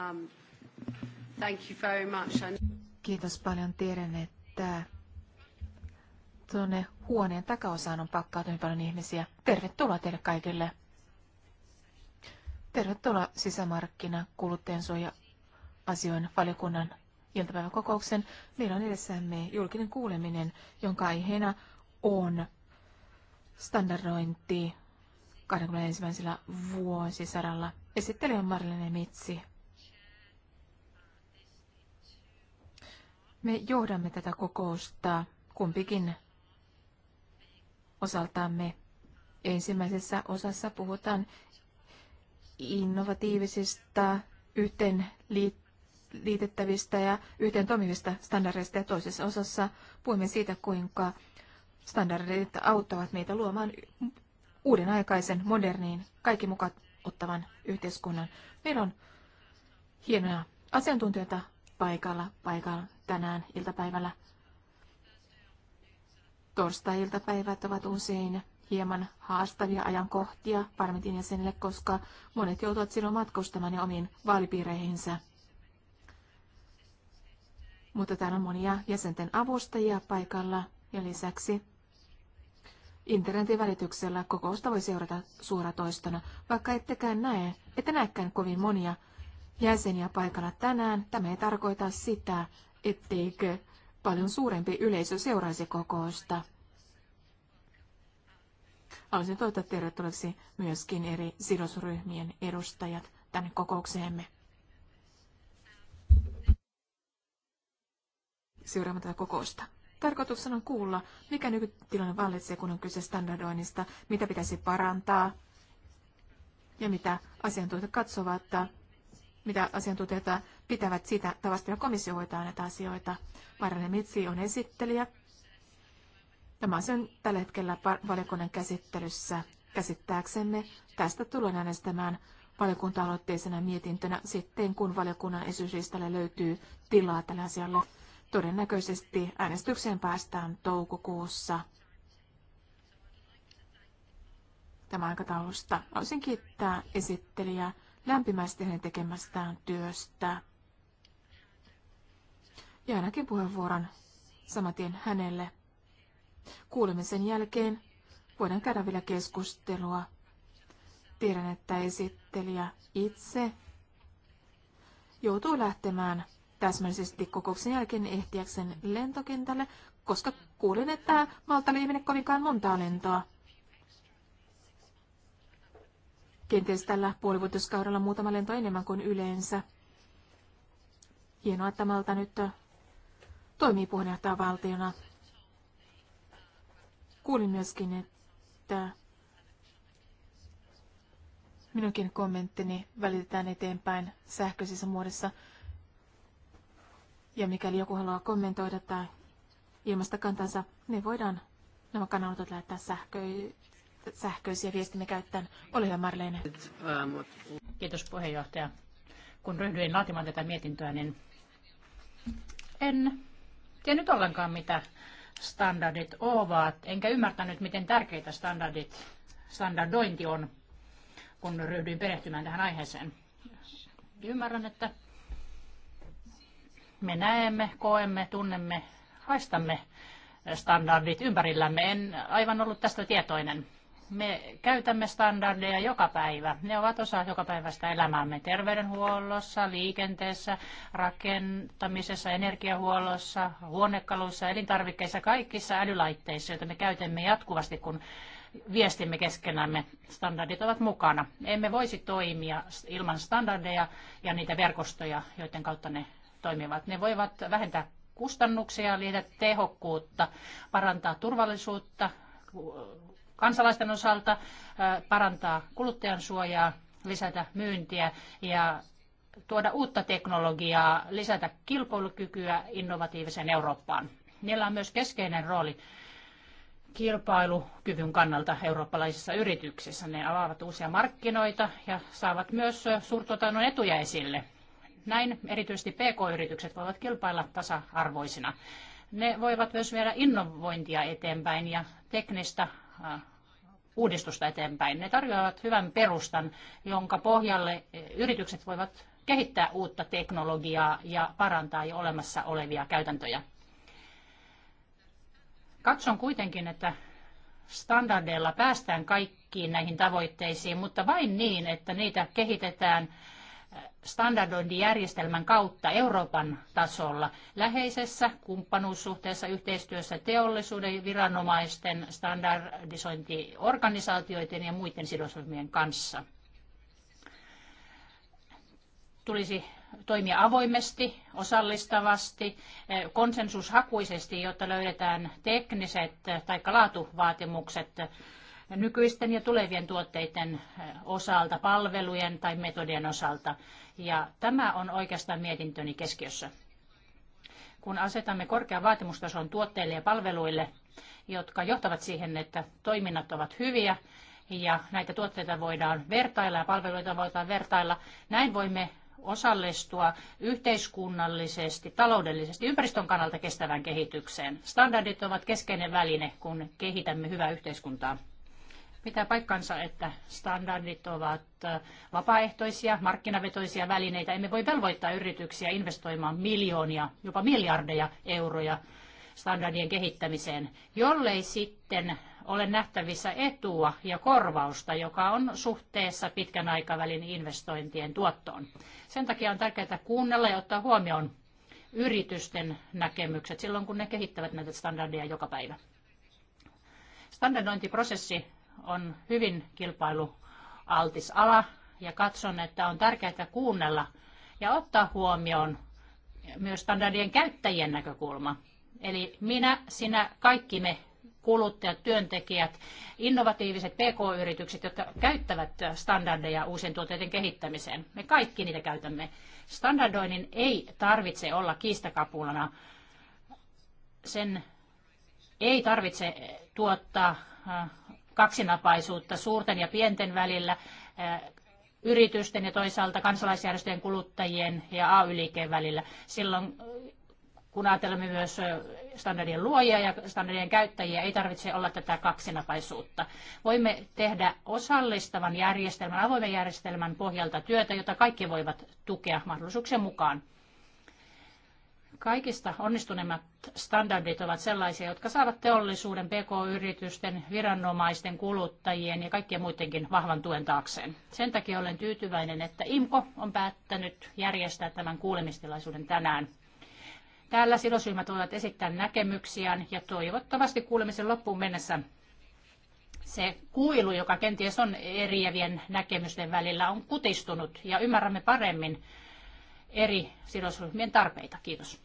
Um, thank you very much. Kiitos paljon. Tiedän, että tuonne huoneen takaosaan on pakkautunut paljon ihmisiä. Tervetuloa teille kaikille. Tervetuloa sisämarkkina kuluttajansuoja asioin valiokunnan iltapäiväkokouksen. Meillä on edessämme julkinen kuuleminen, jonka aiheena on standardointi 21. vuosisadalla. Esittelijä on Marlene Mitsi. Me johdamme tätä kokousta kumpikin osaltamme. Ensimmäisessä osassa puhutaan innovatiivisista, yhteen liitettävistä ja yhteen toimivista standardeista ja toisessa osassa puhumme siitä, kuinka standardit auttavat meitä luomaan uuden aikaisen, moderniin, kaikki mukaan ottavan yhteiskunnan. Meillä on hienoja asiantuntijoita paikalla, paikalla tänään iltapäivällä. Torstai-iltapäivät ovat usein hieman haastavia ajankohtia parlamentin jäsenille, koska monet joutuvat silloin matkustamaan ja omiin vaalipiireihinsä. Mutta täällä on monia jäsenten avustajia paikalla ja lisäksi internetin välityksellä kokousta voi seurata suoratoistona, vaikka ettekään näe, että näekään kovin monia jäseniä paikalla tänään. Tämä ei tarkoita sitä, etteikö paljon suurempi yleisö seuraisi kokousta. Haluaisin toivottaa tervetulleeksi myöskin eri sidosryhmien edustajat tänne kokoukseemme. Seuraamme tätä kokousta. Tarkoituksena on kuulla, mikä nykytilanne vallitsee, kun on kyse standardoinnista, mitä pitäisi parantaa ja mitä asiantuntijat katsovat, mitä asiantuntijat pitävät sitä tavasta, jolla komissio hoitaa näitä asioita. Marjane Mitsi on esittelijä. Tämä on sen tällä hetkellä valiokunnan käsittelyssä. Käsittääksemme tästä tullaan äänestämään valiokunta-aloitteisena mietintönä sitten, kun valiokunnan esityslistalle löytyy tilaa tällä asialla. Todennäköisesti äänestykseen päästään toukokuussa. Tämä aikataulusta. Haluaisin kiittää esittelijää lämpimästi hänen tekemästään työstä ja näkin puheenvuoron samatien hänelle. Kuulemisen jälkeen voidaan käydä vielä keskustelua. Tiedän, että esittelijä itse joutuu lähtemään täsmällisesti kokouksen jälkeen ehtiäksen lentokentälle, koska kuulin, että Malta ei mene kovinkaan montaa lentoa. Kenties tällä puolivuotiskaudella muutama lento enemmän kuin yleensä. Hienoa, että Malta nyt toimii puheenjohtajavaltiona. Kuulin myöskin, että minunkin kommenttini välitetään eteenpäin sähköisessä muodossa. Ja mikäli joku haluaa kommentoida tai ilmaista kantansa, niin voidaan nämä kanavat lähettää sähkö, sähköisiä viestimme käyttäen. Ole hyvä Marlene. Kiitos puheenjohtaja. Kun ryhdyin laatimaan tätä mietintöä, niin en tiennyt ollenkaan, mitä standardit ovat, enkä ymmärtänyt, miten tärkeitä standardit, standardointi on, kun ryhdyin perehtymään tähän aiheeseen. Ymmärrän, että me näemme, koemme, tunnemme, haistamme standardit ympärillämme. En aivan ollut tästä tietoinen. Me käytämme standardeja joka päivä. Ne ovat osa joka päivästä elämäämme terveydenhuollossa, liikenteessä, rakentamisessa, energiahuollossa, huonekaluissa, elintarvikkeissa, kaikissa älylaitteissa, joita me käytämme jatkuvasti, kun viestimme keskenämme. Standardit ovat mukana. Emme voisi toimia ilman standardeja ja niitä verkostoja, joiden kautta ne toimivat. Ne voivat vähentää kustannuksia, lisätä tehokkuutta, parantaa turvallisuutta, kansalaisten osalta, parantaa kuluttajan suojaa, lisätä myyntiä ja tuoda uutta teknologiaa, lisätä kilpailukykyä innovatiiviseen Eurooppaan. Niillä on myös keskeinen rooli kilpailukyvyn kannalta eurooppalaisissa yrityksissä. Ne avaavat uusia markkinoita ja saavat myös suurtuotannon etuja esille. Näin erityisesti PK-yritykset voivat kilpailla tasa-arvoisina. Ne voivat myös viedä innovointia eteenpäin ja teknistä Äh, uudistusta eteenpäin. Ne tarjoavat hyvän perustan, jonka pohjalle eh, yritykset voivat kehittää uutta teknologiaa ja parantaa jo olemassa olevia käytäntöjä. Katson kuitenkin, että standardeilla päästään kaikkiin näihin tavoitteisiin, mutta vain niin, että niitä kehitetään standardointijärjestelmän kautta Euroopan tasolla läheisessä kumppanuussuhteessa yhteistyössä teollisuuden, viranomaisten, standardisointiorganisaatioiden ja muiden sidosryhmien kanssa. Tulisi toimia avoimesti, osallistavasti, konsensushakuisesti, jotta löydetään tekniset tai laatuvaatimukset nykyisten ja tulevien tuotteiden osalta, palvelujen tai metodien osalta. Ja tämä on oikeastaan mietintöni keskiössä. Kun asetamme korkean vaatimustason tuotteille ja palveluille, jotka johtavat siihen, että toiminnat ovat hyviä ja näitä tuotteita voidaan vertailla ja palveluita voidaan vertailla, näin voimme osallistua yhteiskunnallisesti, taloudellisesti, ympäristön kannalta kestävään kehitykseen. Standardit ovat keskeinen väline, kun kehitämme hyvää yhteiskuntaa. Pitää paikkansa, että standardit ovat äh, vapaaehtoisia, markkinavetoisia välineitä. Emme voi velvoittaa yrityksiä investoimaan miljoonia, jopa miljardeja euroja standardien kehittämiseen, jollei sitten ole nähtävissä etua ja korvausta, joka on suhteessa pitkän aikavälin investointien tuottoon. Sen takia on tärkeää kuunnella ja ottaa huomioon yritysten näkemykset silloin, kun ne kehittävät näitä standardeja joka päivä. Standardointiprosessi on hyvin kilpailualtis ala ja katson, että on tärkeää kuunnella ja ottaa huomioon myös standardien käyttäjien näkökulma. Eli minä, sinä, kaikki me kuluttajat, työntekijät, innovatiiviset PK-yritykset, jotka käyttävät standardeja uusien tuotteiden kehittämiseen. Me kaikki niitä käytämme. Standardoinnin ei tarvitse olla kiistakapulana. Sen ei tarvitse tuottaa äh, kaksinapaisuutta suurten ja pienten välillä, eh, yritysten ja toisaalta kansalaisjärjestöjen kuluttajien ja AY-liikkeen välillä. Silloin eh, kun ajatellaan myös eh, standardien luojia ja standardien käyttäjiä, ei tarvitse olla tätä kaksinapaisuutta. Voimme tehdä osallistavan järjestelmän, avoimen järjestelmän pohjalta työtä, jota kaikki voivat tukea mahdollisuuksien mukaan. Kaikista onnistuneimmat standardit ovat sellaisia, jotka saavat teollisuuden, pk-yritysten, viranomaisten, kuluttajien ja kaikkien muidenkin vahvan tuen taakseen. Sen takia olen tyytyväinen, että IMKO on päättänyt järjestää tämän kuulemistilaisuuden tänään. Täällä sidosryhmät voivat esittää näkemyksiään ja toivottavasti kuulemisen loppuun mennessä se kuilu, joka kenties on eriävien näkemysten välillä, on kutistunut ja ymmärrämme paremmin eri sidosryhmien tarpeita. Kiitos.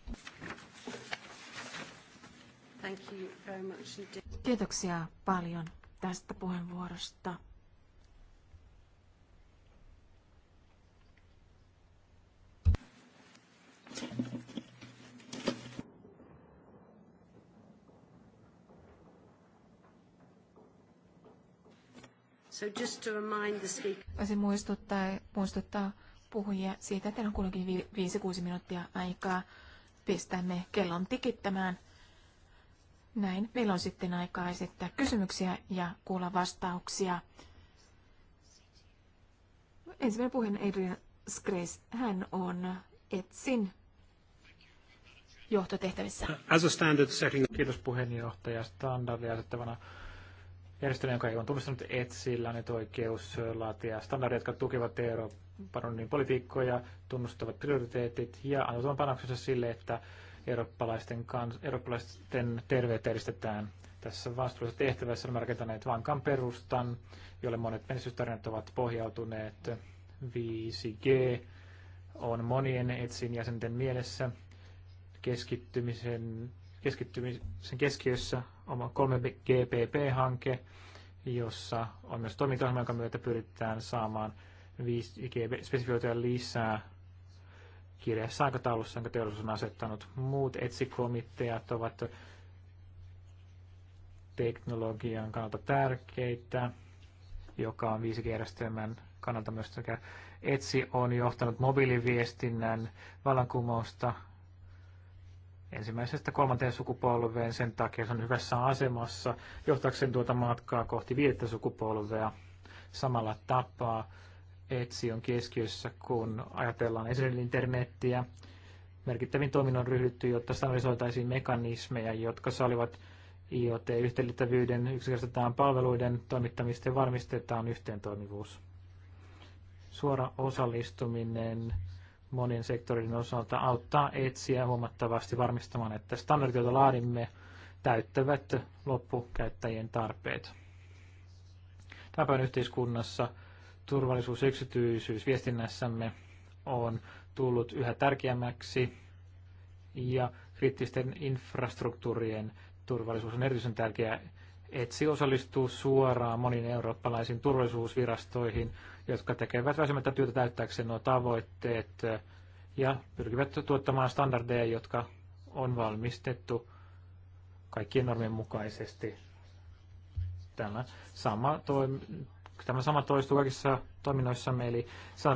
Kiitoksia paljon tästä puheenvuorosta. So just to remind the speaker. Voisin muistuttaa, muistuttaa puhujia siitä, että on kuitenkin 5-6 minuuttia aikaa. Pistämme kellon tikittämään. Näin. Meillä on sitten aikaa esittää kysymyksiä ja kuulla vastauksia. Ensimmäinen puheen Adrian Skres. Hän on Etsin johtotehtävissä. As a standard setting. Kiitos puheenjohtaja. Standardia asettavana järjestelmä, joka ei on tunnistanut etsillä, on nyt oikeus laatia standardeja, jotka tukevat Euroopan unionin politiikkoja, tunnustavat prioriteetit ja antavat panoksensa sille, että eurooppalaisten, kans, eurooppalaisten terveyttä edistetään. Tässä vastuullisessa tehtävässä olemme rakentaneet vankan perustan, jolle monet menestystarinat ovat pohjautuneet. 5G on monien etsin jäsenten mielessä keskittymisen keskittymisen keskiössä oma 3GPP-hanke, jossa on myös toimintaohjelma, jonka myötä pyritään saamaan 5G-spesifioituja lisää kirjassa aikataulussa, jonka teollisuus on asettanut. Muut etsikomiteat ovat teknologian kannalta tärkeitä, joka on 5G-järjestelmän kannalta myös sekä Etsi on johtanut mobiiliviestinnän vallankumousta ensimmäisestä kolmanteen sukupolveen. Sen takia se on hyvässä asemassa johtaakseen tuota matkaa kohti viidettä sukupolvea samalla tapaa. Etsi on keskiössä, kun ajatellaan esimerkiksi internettiä. Merkittävin toiminnon ryhdytty, jotta standardisoitaisiin mekanismeja, jotka salivat IoT-yhteenliittävyyden, yksinkertaistetaan palveluiden toimittamista ja varmistetaan yhteentoimivuus. Suora osallistuminen monien sektorin osalta auttaa etsiä huomattavasti varmistamaan, että standardit, joita laadimme, täyttävät loppukäyttäjien tarpeet. Tämän yhteiskunnassa turvallisuus ja yksityisyys viestinnässämme on tullut yhä tärkeämmäksi ja kriittisten infrastruktuurien turvallisuus on erityisen tärkeää ETSI osallistuu suoraan moniin eurooppalaisiin turvallisuusvirastoihin, jotka tekevät väsymättä työtä täyttääkseen nuo tavoitteet ja pyrkivät tuottamaan standardeja, jotka on valmistettu kaikkien normien mukaisesti. Tämä sama, toim- tämä sama toistuu kaikissa toiminnoissamme, eli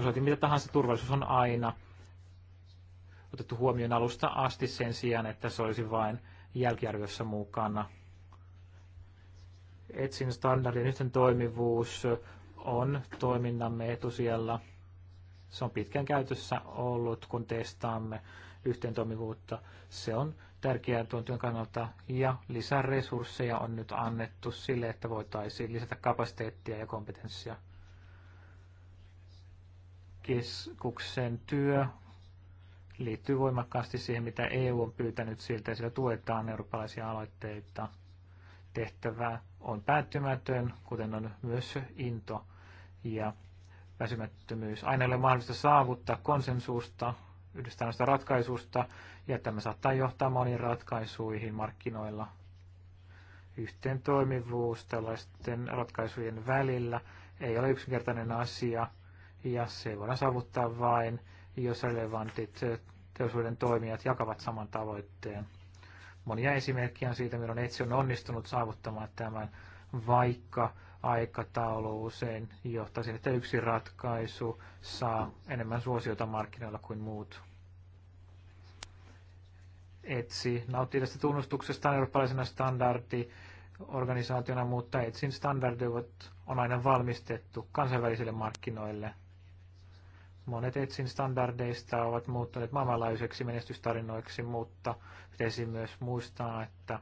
että mitä tahansa turvallisuus on aina otettu huomioon alusta asti sen sijaan, että se olisi vain jälkiarviossa mukana. Etsin standardin yhten toimivuus on toiminnamme etusijalla. Se on pitkään käytössä ollut, kun testaamme yhteen toimivuutta. Se on tärkeää tuon työn kannalta ja lisää resursseja on nyt annettu sille, että voitaisiin lisätä kapasiteettia ja kompetenssia. Keskuksen työ liittyy voimakkaasti siihen, mitä EU on pyytänyt siltä ja sillä tuetaan eurooppalaisia aloitteita – tehtävä on päättymätön, kuten on myös into ja väsymättömyys. Aina ei ole mahdollista saavuttaa konsensusta yhdistämästä ratkaisusta, ja tämä saattaa johtaa moniin ratkaisuihin markkinoilla. Yhteen toimivuus tällaisten ratkaisujen välillä ei ole yksinkertainen asia, ja se voidaan saavuttaa vain, jos relevantit teollisuuden toimijat jakavat saman tavoitteen monia esimerkkejä siitä, milloin Etsi on onnistunut saavuttamaan tämän, vaikka aikataulu usein johtaa siihen, että yksi ratkaisu saa enemmän suosiota markkinoilla kuin muut. Etsi nauttii tästä tunnustuksesta eurooppalaisena standardi organisaationa, mutta Etsin standardit on aina valmistettu kansainvälisille markkinoille – Monet etsin standardeista ovat muuttuneet maailmanlaajuiseksi menestystarinoiksi, mutta pitäisi myös muistaa, että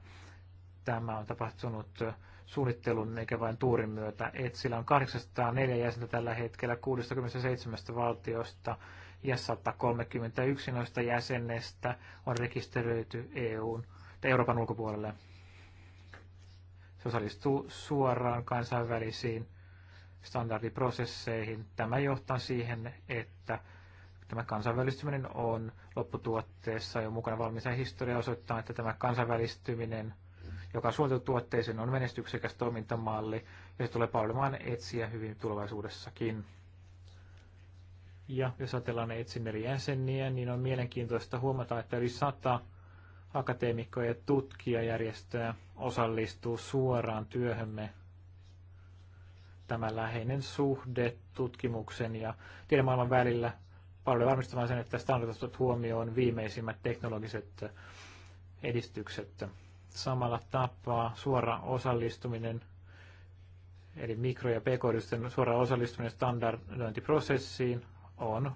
tämä on tapahtunut suunnittelun eikä vain tuurin myötä. Etsillä on 804 jäsentä tällä hetkellä 67 valtiosta ja 131 noista jäsenestä on rekisteröity EUn tai Euroopan ulkopuolelle. Se osallistuu suoraan kansainvälisiin standardiprosesseihin. Tämä johtaa siihen, että tämä kansainvälistyminen on lopputuotteessa jo mukana valmis. historia osoittaa, että tämä kansainvälistyminen, joka on suunniteltu tuotteeseen, on menestyksekäs toimintamalli ja se tulee palvelemaan etsiä hyvin tulevaisuudessakin. Ja jos ajatellaan etsin eri jäseniä, niin on mielenkiintoista huomata, että yli sata akateemikkoja ja tutkijajärjestöä osallistuu suoraan työhömme tämä läheinen suhde tutkimuksen ja tiedemaailman välillä paljon varmistamaan sen, että standardit huomioon viimeisimmät teknologiset edistykset. Samalla tapaa suora osallistuminen, eli mikro- ja pk suora osallistuminen standardointiprosessiin on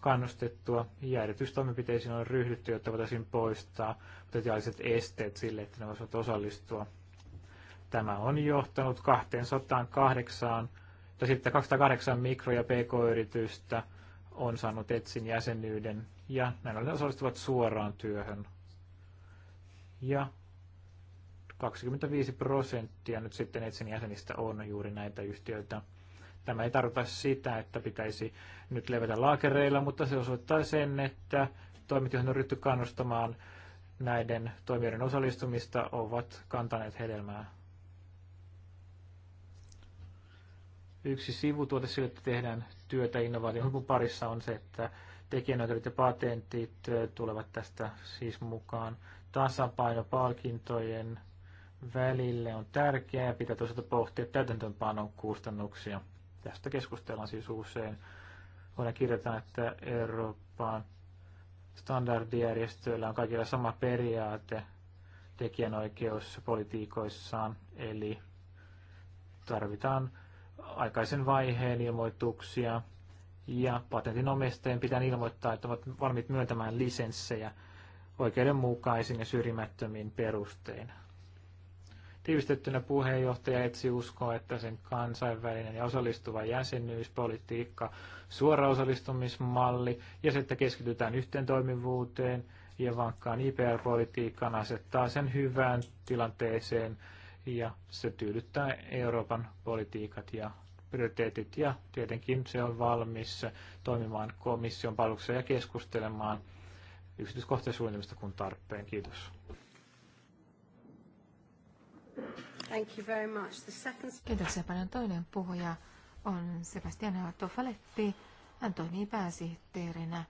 kannustettua ja erityistoimenpiteisiin on ryhdytty, jotta voitaisiin poistaa potentiaaliset esteet sille, että ne voisivat osallistua Tämä on johtanut 208, tai sitten 208 mikro- ja pk-yritystä on saanut etsin jäsenyyden ja näillä ne osallistuvat suoraan työhön. Ja 25 prosenttia nyt sitten etsin jäsenistä on juuri näitä yhtiöitä. Tämä ei tarkoita sitä, että pitäisi nyt levätä laakereilla, mutta se osoittaa sen, että toimet, joihin on ryhty kannustamaan näiden toimijoiden osallistumista, ovat kantaneet hedelmää. Yksi sivutuote sille, että tehdään työtä innovaation parissa on se, että tekijänoikeudet ja patentit tulevat tästä siis mukaan. Tasapaino palkintojen välille on tärkeää ja pitää toisaalta pohtia täytäntöönpanon kustannuksia. Tästä keskustellaan siis usein. Voidaan kirjata, että Euroopan standardijärjestöillä on kaikilla sama periaate tekijänoikeuspolitiikoissaan, eli tarvitaan aikaisen vaiheen ilmoituksia ja patentin omistajien pitää ilmoittaa, että ovat valmiit myöntämään lisenssejä oikeudenmukaisin ja syrjimättömiin perustein. Tiivistettynä puheenjohtaja etsi uskoa, että sen kansainvälinen ja osallistuva jäsenyyspolitiikka, suora osallistumismalli ja se, että keskitytään toimivuuteen ja vankkaan IPR-politiikkaan asettaa sen hyvään tilanteeseen ja se tyydyttää Euroopan politiikat ja prioriteetit ja tietenkin se on valmis toimimaan komission palveluksessa ja keskustelemaan yksityiskohtaisen suunnitelmista kun tarpeen. Kiitos. Thank you very much. The second... Kiitoksia paljon. Toinen puhuja on Sebastian Faletti. Hän toimii pääsihteerinä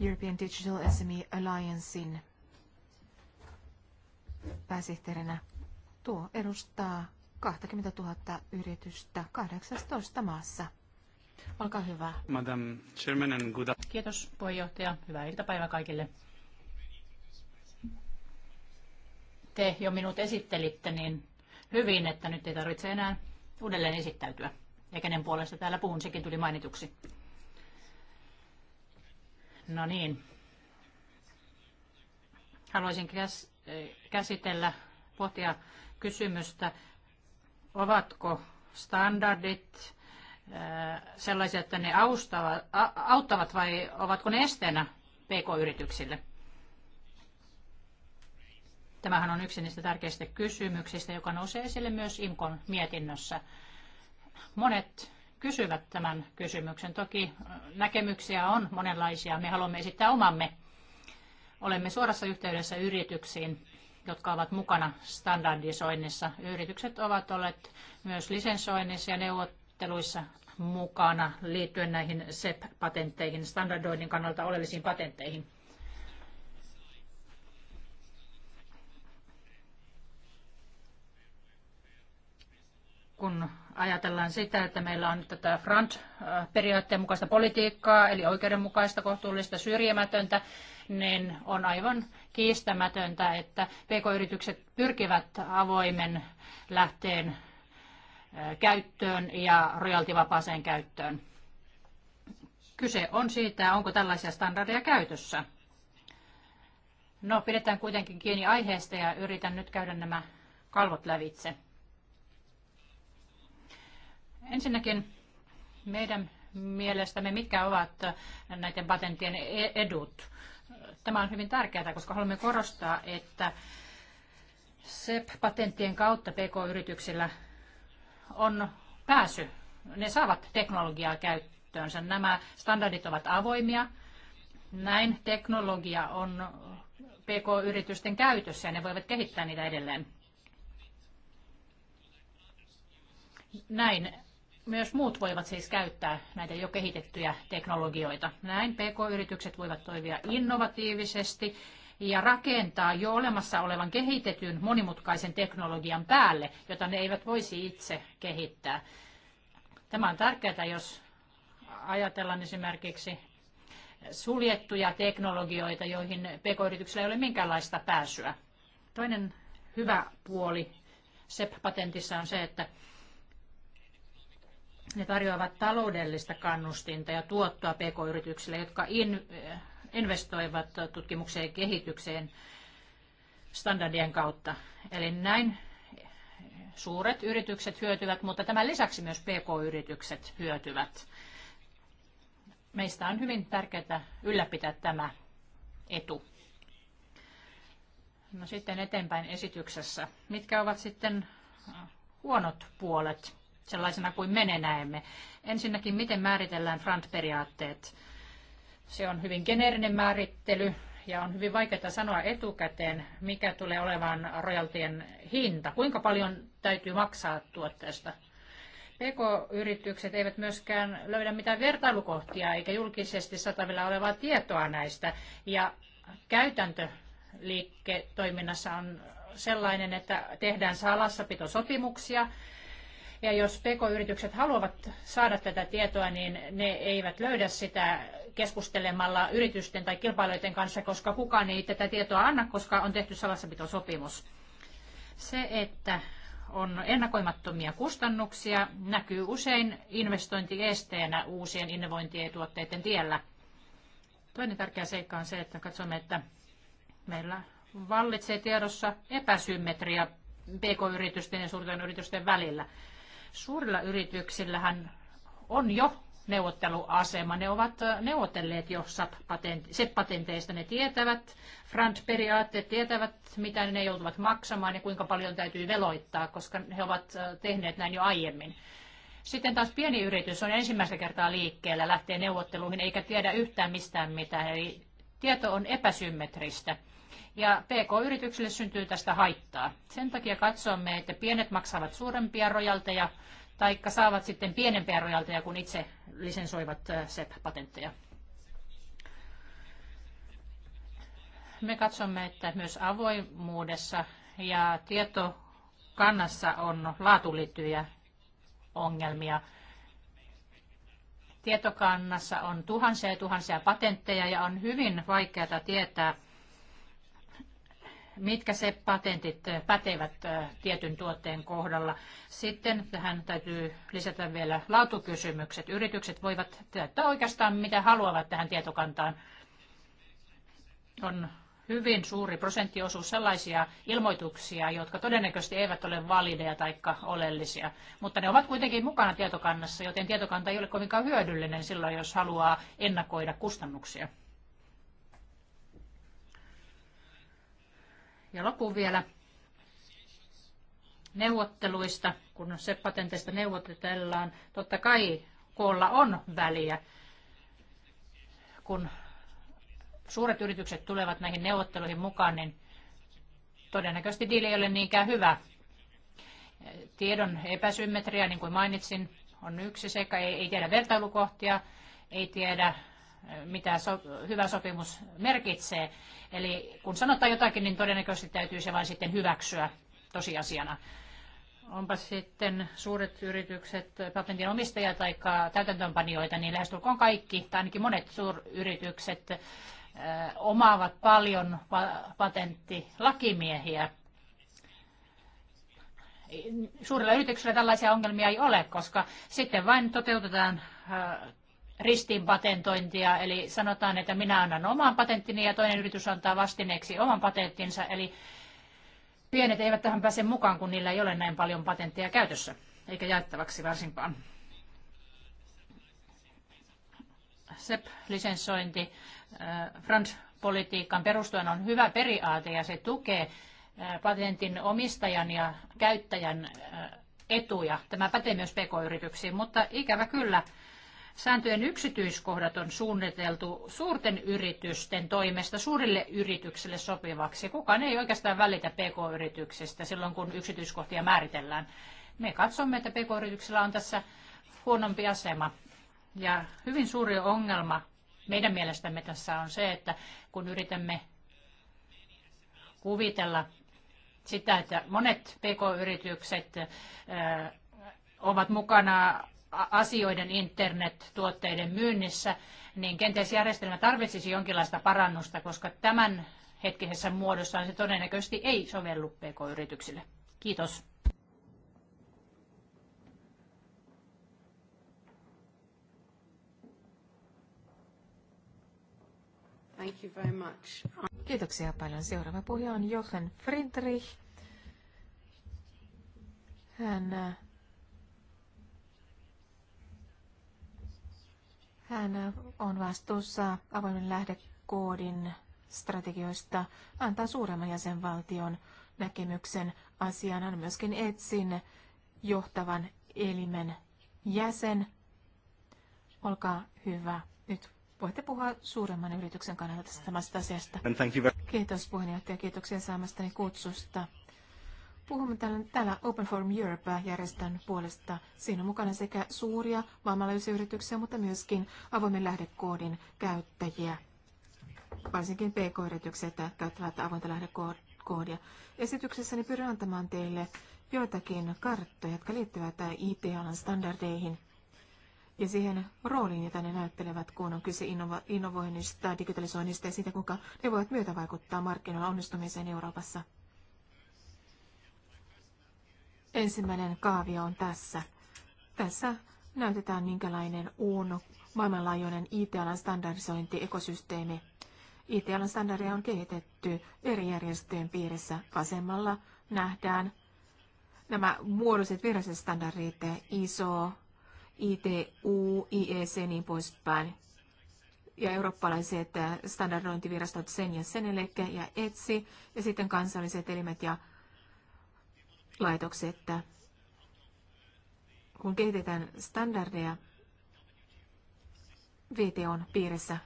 European Digital SME Alliancein pääsihteerinä. Tuo edustaa 20 000 yritystä 18 maassa. Olkaa hyvä. Madam Chairman and good Kiitos puheenjohtaja. Hyvää iltapäivää kaikille. Te jo minut esittelitte niin hyvin, että nyt ei tarvitse enää uudelleen esittäytyä. Ja kenen puolesta täällä puhun, sekin tuli mainituksi. No niin. Haluaisin käsitellä, pohtia kysymystä, ovatko standardit sellaisia, että ne auttavat vai ovatko ne esteenä PK-yrityksille? Tämähän on yksi niistä tärkeistä kysymyksistä, joka nousee esille myös IMKON mietinnössä. Monet kysyvät tämän kysymyksen. Toki näkemyksiä on monenlaisia. Me haluamme esittää omamme. Olemme suorassa yhteydessä yrityksiin, jotka ovat mukana standardisoinnissa. Yritykset ovat olleet myös lisensoinnissa ja neuvotteluissa mukana liittyen näihin SEP-patentteihin, standardoinnin kannalta oleellisiin patentteihin. kun ajatellaan sitä, että meillä on tätä Front-periaatteen mukaista politiikkaa, eli oikeudenmukaista, kohtuullista, syrjimätöntä, niin on aivan kiistämätöntä, että pk-yritykset pyrkivät avoimen lähteen käyttöön ja rojaltivapaaseen käyttöön. Kyse on siitä, onko tällaisia standardeja käytössä. No, pidetään kuitenkin kiinni aiheesta ja yritän nyt käydä nämä kalvot lävitse. Ensinnäkin meidän mielestämme, mitkä ovat näiden patenttien e- edut. Tämä on hyvin tärkeää, koska haluamme korostaa, että SEP-patenttien kautta PK-yrityksillä on pääsy. Ne saavat teknologiaa käyttöönsä. Nämä standardit ovat avoimia. Näin teknologia on PK-yritysten käytössä ja ne voivat kehittää niitä edelleen. Näin myös muut voivat siis käyttää näitä jo kehitettyjä teknologioita. Näin PK-yritykset voivat toimia innovatiivisesti ja rakentaa jo olemassa olevan kehitetyn monimutkaisen teknologian päälle, jota ne eivät voisi itse kehittää. Tämä on tärkeää, jos ajatellaan esimerkiksi suljettuja teknologioita, joihin pk-yrityksillä ei ole minkäänlaista pääsyä. Toinen hyvä puoli SEP-patentissa on se, että ne tarjoavat taloudellista kannustinta ja tuottoa pk-yrityksille, jotka in, eh, investoivat tutkimukseen ja kehitykseen standardien kautta. Eli näin suuret yritykset hyötyvät, mutta tämän lisäksi myös pk-yritykset hyötyvät. Meistä on hyvin tärkeää ylläpitää tämä etu. No sitten eteenpäin esityksessä. Mitkä ovat sitten huonot puolet? sellaisena kuin me ne näemme. Ensinnäkin, miten määritellään FRANT-periaatteet? Se on hyvin geneerinen määrittely ja on hyvin vaikeaa sanoa etukäteen, mikä tulee olemaan rojaltien hinta. Kuinka paljon täytyy maksaa tuotteesta? PK-yritykset eivät myöskään löydä mitään vertailukohtia eikä julkisesti satavilla olevaa tietoa näistä. Ja käytäntö liiketoiminnassa on sellainen, että tehdään salassapitosopimuksia, ja jos PK-yritykset haluavat saada tätä tietoa, niin ne eivät löydä sitä keskustelemalla yritysten tai kilpailijoiden kanssa, koska kukaan ei tätä tietoa anna, koska on tehty salassapitosopimus. Se, että on ennakoimattomia kustannuksia, näkyy usein investointiesteenä uusien tuotteiden tiellä. Toinen tärkeä seikka on se, että katsomme, että meillä vallitsee tiedossa epäsymmetria pk-yritysten ja suurten yritysten välillä. Suurilla yrityksillähän on jo neuvotteluasema. Ne ovat neuvotelleet jo SEP-patenteista. Ne tietävät Frant-periaatteet, tietävät mitä ne joutuvat maksamaan ja kuinka paljon täytyy veloittaa, koska he ovat tehneet näin jo aiemmin. Sitten taas pieni yritys on ensimmäistä kertaa liikkeellä, lähtee neuvotteluihin eikä tiedä yhtään mistään mitään, eli tieto on epäsymmetristä ja PK-yrityksille syntyy tästä haittaa. Sen takia katsomme, että pienet maksavat suurempia rojalteja tai saavat sitten pienempiä rojalteja, kun itse lisensoivat äh, SEP-patentteja. Me katsomme, että myös avoimuudessa ja tietokannassa on laatuun liittyviä ongelmia. Tietokannassa on tuhansia ja tuhansia patentteja ja on hyvin vaikeaa tietää, mitkä se patentit pätevät tietyn tuotteen kohdalla. Sitten tähän täytyy lisätä vielä laatukysymykset. Yritykset voivat täyttää oikeastaan mitä haluavat tähän tietokantaan. On hyvin suuri prosenttiosuus sellaisia ilmoituksia, jotka todennäköisesti eivät ole valideja tai oleellisia, mutta ne ovat kuitenkin mukana tietokannassa, joten tietokanta ei ole kovinkaan hyödyllinen silloin, jos haluaa ennakoida kustannuksia. Ja lopun vielä neuvotteluista, kun se patenteista neuvotellaan. Totta kai koolla on väliä, kun suuret yritykset tulevat näihin neuvotteluihin mukaan, niin todennäköisesti diili ei ole niinkään hyvä. Tiedon epäsymmetria, niin kuin mainitsin, on yksi sekä ei, ei tiedä vertailukohtia, ei tiedä mitä so, hyvä sopimus merkitsee. Eli kun sanotaan jotakin, niin todennäköisesti täytyy se vain sitten hyväksyä tosiasiana. Onpa sitten suuret yritykset, patentin omistajia tai täytäntöönpanijoita, niin lähestulkoon kaikki, tai ainakin monet suuryritykset, omaavat paljon patenttilakimiehiä. Suurilla yrityksillä tällaisia ongelmia ei ole, koska sitten vain toteutetaan ristiinpatentointia, eli sanotaan, että minä annan oman patenttini ja toinen yritys antaa vastineeksi oman patenttinsa, eli pienet eivät tähän pääse mukaan, kun niillä ei ole näin paljon patentteja käytössä, eikä jaettavaksi varsinkaan. SEP-lisensointi äh, Frans-politiikan perustuen on hyvä periaate ja se tukee äh, patentin omistajan ja käyttäjän äh, etuja. Tämä pätee myös pk-yrityksiin, mutta ikävä kyllä Sääntöjen yksityiskohdat on suunniteltu suurten yritysten toimesta suurille yrityksille sopivaksi. Kukaan ei oikeastaan välitä pk yrityksestä silloin, kun yksityiskohtia määritellään. Me katsomme, että pk-yrityksillä on tässä huonompi asema. Ja hyvin suuri ongelma meidän mielestämme tässä on se, että kun yritämme kuvitella sitä, että monet pk-yritykset ovat mukana asioiden internet-tuotteiden myynnissä, niin kenties järjestelmä tarvitsisi jonkinlaista parannusta, koska tämän hetkisessä muodossaan se todennäköisesti ei sovellu pk-yrityksille. Kiitos. Thank you very much. Kiitoksia paljon. Seuraava puhuja on Jochen Friedrich. Hän äh, Hän on vastuussa avoimen lähdekoodin strategioista, antaa suuremman jäsenvaltion näkemyksen asiaan. Hän myöskin etsin johtavan elimen jäsen. Olkaa hyvä. Nyt voitte puhua suuremman yrityksen kannalta tästä asiasta. Kiitos puheenjohtaja, kiitoksia saamastani kutsusta. Puhumme täällä, täällä Open Forum Europe-järjestön puolesta. Siinä on mukana sekä suuria maailmanlaajuisia mutta myöskin avoimen lähdekoodin käyttäjiä. Varsinkin PK-yritykset käyttävät avointa lähdekoodia. Esityksessäni pyrin antamaan teille joitakin karttoja, jotka liittyvät IT-alan standardeihin ja siihen rooliin, jota ne näyttelevät, kun on kyse innovo- innovoinnista, digitalisoinnista ja siitä, kuinka ne voivat myötävaikuttaa markkinoilla onnistumiseen Euroopassa. Ensimmäinen kaavio on tässä. Tässä näytetään, minkälainen on maailmanlaajuinen IT-alan standardisointi ekosysteemi. IT-alan standardia on kehitetty eri järjestöjen piirissä. Vasemmalla nähdään nämä muodolliset viralliset standardit, ISO, ITU, IEC ja niin poispäin. Ja eurooppalaiset standardointivirastot sen ja sen, ja ETSI, ja sitten kansalliset elimet ja laitokset, että kun kehitetään standardeja VTOn piirissä,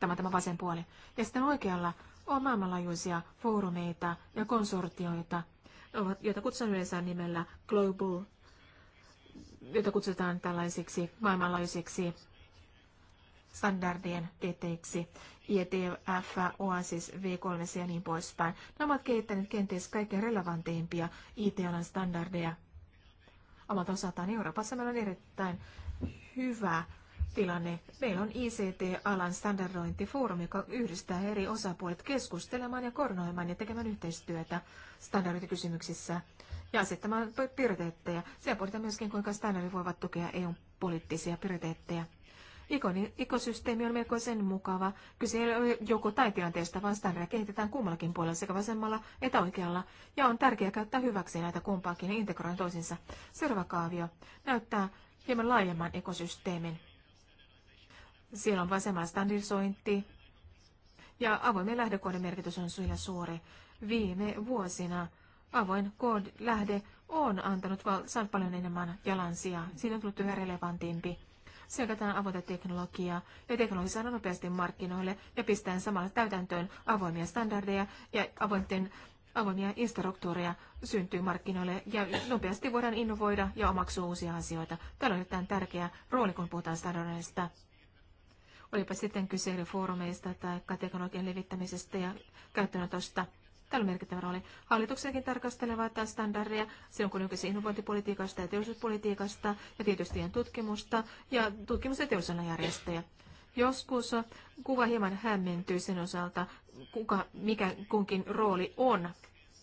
tämä tämä vasen puoli, ja sitten oikealla on maailmanlaajuisia foorumeita ja konsortioita, joita kutsutaan yleensä nimellä Global, joita kutsutaan tällaisiksi maailmanlaajuisiksi standardien eteiksi, IETF, Oasis, V3 ja niin poispäin. Nämä ovat kehittäneet kenties kaikkein relevanteimpia IT-alan standardeja. Omalta osaltaan Euroopassa meillä on erittäin hyvä tilanne. Meillä on ICT-alan standardointifoorumi, joka yhdistää eri osapuolet keskustelemaan ja koordinoimaan ja tekemään yhteistyötä standardikysymyksissä ja asettamaan prioriteetteja. Siellä pohditaan myöskin, kuinka standardit voivat tukea eu poliittisia prioriteetteja. Ekosysteemi on melkoisen mukava. Kyse ei ole joko tai tilanteesta, vaan standardia kehitetään kummallakin puolella sekä vasemmalla että oikealla. Ja on tärkeää käyttää hyväksi näitä kumpaakin ja integroida toisinsa. Seuraava kaavio näyttää hieman laajemman ekosysteemin. Siellä on vasemmalla standardisointi, ja avoimen lähdekoodin merkitys on siinä suuri. Viime vuosina avoin kood lähde on antanut val- paljon enemmän jalansijaa. Siitä on tullut yhä relevantimpi syökätään avointa teknologiaa ja teknologia saadaan nopeasti markkinoille ja pistetään samalla täytäntöön avoimia standardeja ja avointen avoimia instruktuureja syntyy markkinoille ja nopeasti voidaan innovoida ja omaksua uusia asioita. Tällä on erittäin tärkeä rooli, kun puhutaan standardeista. Olipa sitten kyselyfoorumeista tai teknologian levittämisestä ja käyttöönotosta – Tällä merkittävä rooli. Hallituksenkin tarkastelevat standardeja silloin, kun yksi innovointipolitiikasta ja teollisuuspolitiikasta ja tietysti tutkimusta ja tutkimus- ja teollisuuden järjestäjä. Joskus kuva hieman hämmentyy sen osalta, kuka, mikä kunkin rooli on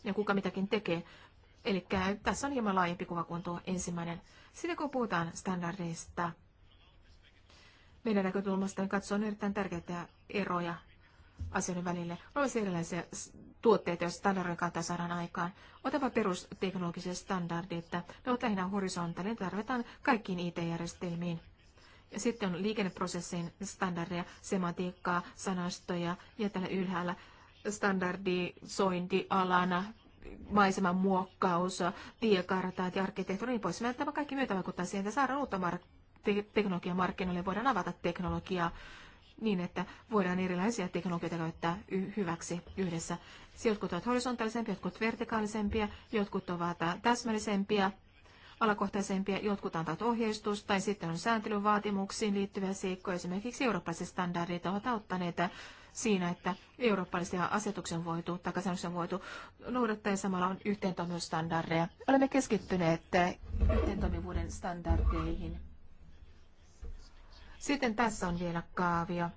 ja kuka mitäkin tekee. Eli tässä on hieman laajempi kuva kuin tuo ensimmäinen. Sitten kun puhutaan standardeista, meidän näkökulmasta katsoa on erittäin tärkeitä eroja asioiden välille. Olisi erilaisia tuotteita, jos standardin kautta saadaan aikaan. Otapa perusteknologiset standardit, ne ovat lähinnä horisontaalinen, tarvitaan kaikkiin IT-järjestelmiin. Ja sitten on liikenneprosessin standardeja, semantiikkaa, sanastoja ja täällä ylhäällä standardisointialana maiseman muokkaus, tiekartat ja arkkitehtuuri niin pois. Tämä kaikki myötä vaikuttaa siihen, että saadaan uutta mark- te- markkinoille, voidaan avata teknologiaa niin, että voidaan erilaisia teknologioita käyttää y- hyväksi yhdessä. Jotkut ovat horisontaalisempia, jotkut vertikaalisempia, jotkut ovat täsmällisempiä, alakohtaisempia, jotkut antavat ohjeistus, tai sitten on sääntelyn vaatimuksiin liittyviä seikkoja. Esimerkiksi eurooppalaiset standardit ovat auttaneet siinä, että eurooppalaisia asetuksen voitu, takaisin voitu noudattaa ja samalla on yhteentoimivuusstandardeja. Olemme keskittyneet yhteentoimivuuden standardeihin. Sitten tässä on vielä kaavio,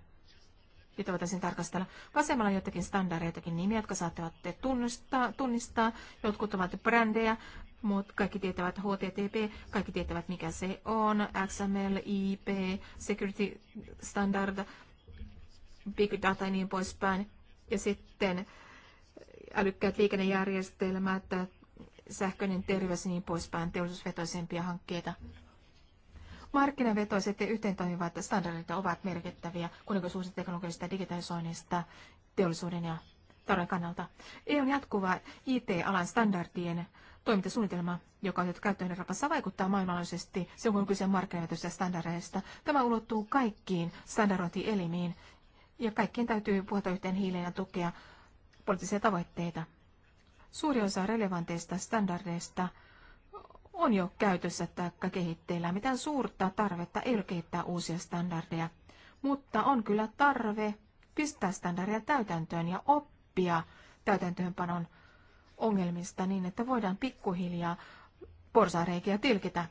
jota voitaisiin tarkastella. Vasemmalla on jotakin standardeitakin nimiä, jotka saattavat tunnistaa, tunnistaa. Jotkut ovat brändejä, mutta kaikki tietävät HTTP, kaikki tietävät mikä se on, XML, IP, security standard, big data ja niin poispäin. Ja sitten älykkäät liikennejärjestelmät, sähköinen terveys ja niin poispäin, teollisuusvetoisempia hankkeita. Markkinavetoiset ja yhteentoimivat standardit ovat merkittäviä kuninkaisuusista teknologisesta digitalisoinnista teollisuuden ja talouden kannalta. EUn jatkuva IT-alan standardien toimintasuunnitelma, joka on otettu käyttöön Euroopassa, vaikuttaa maailmanlaajuisesti silloin, kun on kyse markkinavetoisista standardeista. Tämä ulottuu kaikkiin standardointielimiin ja kaikkien täytyy puhuta yhteen hiileen ja tukea poliittisia tavoitteita. Suuri osa relevanteista standardeista on jo käytössä tai kehitteillä. Mitään suurta tarvetta ei ole kehittää uusia standardeja, mutta on kyllä tarve pistää standardeja täytäntöön ja oppia täytäntöönpanon ongelmista niin, että voidaan pikkuhiljaa porsaareikiä tilkitä.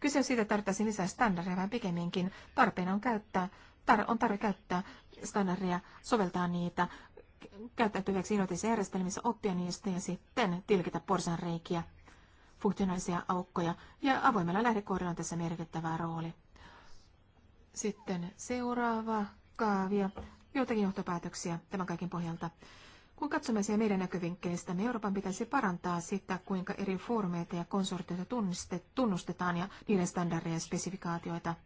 Kyse on siitä, että tarvitaan lisää standardeja, vaan pikemminkin tarpeena on, käyttää, tar- on tarve käyttää standardeja, soveltaa niitä käyttäytyväksi innovatiivisissa järjestelmissä, oppia niistä ja sitten tilkitä porsanreikiä, funktionaalisia aukkoja ja avoimella lähdekoodilla on tässä merkittävä rooli. Sitten seuraava kaavia, joitakin johtopäätöksiä tämän kaiken pohjalta. Kun katsomme siellä meidän näkövinkkeistä, niin Euroopan pitäisi parantaa sitä, kuinka eri foorumeita ja konsortioita tunnustetaan ja niiden standardeja ja spesifikaatioita –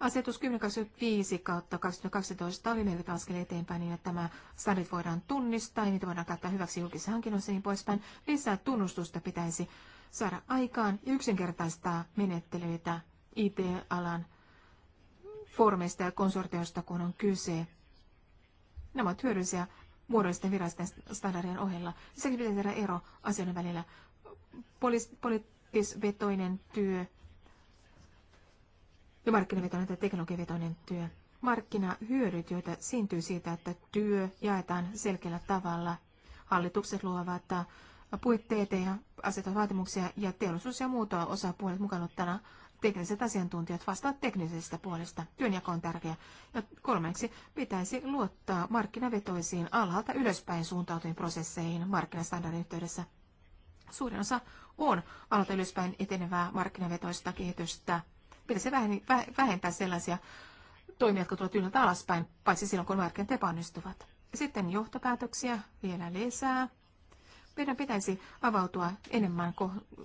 Asetus 1025 kautta 2012 oli merkitty askel eteenpäin niin, että tämä standardit voidaan tunnistaa ja niitä voidaan käyttää hyväksi julkisessa hankinnoissa ja niin poispäin. Lisää tunnustusta pitäisi saada aikaan ja yksinkertaistaa menettelyitä IT-alan formeista ja konsortioista, kun on kyse. Nämä ovat hyödyllisiä muodollisten virallisten standardien ohella. Lisäksi pitää tehdä ero asioiden välillä. Poli- poliittisvetoinen työ ja markkinavetoinen tai teknologiavetoinen työ. Markkinahyödyt, joita syntyy siitä, että työ jaetaan selkeällä tavalla. Hallitukset luovat äh, puitteita ja asettavat vaatimuksia ja teollisuus ja muuta osapuolet mukaan ottana tekniset asiantuntijat vastaavat teknisestä puolesta. Työnjako on tärkeä. Ja kolmeksi, pitäisi luottaa markkinavetoisiin alhaalta ylöspäin suuntautuviin prosesseihin markkinastandardin yhteydessä. Suurin osa on alta ylöspäin etenevää markkinavetoista kehitystä pitäisi vähentää sellaisia toimia, jotka tulevat ylhäältä alaspäin, paitsi silloin kun markkinat epäonnistuvat. Sitten johtopäätöksiä vielä lisää. Meidän pitäisi avautua enemmän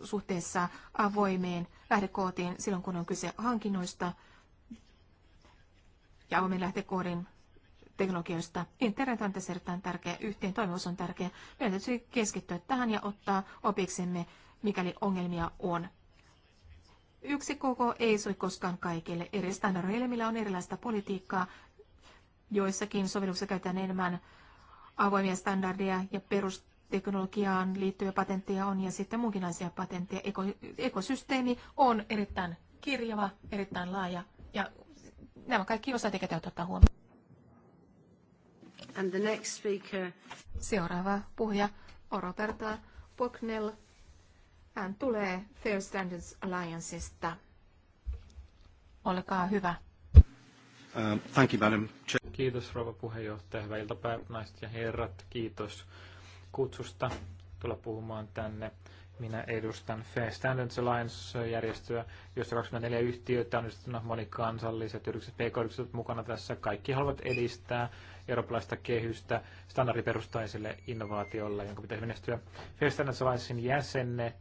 suhteessa avoimeen lähdekootiin silloin, kun on kyse hankinnoista ja avoimen lähdekoodin teknologioista. Internet on tässä erittäin tärkeä, yhteen toimivuus on tärkeä. Meidän täytyy keskittyä tähän ja ottaa opiksemme, mikäli ongelmia on. Yksi koko ei soi koskaan kaikille. Eri standardeilla, millä on erilaista politiikkaa, joissakin sovelluksissa käytetään enemmän avoimia standardeja ja perusteknologiaan liittyviä patentteja on ja sitten muunkinlaisia patentteja. Eko, ekosysteemi on erittäin kirjava, erittäin laaja ja nämä kaikki osatekijät täytyy ottaa huomioon. And the next speaker. Seuraava puhuja on Roberta hän tulee Fair Standards Allianceista. Olkaa hyvä. Uh, thank you, madam. Kiitos rouva puheenjohtaja, hyvää iltapäivää naiset ja herrat. Kiitos kutsusta tulla puhumaan tänne. Minä edustan Fair Standards Alliance-järjestöä, jossa 24 yhtiötä on yhdistettynä no, monikansalliset yritykset, pk-yritykset mukana tässä. Kaikki haluavat edistää eurooppalaista kehystä standardiperustaiselle innovaatiolle, jonka pitäisi menestyä. Alliancein jäsenet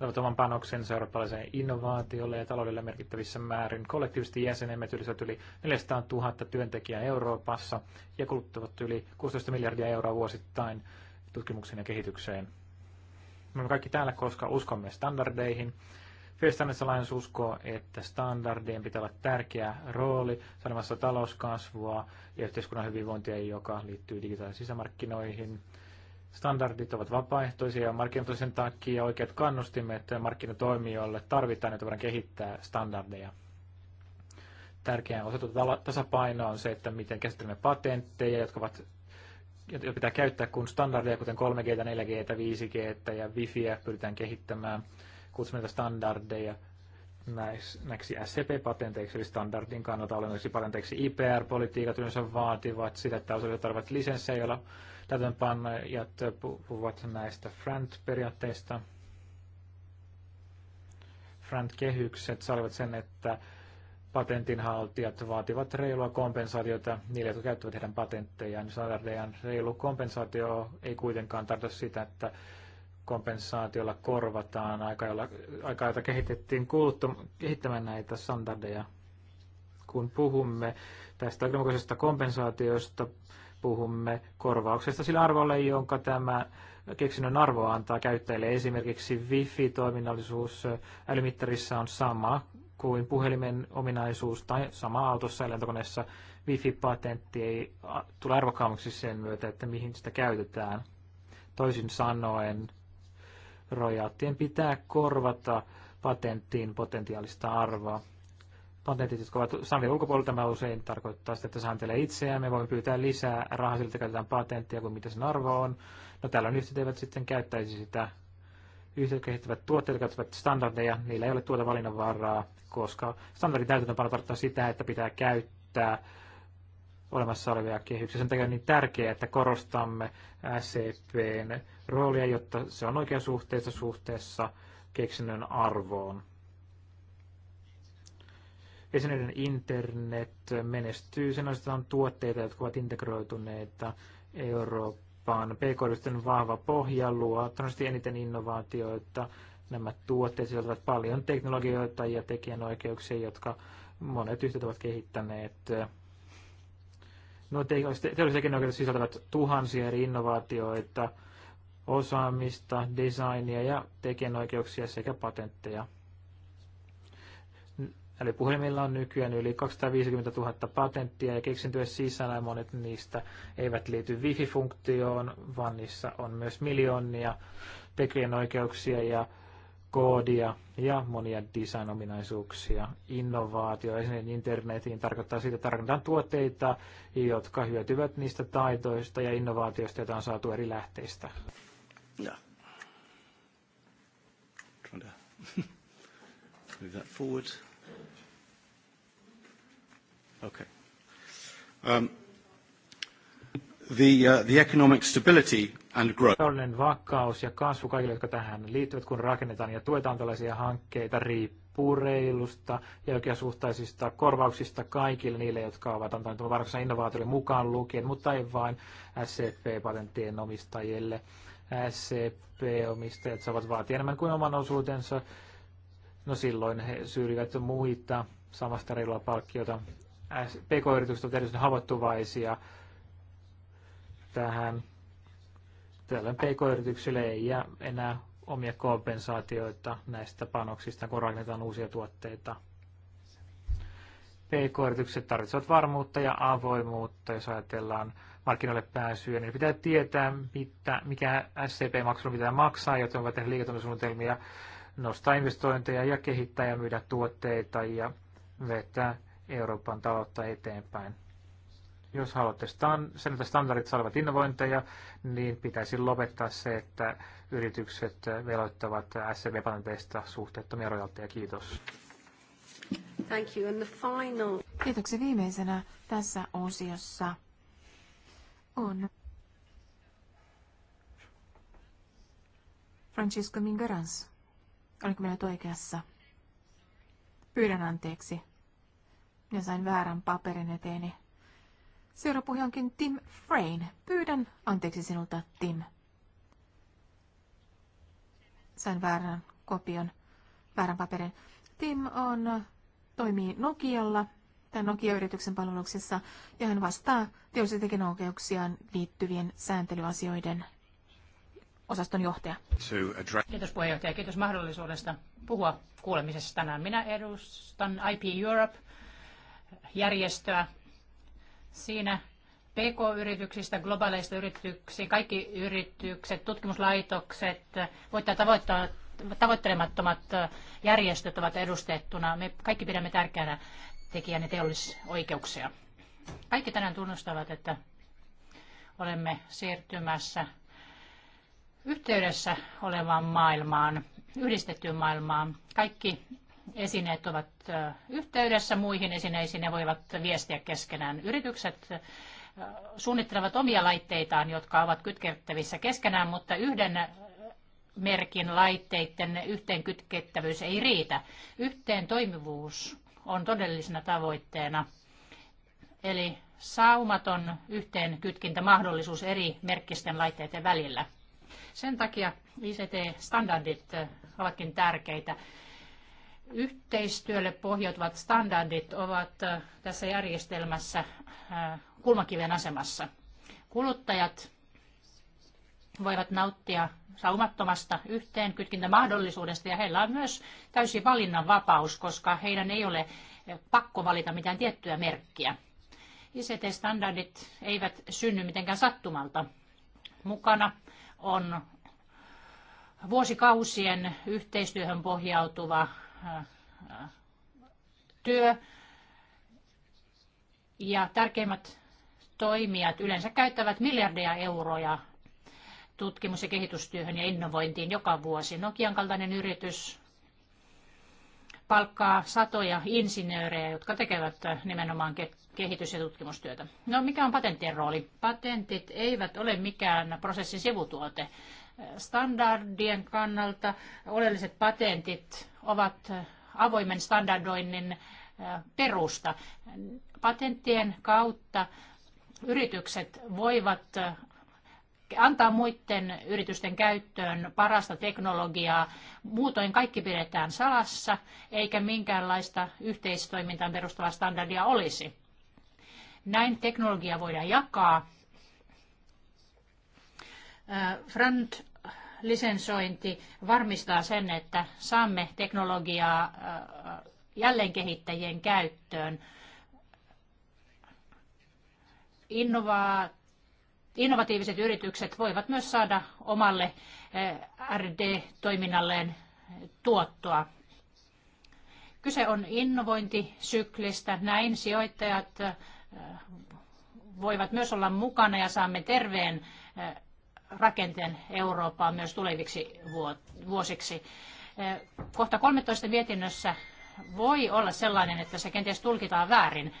ovat oman panoksensa eurooppalaiseen innovaatiolle ja taloudelle merkittävissä määrin. Kollektiivisesti jäsenemme työllisivät yli 400 000 työntekijää Euroopassa ja kuluttavat yli 16 miljardia euroa vuosittain tutkimukseen ja kehitykseen. Me olemme kaikki täällä, koska uskomme standardeihin, Fair Standards uskoo, että standardien pitää olla tärkeä rooli sanomassa talouskasvua ja yhteiskunnan hyvinvointia, joka liittyy digitaalisiin sisämarkkinoihin. Standardit ovat vapaaehtoisia ja markkinoiden takia oikeat kannustimet markkinatoimijoille tarvitaan, että voidaan kehittää standardeja. Tärkeä osa tuota tasapainoa on se, että miten käsittelemme patentteja, jotka ovat jo pitää käyttää, kun standardeja, kuten 3G, 4G, 5G ja Wifiä pyritään kehittämään kutsumme näitä standardeja näiksi SCP-patenteiksi, eli standardin kannalta olennaisiksi patenteiksi. IPR-politiikat yleensä vaativat sitä, että osalliset tarvitsevat lisenssejä, joilla täytäntöönpanojat puhuvat näistä FRANT-periaatteista. FRANT-kehykset saivat sen, että patentinhaltijat vaativat reilua kompensaatiota niille, jotka käyttävät heidän patenttejaan. Standardejaan reilu kompensaatio ei kuitenkaan tarkoita sitä, että kompensaatiolla korvataan aika, jolla, aika jota kehitettiin kuluttom, kehittämään näitä standardeja. Kun puhumme tästä oikeudenmukaisesta kompensaatiosta, puhumme korvauksesta sillä arvolle, jonka tämä keksinnön arvo antaa käyttäjille. Esimerkiksi Wi-Fi-toiminnallisuus älymittarissa on sama kuin puhelimen ominaisuus tai sama autossa ja lentokoneessa. Wi-Fi-patentti ei tule arvokkaammaksi sen myötä, että mihin sitä käytetään. Toisin sanoen, rojaattien pitää korvata patenttiin potentiaalista arvoa. Patentit, jotka ovat sääntelyn ulkopuolella, tämä usein tarkoittaa sitä, että sääntelee itseään. Me voimme pyytää lisää rahaa siltä, käytetään patenttia kuin mitä sen arvo on. No tällöin yhtiöt eivät sitten käyttäisi sitä. Yhtiöt kehittävät tuotteita, käyttävät standardeja, niillä ei ole tuota valinnanvaraa, koska standardin täytäntöönpano tarkoittaa sitä, että pitää käyttää olemassa olevia kehyksiä. Sen takia on niin tärkeää, että korostamme SCPn e roolia, jotta se on oikea suhteessa suhteessa keksinnön arvoon. Esineiden internet menestyy sen on tuotteita, jotka ovat integroituneita Eurooppaan. pk vahva pohja luo eniten innovaatioita. Nämä tuotteet sisältävät paljon teknologioita ja tekijänoikeuksia, jotka monet yhtiöt ovat kehittäneet No te teolliset sisältävät tuhansia eri innovaatioita, osaamista, designia ja tekijänoikeuksia sekä patentteja. Eli puhelimilla on nykyään yli 250 000 patenttia ja keksintöjen sisällä monet niistä eivät liity wifi-funktioon, vaan niissä on myös miljoonia tekijänoikeuksia ja koodia ja monia design-ominaisuuksia. Innovaatio esimerkiksi internetiin tarkoittaa sitä, että tarkoitetaan tuotteita, jotka hyötyvät niistä taitoista ja innovaatioista, joita on saatu eri lähteistä. Yeah. Trying to move that forward. Okay. Um, the, uh, the economic stability and growth. Taloudellinen vakaus ja kasvu kaikille, jotka tähän liittyvät, kun rakennetaan ja tuetaan tällaisia hankkeita, riippuu reilusta ja oikeasuhtaisista korvauksista kaikille niille, jotka ovat antaneet varassa innovaatioille mukaan lukien, mutta ei vain SCP-patenttien omistajille. SCP-omistajat saavat vaatia enemmän kuin oman osuutensa. No silloin he syrjivät muita samasta reilua palkkiota. PK-yritykset ovat erityisen haavoittuvaisia tähän tällöin PK-yrityksille ei jää enää omia kompensaatioita näistä panoksista, kun rakennetaan uusia tuotteita. PK-yritykset tarvitsevat varmuutta ja avoimuutta, jos ajatellaan markkinoille pääsyä, niin pitää tietää, mitä, mikä SCP-maksu pitää maksaa, jotta voi tehdä liiketoimintasuunnitelmia, nostaa investointeja ja kehittää ja myydä tuotteita ja vetää Euroopan taloutta eteenpäin. Jos haluatte stand, sen, että standardit saavat innovointeja, niin pitäisi lopettaa se, että yritykset veloittavat SCB-patenteista suhteettomia rojalteja. Kiitos. Thank you. And the final... Kiitoksia viimeisenä tässä osiossa on Francesco Mingarans. Olenko minä oikeassa? Pyydän anteeksi. Minä sain väärän paperin eteeni. Seuraava puhuja onkin Tim Frain. Pyydän anteeksi sinulta, Tim. Sain väärän kopion, väärän paperin. Tim on, äh, toimii Nokialla tämän Nokia-yrityksen palveluksessa ja hän vastaa teollisuuden oikeuksiaan liittyvien sääntelyasioiden osaston johtaja. Kiitos puheenjohtaja, kiitos mahdollisuudesta puhua kuulemisessa tänään. Minä edustan IP Europe järjestöä, Siinä PK-yrityksistä globaaleista yrityksiä kaikki yritykset, tutkimuslaitokset, voittaa tavoittaa tavoittelemattomat järjestöt ovat edustettuna. Me kaikki pidämme tärkeänä tekijän ja teollisoikeuksia. Kaikki tänään tunnustavat, että olemme siirtymässä yhteydessä olevaan maailmaan, yhdistettyyn maailmaan. Kaikki esineet ovat yhteydessä muihin esineisiin ja voivat viestiä keskenään. Yritykset suunnittelevat omia laitteitaan, jotka ovat kytkettävissä keskenään, mutta yhden merkin laitteiden yhteenkytkettävyys ei riitä. Yhteen toimivuus on todellisena tavoitteena. Eli saumaton yhteen mahdollisuus eri merkkisten laitteiden välillä. Sen takia ICT-standardit ovatkin tärkeitä yhteistyölle pohjautuvat standardit ovat äh, tässä järjestelmässä äh, kulmakiven asemassa. Kuluttajat voivat nauttia saumattomasta yhteenkytkintämahdollisuudesta ja heillä on myös täysi valinnanvapaus, koska heidän ei ole pakko valita mitään tiettyä merkkiä. ICT-standardit eivät synny mitenkään sattumalta. Mukana on vuosikausien yhteistyöhön pohjautuva työ ja tärkeimmät toimijat yleensä käyttävät miljardeja euroja tutkimus- ja kehitystyöhön ja innovointiin joka vuosi. Nokian kaltainen yritys palkkaa satoja insinöörejä, jotka tekevät nimenomaan kehitys- ja tutkimustyötä. No mikä on patenttien rooli? Patentit eivät ole mikään prosessin sivutuote. Standardien kannalta oleelliset patentit ovat avoimen standardoinnin perusta. Patenttien kautta yritykset voivat antaa muiden yritysten käyttöön parasta teknologiaa. Muutoin kaikki pidetään salassa, eikä minkäänlaista yhteistoimintaan perustuvaa standardia olisi. Näin teknologia voidaan jakaa. Front lisensointi varmistaa sen, että saamme teknologiaa äh, jälleenkehittäjien käyttöön. Innova- innovatiiviset yritykset voivat myös saada omalle äh, RD-toiminnalleen tuottoa. Kyse on innovointisyklistä. Näin sijoittajat äh, voivat myös olla mukana ja saamme terveen rakenteen Eurooppaa myös tuleviksi vuosiksi. Kohta 13 mietinnössä voi olla sellainen, että se kenties tulkitaan väärin.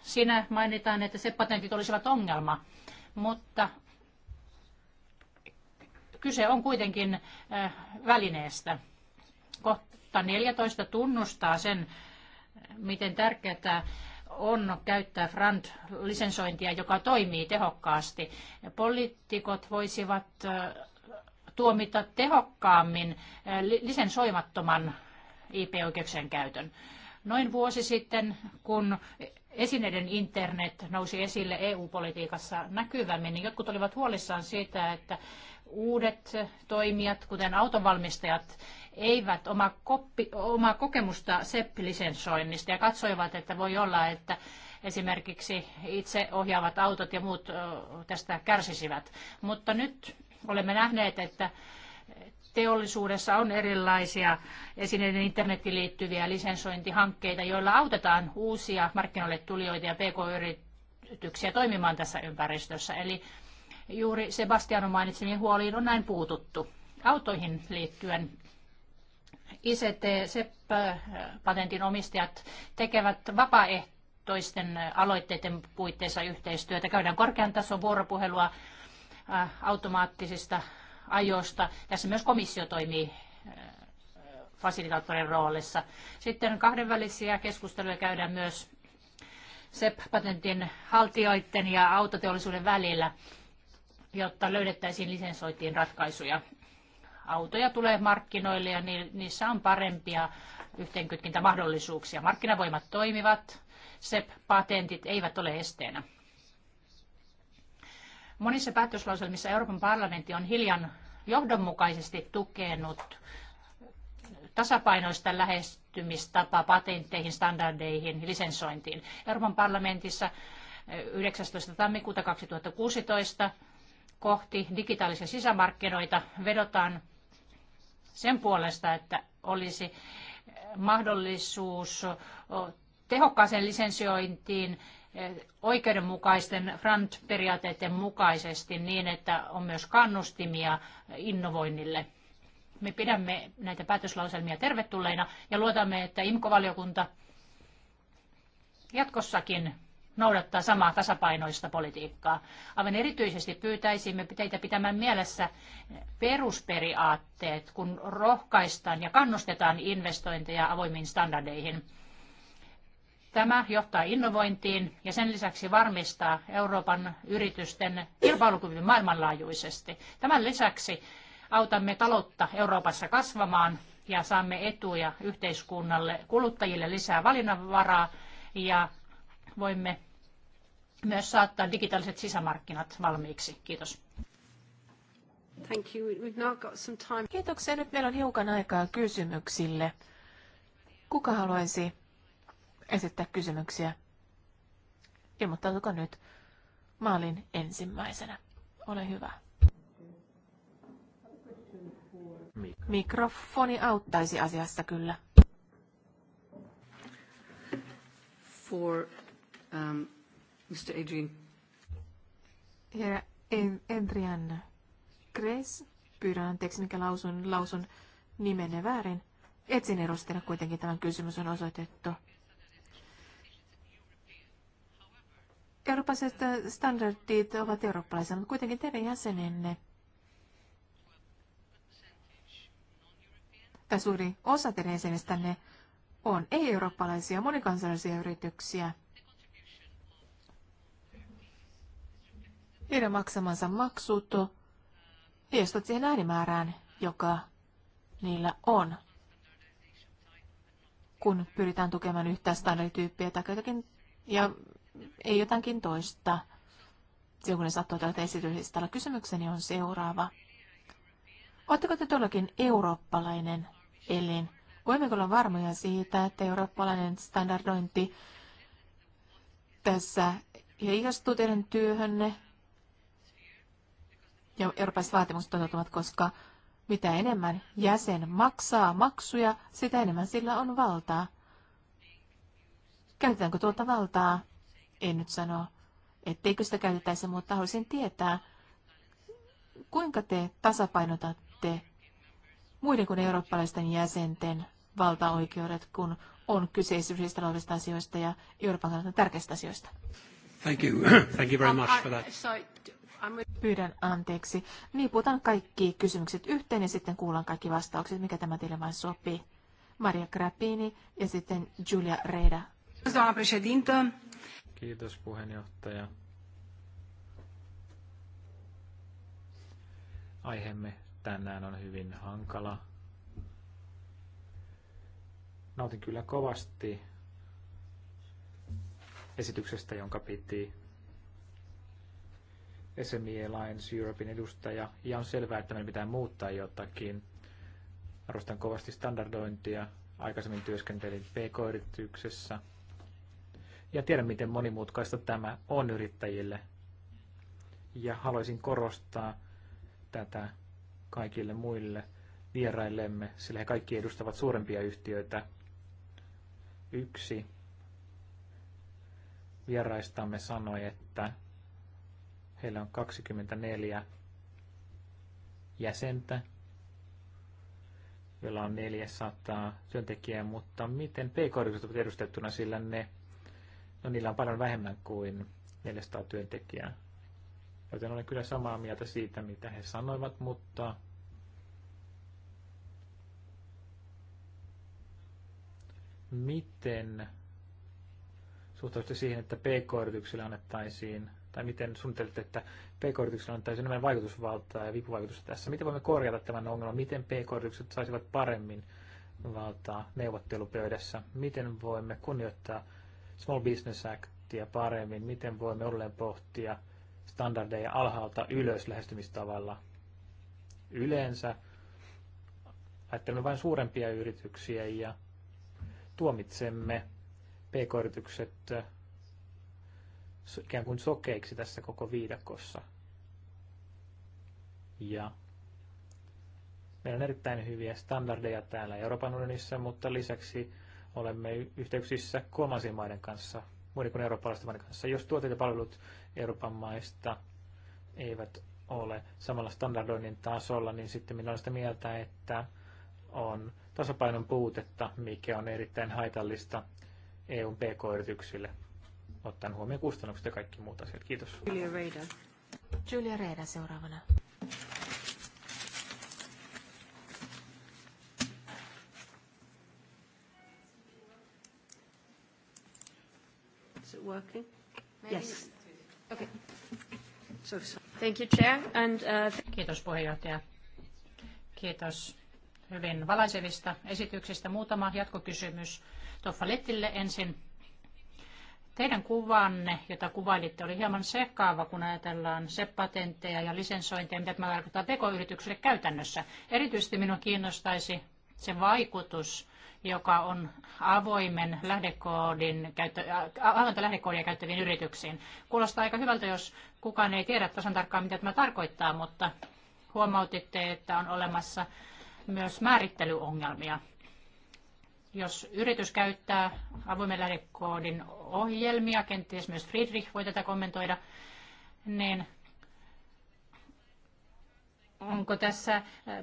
Siinä mainitaan, että se patentit olisivat ongelma, mutta kyse on kuitenkin välineestä. Kohta 14 tunnustaa sen, miten tärkeää on käyttää Frant-lisensointia, joka toimii tehokkaasti. Poliitikot voisivat tuomita tehokkaammin lisensoimattoman IP-oikeuksien käytön. Noin vuosi sitten, kun esineiden internet nousi esille EU-politiikassa näkyvämmin, niin jotkut olivat huolissaan siitä, että uudet toimijat, kuten autonvalmistajat, eivät oma, koppi, oma kokemusta SEP-lisensoinnista ja katsoivat, että voi olla, että esimerkiksi itse ohjaavat autot ja muut tästä kärsisivät. Mutta nyt olemme nähneet, että teollisuudessa on erilaisia esineiden internetin liittyviä lisensointihankkeita, joilla autetaan uusia markkinoille tulijoita ja pk-yrityksiä toimimaan tässä ympäristössä. Eli juuri Sebastian mainitsemiin huoliin on näin puututtu. Autoihin liittyen ICT-SEP-patentin omistajat tekevät vapaaehtoisten aloitteiden puitteissa yhteistyötä. Käydään korkean tason vuoropuhelua automaattisista ajoista. Tässä myös komissio toimii fasilitaattorin roolissa. Sitten kahdenvälisiä keskusteluja käydään myös SEP-patentin haltijoiden ja autoteollisuuden välillä, jotta löydettäisiin lisensoitiin ratkaisuja autoja tulee markkinoille ja niissä on parempia yhteenkytkintämahdollisuuksia. Markkinavoimat toimivat, SEP-patentit eivät ole esteenä. Monissa päätöslauselmissa Euroopan parlamentti on hiljan johdonmukaisesti tukenut tasapainoista lähestymistapaa patentteihin, standardeihin, lisensointiin. Euroopan parlamentissa 19. tammikuuta 2016 kohti digitaalisia sisämarkkinoita vedotaan sen puolesta, että olisi mahdollisuus tehokkaaseen lisensiointiin oikeudenmukaisten FRANT-periaatteiden mukaisesti niin, että on myös kannustimia innovoinnille. Me pidämme näitä päätöslauselmia tervetulleina ja luotamme, että IMKO-valiokunta jatkossakin noudattaa samaa tasapainoista politiikkaa. Aivan erityisesti pyytäisimme teitä pitämään mielessä perusperiaatteet, kun rohkaistaan ja kannustetaan investointeja avoimiin standardeihin. Tämä johtaa innovointiin ja sen lisäksi varmistaa Euroopan yritysten kilpailukyvyn maailmanlaajuisesti. Tämän lisäksi autamme taloutta Euroopassa kasvamaan ja saamme etuja yhteiskunnalle, kuluttajille lisää valinnanvaraa ja voimme myös saattaa digitaaliset sisämarkkinat valmiiksi. Kiitos. Thank you. We've now got some time. Kiitoksia. Nyt meillä on hiukan aikaa kysymyksille. Kuka haluaisi esittää kysymyksiä? Ilmoittautukaa nyt maalin ensimmäisenä. Ole hyvä. Mikrofoni auttaisi asiassa kyllä. For Mr. Um, Adrian. Herra Adrian Grace, pyydän anteeksi, mikä lausun, lausun nimenne väärin. Etsin kuitenkin tämän kysymys on osoitettu. Eurooppalaiset standardit ovat eurooppalaisia, mutta kuitenkin teidän jäsenenne tai suuri osa teidän jäsenestänne on ei-eurooppalaisia monikansallisia yrityksiä – Heidän maksamansa maksut heijastuvat siihen äänimäärään, joka niillä on, kun pyritään tukemaan yhtä standardityyppiä tai jotakin, ja ei jotakin toista, silloin kun ne sattuu tältä esityslistalla. Kysymykseni on seuraava. Oletteko te todellakin eurooppalainen elin? Voimmeko olla varmoja siitä, että eurooppalainen standardointi tässä heijastuu teidän työhönne ja eurooppalaiset vaatimukset toteutuvat, koska mitä enemmän jäsen maksaa maksuja, sitä enemmän sillä on valtaa. Käytetäänkö tuota valtaa? En nyt sano, etteikö sitä käytettäisi, mutta haluaisin tietää, kuinka te tasapainotatte muiden kuin eurooppalaisten jäsenten valtaoikeudet, kun on kyseisistä taloudellisista asioista ja Euroopan kannalta tärkeistä asioista. Thank you. Thank you very much for that. Uh, uh, Pyydän anteeksi. Niiputan kaikki kysymykset yhteen ja sitten kuullaan kaikki vastaukset, mikä tämä teille vain sopii. Maria Grappini ja sitten Julia Reida. Kiitos puheenjohtaja. Aiheemme tänään on hyvin hankala. Nautin kyllä kovasti esityksestä, jonka piti SME Alliance Europein edustaja, ja on selvää, että meidän pitää muuttaa jotakin. Arvostan kovasti standardointia, aikaisemmin työskentelin PK-yrityksessä, ja tiedän, miten monimutkaista tämä on yrittäjille. Ja haluaisin korostaa tätä kaikille muille vieraillemme, sillä he kaikki edustavat suurempia yhtiöitä. Yksi vieraistamme sanoi, että Heillä on 24 jäsentä, joilla on 400 työntekijää, mutta miten pk-yritykset ovat edustettuna, sillä ne, no niillä on paljon vähemmän kuin 400 työntekijää. Joten olen kyllä samaa mieltä siitä, mitä he sanoivat, mutta miten suhtaudutte siihen, että pk-yrityksille annettaisiin tai miten suunnittelette, että pk-yrityksillä antaisi enemmän vaikutusvaltaa ja vipuvaikutusta tässä? Miten voimme korjata tämän ongelman? Miten pk-yritykset saisivat paremmin valtaa neuvottelupöydässä? Miten voimme kunnioittaa Small Business Actia paremmin? Miten voimme uudelleen pohtia standardeja alhaalta ylös lähestymistavalla? Yleensä ajattelemme vain suurempia yrityksiä ja tuomitsemme pk-yritykset ikään kuin sokeiksi tässä koko viidakossa. Ja meillä on erittäin hyviä standardeja täällä Euroopan unionissa, mutta lisäksi olemme yhteyksissä kolmansien maiden kanssa, muiden kuin eurooppalaisten maiden kanssa. Jos tuotteet ja palvelut Euroopan maista eivät ole samalla standardoinnin tasolla, niin sitten minä olen sitä mieltä, että on tasapainon puutetta, mikä on erittäin haitallista EUn pk-yrityksille ottaen huomioon kustannukset ja kaikki muut asiat. Kiitos. Julia Reida. Julia Reida seuraavana. Is it working? Maybe. Yes. Okay. So, so. Thank you, Chair. And, uh, Kiitos puheenjohtaja. Kiitos hyvin valaisevista esityksistä. Muutama jatkokysymys Toffa Lettille ensin Teidän kuvanne, jota kuvailitte, oli hieman sekaava, kun ajatellaan se patentteja ja lisensointeja, mitä tämä tarkoittaa tekoyritykselle käytännössä. Erityisesti minua kiinnostaisi se vaikutus, joka on avoimen lähdekoodin, avointa lähdekoodia käyttäviin yrityksiin. Kuulostaa aika hyvältä, jos kukaan ei tiedä tasan tarkkaan, mitä tämä tarkoittaa, mutta huomautitte, että on olemassa myös määrittelyongelmia. Jos yritys käyttää avoimen lähdekoodin ohjelmia, kenties myös Friedrich voi tätä kommentoida, niin onko tässä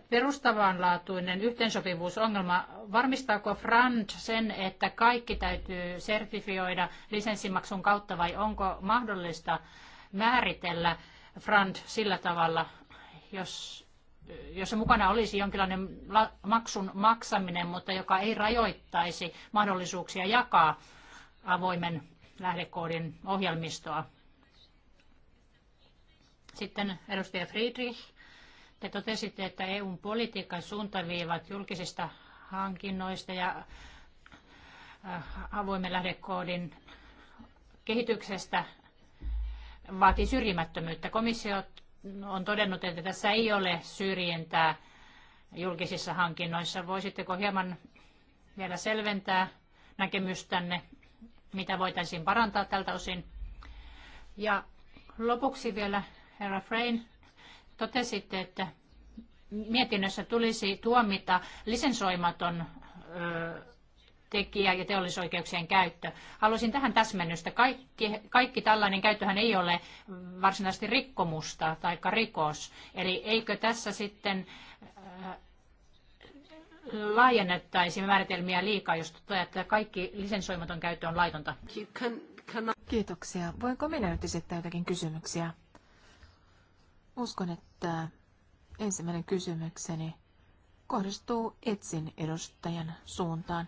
perustavanlaatuinen yhteensopivuusongelma? Varmistaako Frand sen, että kaikki täytyy sertifioida lisenssimaksun kautta vai onko mahdollista määritellä Frand sillä tavalla, jos jossa mukana olisi jonkinlainen maksun maksaminen, mutta joka ei rajoittaisi mahdollisuuksia jakaa avoimen lähdekoodin ohjelmistoa. Sitten edustaja Friedrich, te totesitte, että EUn politiikan suuntaviivat julkisista hankinnoista ja äh, avoimen lähdekoodin kehityksestä vaatii syrjimättömyyttä. Komissio on todennut, että tässä ei ole syrjintää julkisissa hankinnoissa. Voisitteko hieman vielä selventää näkemystänne, mitä voitaisiin parantaa tältä osin? Ja lopuksi vielä, herra Frein, totesitte, että mietinnössä tulisi tuomita lisensoimaton ö, tekijä ja teollisoikeuksien käyttö. Haluaisin tähän täsmennystä. Kaikki, kaikki tällainen käyttöhän ei ole varsinaisesti rikkomusta tai rikos. Eli eikö tässä sitten äh, laajennettaisi määritelmiä liikaa, jos toteaa, että kaikki lisensoimaton käyttö on laitonta? Kiitoksia. Voinko minä nyt esittää jotakin kysymyksiä? Uskon, että ensimmäinen kysymykseni kohdistuu Etsin edustajan suuntaan.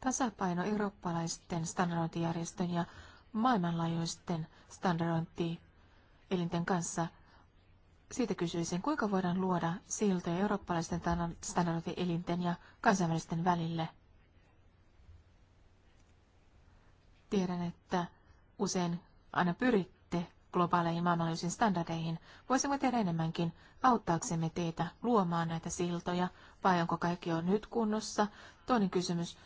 Tasapaino eurooppalaisten standardointijärjestön ja maailmanlaajuisten standardointielinten kanssa siitä kysyisin, kuinka voidaan luoda siltoja eurooppalaisten standardointielinten ja kansainvälisten välille. Tiedän, että usein aina pyritte globaaleihin maailmanlaajuisiin standardeihin. Voisimme tehdä enemmänkin auttaaksemme teitä luomaan näitä siltoja, vai onko kaikki jo nyt kunnossa? Toinen kysymys,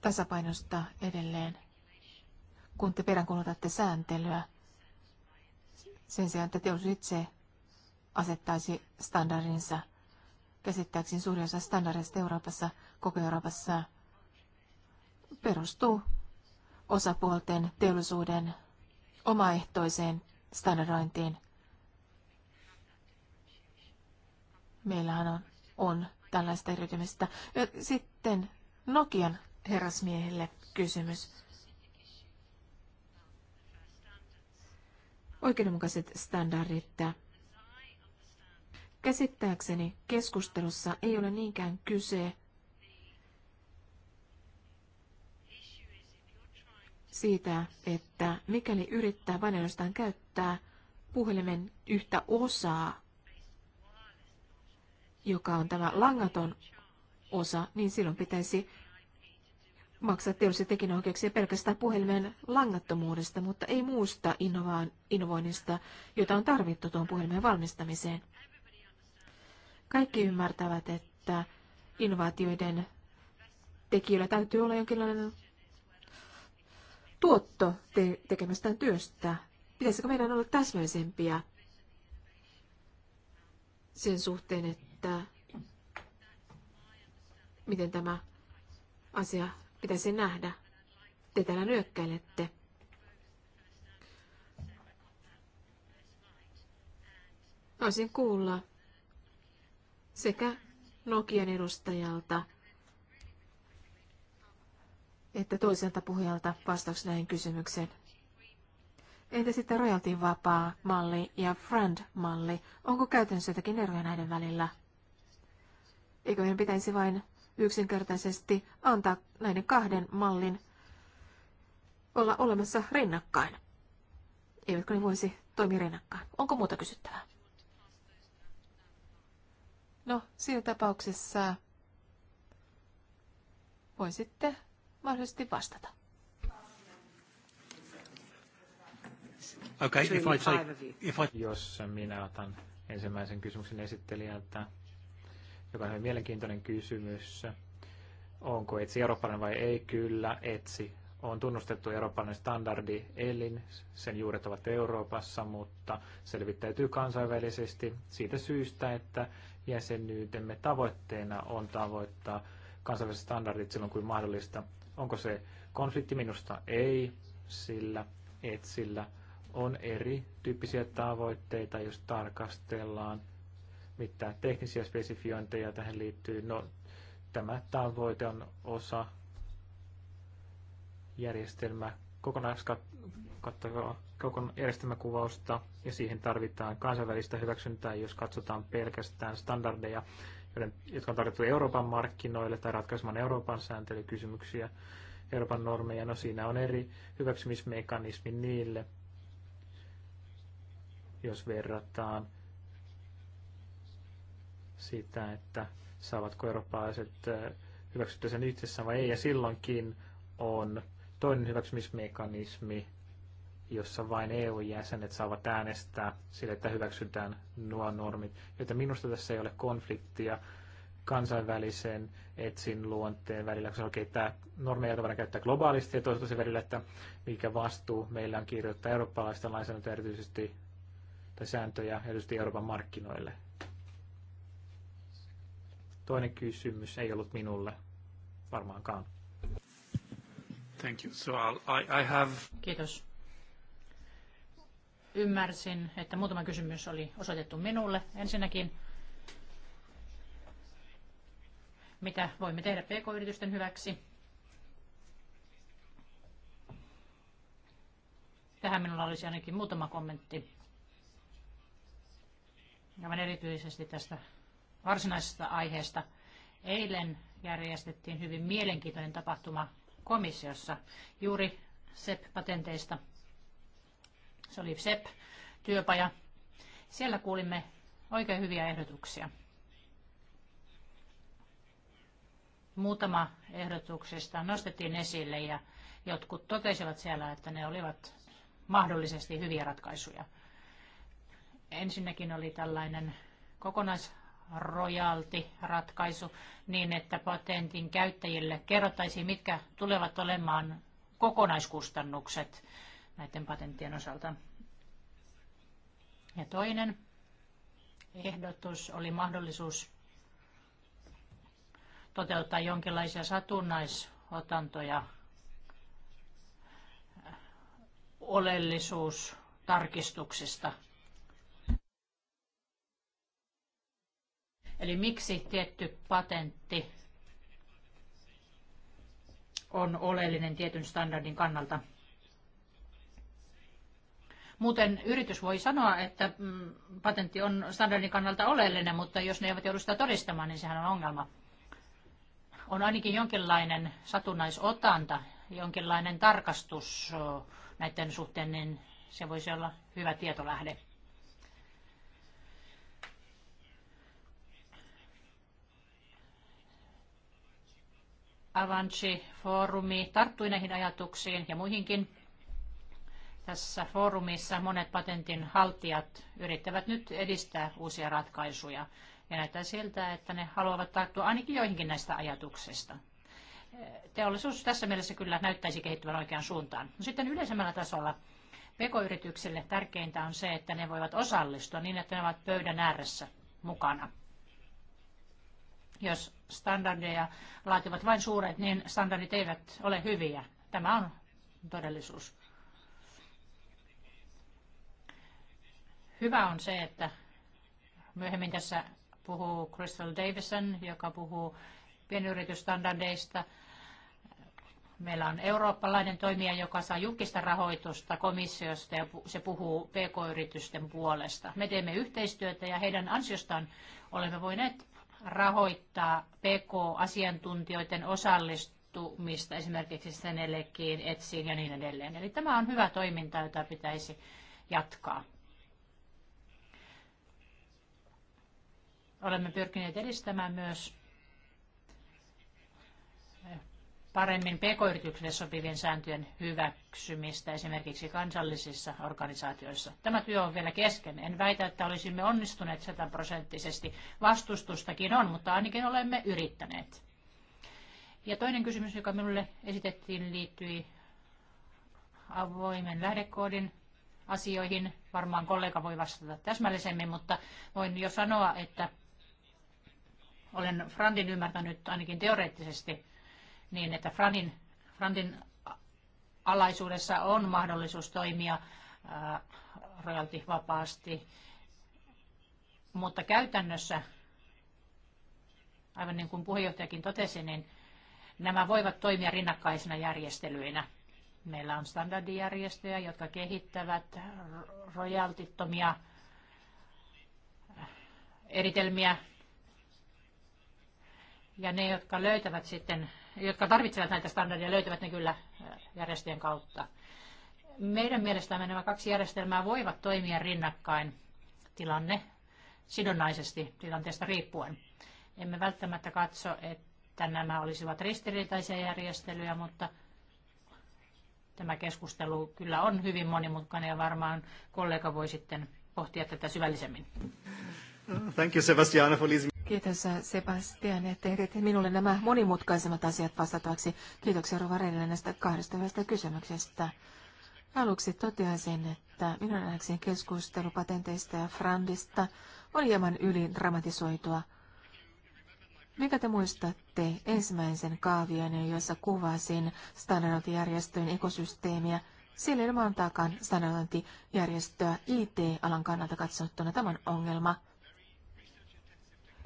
tasapainosta edelleen, kun te peräänkuulutatte sääntelyä. Sen sijaan, että teollisuus itse asettaisi standardinsa. Käsittääkseni suurin osa standardeista Euroopassa, koko Euroopassa, perustuu osapuolten teollisuuden omaehtoiseen standardointiin. Meillähän on, on tällaista eriytymistä. Sitten Nokian herrasmiehelle kysymys. Oikeudenmukaiset standardit. Käsittääkseni keskustelussa ei ole niinkään kyse siitä, että mikäli yrittää vain ainoastaan käyttää puhelimen yhtä osaa, joka on tämä langaton osa, niin silloin pitäisi maksaa teollisia tekijänoikeuksia pelkästään puhelimen langattomuudesta, mutta ei muusta innovaan, innovoinnista, jota on tarvittu tuon puhelimen valmistamiseen. Kaikki ymmärtävät, että innovaatioiden tekijöillä täytyy olla jonkinlainen tuotto te- tekemästään työstä. Pitäisikö meidän olla täsmällisempiä sen suhteen, että miten tämä asia Pitäisi nähdä. Te täällä nyökkäilette. Voisin kuulla sekä Nokian edustajalta että toiselta puhujalta vastauksen näihin kysymykseen. Entä sitten rojaltiin vapaa malli ja friend-malli? Onko käytännössä jotakin eroja näiden välillä? Eikö meidän pitäisi vain yksinkertaisesti antaa näiden kahden mallin olla olemassa rinnakkain. Eivätkö ne voisi toimia rinnakkain? Onko muuta kysyttävää? No, siinä tapauksessa voisitte mahdollisesti vastata. Okay, if I take, if I... Jos minä otan ensimmäisen kysymyksen esittelijältä, joka on hyvin mielenkiintoinen kysymys. Onko etsi eurooppalainen vai ei? Kyllä, etsi on tunnustettu eurooppalainen standardi elin, sen juuret ovat Euroopassa, mutta selvittäytyy kansainvälisesti siitä syystä, että jäsenyytemme tavoitteena on tavoittaa kansainväliset standardit silloin kuin mahdollista. Onko se konflikti? Minusta ei, sillä etsillä on eri tyyppisiä tavoitteita, jos tarkastellaan mitään teknisiä spesifiointeja tähän liittyy. No, tämä tavoite on osa järjestelmä kokonaiskattavaa kokon järjestelmäkuvausta ja siihen tarvitaan kansainvälistä hyväksyntää, jos katsotaan pelkästään standardeja, jotka on tarkoitettu Euroopan markkinoille tai ratkaisemaan Euroopan sääntelykysymyksiä, Euroopan normeja. No siinä on eri hyväksymismekanismi niille, jos verrataan siitä, että saavatko eurooppalaiset hyväksyttyä sen itsessään vai ei. Ja silloinkin on toinen hyväksymismekanismi, jossa vain EU-jäsenet saavat äänestää sille, että hyväksytään nuo normit. Joten minusta tässä ei ole konfliktia kansainvälisen etsin luonteen välillä, koska okei, okay, tämä normeja voidaan käyttää globaalisti ja toisaalta se välillä, että mikä vastuu meillä on kirjoittaa eurooppalaista lainsäädäntöä erityisesti tai sääntöjä erityisesti Euroopan markkinoille. Toinen kysymys ei ollut minulle varmaankaan. Thank you. So I'll, I, I have... Kiitos. Ymmärsin, että muutama kysymys oli osoitettu minulle. Ensinnäkin, mitä voimme tehdä pk-yritysten hyväksi? Tähän minulla olisi ainakin muutama kommentti. Ja erityisesti tästä varsinaisesta aiheesta. Eilen järjestettiin hyvin mielenkiintoinen tapahtuma komissiossa juuri SEP-patenteista. Se oli SEP-työpaja. Siellä kuulimme oikein hyviä ehdotuksia. Muutama ehdotuksista nostettiin esille ja jotkut totesivat siellä, että ne olivat mahdollisesti hyviä ratkaisuja. Ensinnäkin oli tällainen kokonais royalty ratkaisu niin, että patentin käyttäjille kerrottaisiin, mitkä tulevat olemaan kokonaiskustannukset näiden patenttien osalta. Ja toinen ehdotus oli mahdollisuus toteuttaa jonkinlaisia satunnaisotantoja oleellisuustarkistuksista – Eli miksi tietty patentti on oleellinen tietyn standardin kannalta? Muuten yritys voi sanoa, että mm, patentti on standardin kannalta oleellinen, mutta jos ne eivät joudu sitä todistamaan, niin sehän on ongelma. On ainakin jonkinlainen satunnaisotanta, jonkinlainen tarkastus näiden suhteen, niin se voisi olla hyvä tietolähde. Avanci-foorumi tarttui näihin ajatuksiin ja muihinkin. Tässä foorumissa monet patentin haltijat yrittävät nyt edistää uusia ratkaisuja. Ja näyttää siltä, että ne haluavat tarttua ainakin joihinkin näistä ajatuksista. Teollisuus tässä mielessä kyllä näyttäisi kehittyvän oikeaan suuntaan. No sitten yleisemmällä tasolla pk-yrityksille tärkeintä on se, että ne voivat osallistua niin, että ne ovat pöydän ääressä mukana. Jos standardeja laativat vain suuret, niin standardit eivät ole hyviä. Tämä on todellisuus. Hyvä on se, että myöhemmin tässä puhuu Crystal Davison, joka puhuu pienyritysstandardeista. Meillä on eurooppalainen toimija, joka saa julkista rahoitusta komissiosta ja se puhuu pk-yritysten puolesta. Me teemme yhteistyötä ja heidän ansiostaan olemme voineet rahoittaa PK-asiantuntijoiden osallistumista esimerkiksi Senelekiin, Etsiin ja niin edelleen. Eli tämä on hyvä toiminta, jota pitäisi jatkaa. Olemme pyrkineet edistämään myös paremmin pk-yrityksille sopivien sääntöjen hyväksymistä esimerkiksi kansallisissa organisaatioissa. Tämä työ on vielä kesken. En väitä, että olisimme onnistuneet sataprosenttisesti. Vastustustakin on, mutta ainakin olemme yrittäneet. Ja toinen kysymys, joka minulle esitettiin, liittyi avoimen lähdekoodin asioihin. Varmaan kollega voi vastata täsmällisemmin, mutta voin jo sanoa, että olen Frantin ymmärtänyt ainakin teoreettisesti niin että Franin, Franin alaisuudessa on mahdollisuus toimia äh, royalty-vapaasti, mutta käytännössä, aivan niin kuin puheenjohtajakin totesi, niin nämä voivat toimia rinnakkaisina järjestelyinä. Meillä on standardijärjestöjä, jotka kehittävät rojaltittomia äh, eritelmiä. Ja ne, jotka löytävät sitten jotka tarvitsevat näitä standardeja, löytävät ne kyllä äh, järjestöjen kautta. Meidän mielestämme nämä kaksi järjestelmää voivat toimia rinnakkain tilanne sidonnaisesti tilanteesta riippuen. Emme välttämättä katso, että nämä olisivat ristiriitaisia järjestelyjä, mutta tämä keskustelu kyllä on hyvin monimutkainen ja varmaan kollega voi sitten pohtia tätä syvällisemmin. Thank you, Sebastiana, for Kiitos Sebastian, että ehdit minulle nämä monimutkaisemmat asiat vastataksi. Kiitoksia Rova Reilille näistä kahdesta hyvästä kysymyksestä. Aluksi toteaisin, että minun nähdäkseni keskustelu patenteista ja frandista oli hieman yli dramatisoitua. Mikä te muistatte ensimmäisen kaavion, jossa kuvasin standardointijärjestöjen ekosysteemiä, sillä ilman takan standardointijärjestöä IT-alan kannalta katsottuna tämän ongelma –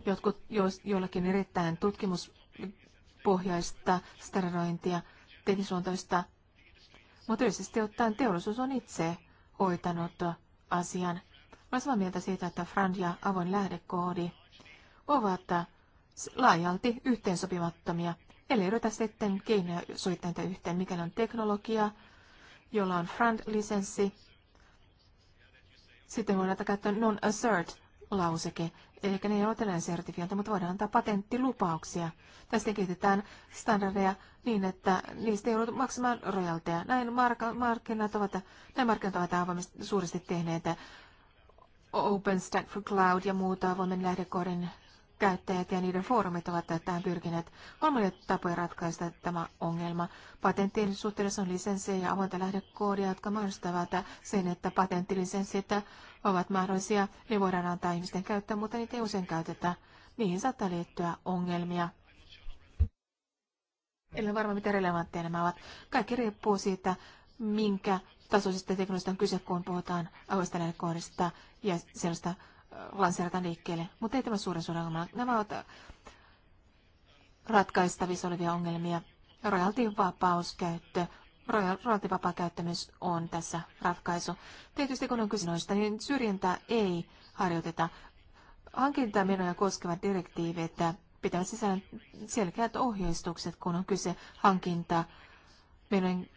Jotkut, joillakin erittäin tutkimuspohjaista sterilointia, teknisluontoista, mutta yleisesti ottaen teollisuus on itse hoitanut asian. Olen samaa mieltä siitä, että Frand ja avoin lähdekoodi ovat laajalti yhteensopimattomia, eli yritä sitten keinoja sovittaa yhteen, mikä on teknologia, jolla on Frand-lisenssi. Sitten voidaan käyttää non-assert lauseke. eikä niin ole tällainen sertifiointi, mutta voidaan antaa patenttilupauksia. Tästä kehitetään standardeja niin, että niistä ei joudut maksamaan rojalteja. Näin marka- markkinat ovat, näin markkinat ovat suuresti tehneet Stack for Cloud ja muuta avoimen lähdekoodin käyttäjät ja niiden foorumit ovat tähän pyrkineet. On monia tapoja ratkaista tämä ongelma. Patenttien suhteessa on lisenssejä ja avointa lähdekoodia, jotka mahdollistavat sen, että patenttilisenssit ovat mahdollisia. Ne voidaan antaa ihmisten käyttöön, mutta niitä ei usein käytetä. Niihin saattaa liittyä ongelmia. Eli ole varma, mitä relevantteja nämä ovat. Kaikki riippuu siitä, minkä tasoisista teknologista on kyse, kun puhutaan avoista kohdista ja sellaista lanseerata liikkeelle. Mutta ei tämä suuren suuren ongelma. Nämä ovat ratkaistavissa olevia ongelmia. Royalty vapauskäyttö rojaltivapaa käyttämys on tässä ratkaisu. Tietysti kun on kyse noista, niin syrjintää ei harjoiteta. Hankintamenoja koskevat direktiivit pitävät sisällä selkeät ohjeistukset, kun on kyse hankinta, menojen,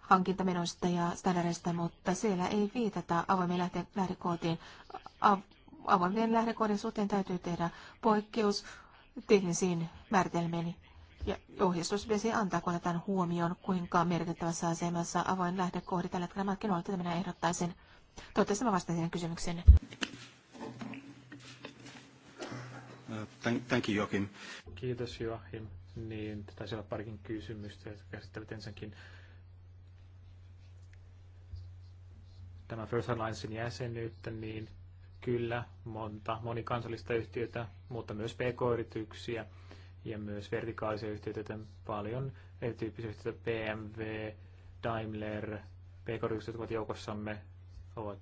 hankintamenoista ja standardeista, mutta siellä ei viitata avoimien lähte- lähdekoodiin. Av- avoimien lähdekoodin suhteen täytyy tehdä poikkeus teknisiin määritelmiin ja ohjeistus pitäisi antaa, kuitenkin otetaan huomioon, kuinka merkittävässä asemassa avoin lähdekohde tällä hetkellä markkinoilla. että minä ehdottaisin. Toivottavasti mä vastaan siihen kysymykseen. Thank you, Joachim. Kiitos, Joachim. Niin, taisi olla parikin kysymystä, jotka käsittelet ensinnäkin tämä First Alliancein jäsenyyttä, niin kyllä monta monikansallista yhtiötä, mutta myös pk-yrityksiä – ja myös vertikaalisia yhtiöitä, joten paljon erityyppisiä yhtiöitä, BMW, Daimler, pk-yritykset ovat joukossamme, ovat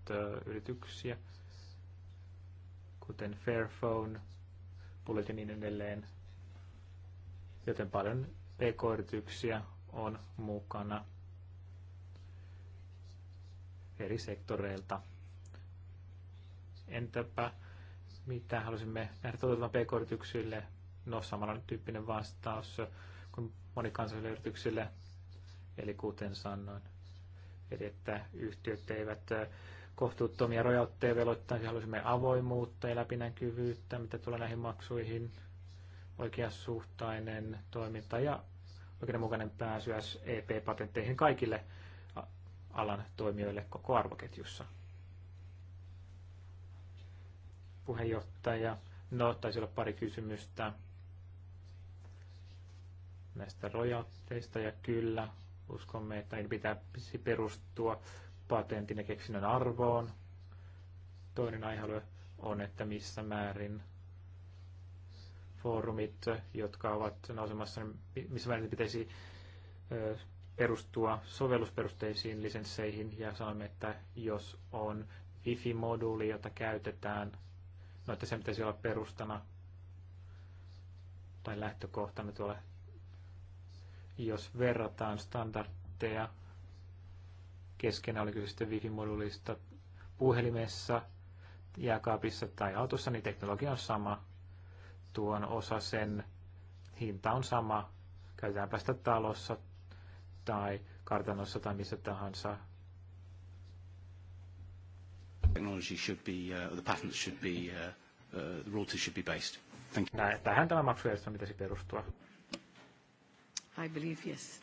yrityksiä, kuten Fairphone, Bullet ja niin edelleen. Joten paljon pk-yrityksiä on mukana eri sektoreilta. Entäpä mitä halusimme nähdä toteutuvan pk-yrityksille No samalla tyyppinen vastaus kuin monikansallisille yrityksille, eli kuten sanoin. Eli että yhtiöt eivät kohtuuttomia rojaltteja veloittaisi, halusimme avoimuutta ja läpinäkyvyyttä, mitä tulee näihin maksuihin, oikeasuhtainen toiminta ja oikeudenmukainen pääsy ep patentteihin kaikille alan toimijoille koko arvoketjussa. Puheenjohtaja, no taisi olla pari kysymystä näistä rojalteista ja kyllä uskomme, että niiden pitää perustua patentin ja keksinnön arvoon. Toinen aihe on, että missä määrin foorumit, jotka ovat nousemassa, niin missä määrin pitäisi perustua sovellusperusteisiin lisensseihin ja sanomme, että jos on Wi-Fi-moduuli, jota käytetään, no että sen pitäisi olla perustana tai lähtökohtana tuolla jos verrataan standardeja keskenään, oli kyse sitten wifi-modulista puhelimessa, jääkaapissa tai autossa, niin teknologia on sama. Tuon osa sen hinta on sama, käytetäänpä sitä talossa tai kartanossa tai missä tahansa. Technology should be, uh, the patents should be, uh, uh, the royalties should be based. Thank you. tähän tämä maksujärjestelmä pitäisi perustua. I believe yes.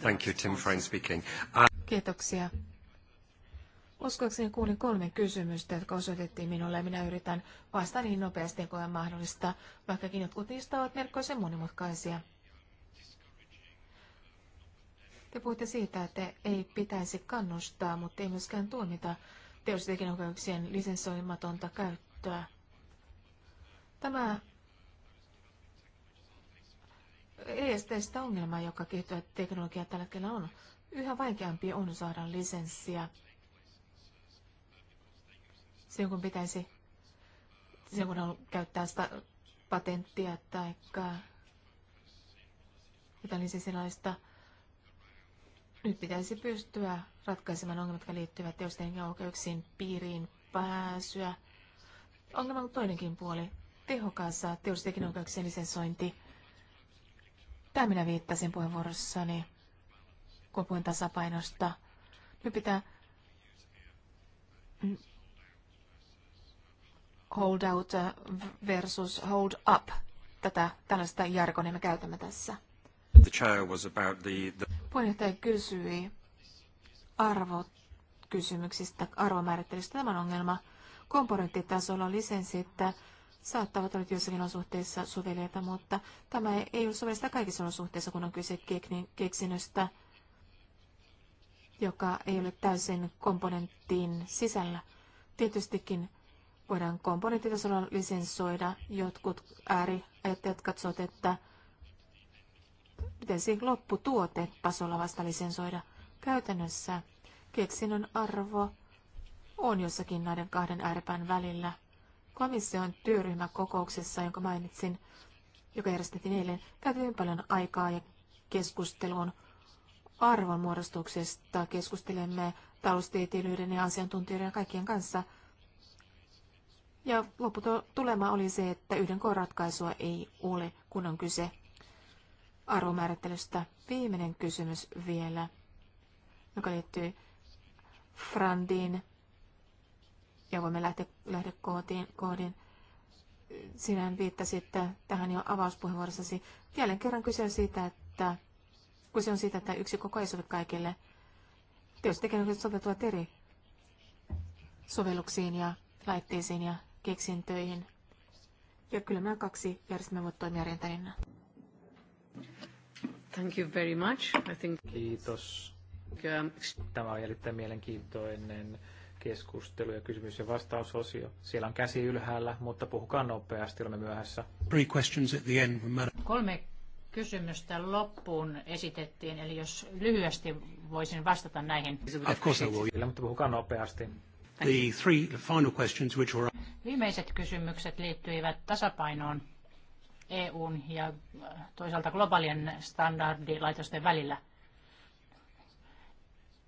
Thank you, Tim Frank speaking. Kiitoksia. Uskoakseni kuulin kolme kysymystä, jotka osoitettiin minulle ja minä yritän vastata niin nopeasti kuin on mahdollista, vaikkakin jotkut niistä ovat melkoisen monimutkaisia. Te puhutte siitä, että ei pitäisi kannustaa, mutta ei myöskään tuomita teollisuustekijöiden lisensoimatonta käyttöä. Tämä E sitä ongelmaa, joka kehittyvä teknologia tällä hetkellä on. Yhä vaikeampi on saada lisenssiä. Silloin kun pitäisi, silloin kun on käyttää sitä patenttia tai mitä lisenssilaista, nyt pitäisi pystyä ratkaisemaan ongelmat, jotka liittyvät teosten oikeuksiin, piiriin pääsyä. Ongelma on toinenkin puoli, tehokas teosten oikeuksien lisensointi Tämä minä viittasin puheenvuorossani, kun puhuin tasapainosta. Nyt pitää hold out versus hold up. Tätä tällaista jargonia me käytämme tässä. The chair was about the, the... Puheenjohtaja kysyi arvokysymyksistä, arvomäärittelystä. Tämä on ongelma. Komponenttitasolla lisenssi, että saattavat olla joissakin olosuhteissa soveliaita, mutta tämä ei ole sovellista kaikissa olosuhteissa, kun on kyse keksinnöstä, joka ei ole täysin komponenttiin sisällä. Tietystikin voidaan komponenttitasolla lisensoida. Jotkut ääriajattajat katsovat, että pitäisi tasolla vasta lisensoida. Käytännössä keksinnön arvo on jossakin näiden kahden ääripään välillä – komission työryhmäkokouksessa, jonka mainitsin, joka järjestettiin eilen, käytettiin paljon aikaa ja keskustelun arvonmuodostuksesta. Keskustelemme taloustieteilijöiden ja asiantuntijoiden ja kaikkien kanssa. Ja lopputulema oli se, että yhden koon ratkaisua ei ole, kun on kyse arvomäärittelystä. Viimeinen kysymys vielä, joka liittyy Frandin ja voimme lähteä, lähteä koodin, kohdin. Sinä viittasit tähän jo avauspuheenvuorossasi. Jälleen kerran kyse on siitä, että se on siitä, että yksi koko ei sovi kaikille. jos teknologiat soveltuvat eri sovelluksiin ja laitteisiin ja keksintöihin. Ja kyllä nämä kaksi järjestelmää voivat toimia rintarinnan. Thank you very much. I think... Kiitos. Um, Tämä on erittäin mielenkiintoinen keskustelu ja kysymys- ja vastausosio. Siellä on käsi ylhäällä, mutta puhukaa nopeasti, olemme myöhässä. Kolme kysymystä loppuun esitettiin, eli jos lyhyesti voisin vastata näihin. Of course I will. mutta puhukaa nopeasti. The three final questions which were... Viimeiset kysymykset liittyivät tasapainoon EUn ja toisaalta globaalien standardilaitosten välillä –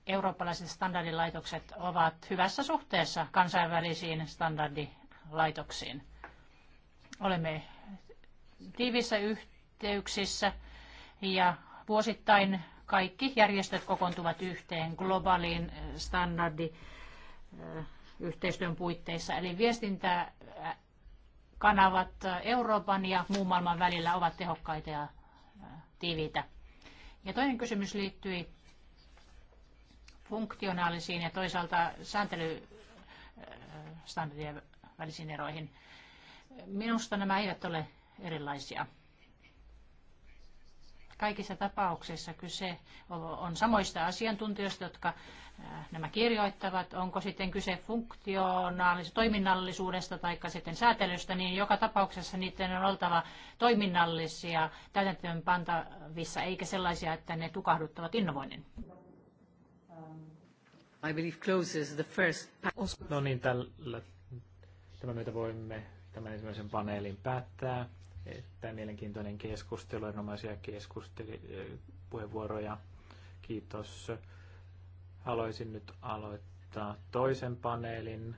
eurooppalaiset standardilaitokset ovat hyvässä suhteessa kansainvälisiin standardilaitoksiin. Olemme tiivissä yhteyksissä ja vuosittain kaikki järjestöt kokoontuvat yhteen globaaliin standardiyhteistyön puitteissa. Eli viestintäkanavat Euroopan ja muun maailman välillä ovat tehokkaita ja tiiviitä. Ja toinen kysymys liittyi funktionaalisiin ja toisaalta sääntelystandardien välisiin eroihin. Minusta nämä eivät ole erilaisia. Kaikissa tapauksissa kyse on samoista asiantuntijoista, jotka äh, nämä kirjoittavat. Onko sitten kyse funktionaalisesta toiminnallisuudesta tai sitten säätelystä, niin joka tapauksessa niiden on oltava toiminnallisia täytäntöön pantavissa, eikä sellaisia, että ne tukahduttavat innovoinnin. I believe closes the first... No niin, tällä, tämän myötä voimme tämän ensimmäisen paneelin päättää. Tämä mielenkiintoinen keskustelu, erinomaisia keskustelupuheenvuoroja. Kiitos. Haluaisin nyt aloittaa toisen paneelin.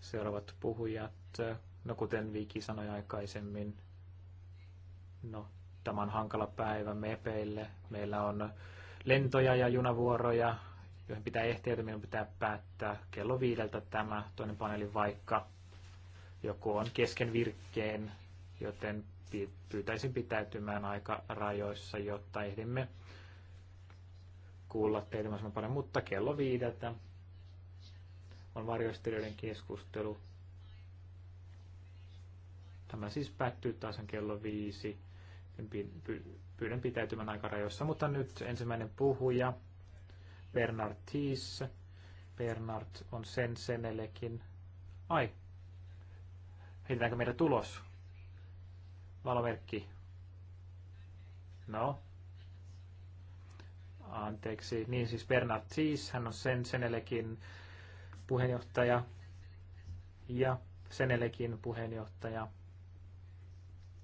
Seuraavat puhujat. No kuten Viki sanoi aikaisemmin, no, tämä on hankala päivä mepeille. Meillä on lentoja ja junavuoroja, joihin pitää ehtiä, että minun pitää päättää kello viideltä tämä toinen paneeli, vaikka joku on kesken virkkeen, joten pyytäisin pitäytymään aika rajoissa, jotta ehdimme kuulla teitä mahdollisimman paljon, mutta kello viideltä on varjoistelijoiden keskustelu. Tämä siis päättyy taas kello viisi. Pyydän pitäytymään aikarajoissa, mutta nyt ensimmäinen puhuja, Bernard Thies. Bernard on sen senelekin. Ai, heitetäänkö meidän tulos? Valomerkki. No. Anteeksi. Niin siis Bernard Thies, hän on sen senelekin puheenjohtaja ja Senelekin puheenjohtaja,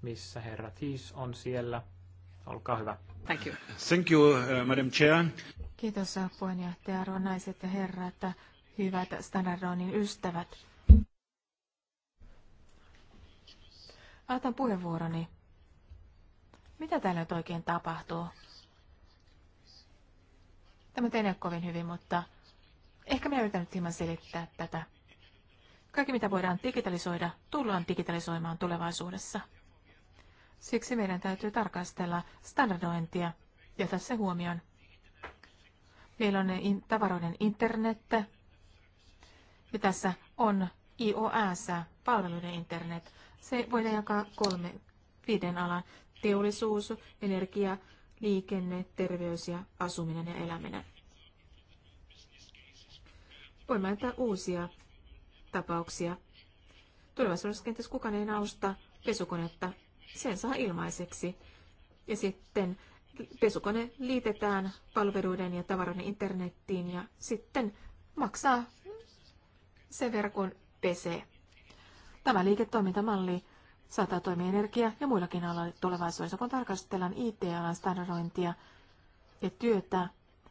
missä herra Thies on siellä. Olkaa hyvä. Thank you. Thank you, uh, Madam Chair. Kiitos uh, puheenjohtaja, arvon naiset ja herrat, uh, hyvät standardoinnin ystävät. Aloitan puheenvuoroni. Mitä täällä nyt oikein tapahtuu? Tämä ei kovin hyvin, mutta ehkä minä yritän nyt hieman selittää tätä. Kaikki, mitä voidaan digitalisoida, tullaan digitalisoimaan tulevaisuudessa. Siksi meidän täytyy tarkastella standardointia ja tässä huomioon. Meillä on tavaroiden internet ja tässä on IOS, palveluiden internet. Se voidaan jakaa kolme viiden alan teollisuus, energia, liikenne, terveys ja asuminen ja eläminen. Voimme antaa uusia tapauksia. Tulevaisuudessa kenties kukaan ei nausta pesukonetta sen saa ilmaiseksi. Ja sitten pesukone liitetään palveluiden ja tavaroiden internettiin ja sitten maksaa sen verran kuin pesee. Tämä liiketoimintamalli saattaa toimia energia- ja muillakin aloilla tulevaisuudessa, kun tarkastellaan IT-alan standardointia ja työtä,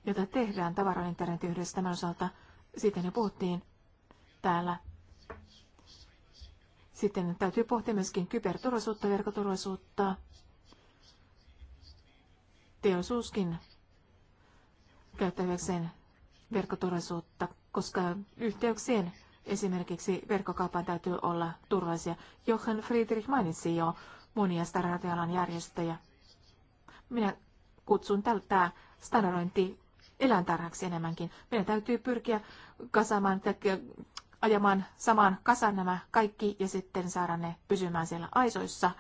jota tehdään tavaroiden internetyhdessä tämän osalta. Siitä jo puhuttiin täällä sitten täytyy pohtia myöskin kyberturvallisuutta, verkoturvallisuutta. Teollisuuskin käyttäväkseen verkkoturvallisuutta, koska yhteyksien esimerkiksi verkkokaupan täytyy olla turvallisia. Johan Friedrich mainitsi jo monia standardialan järjestöjä. Minä kutsun tältä standardointi eläintarhaksi enemmänkin. Meidän täytyy pyrkiä kasaamaan ajamaan samaan kasaan nämä kaikki ja sitten saada ne pysymään siellä aisoissa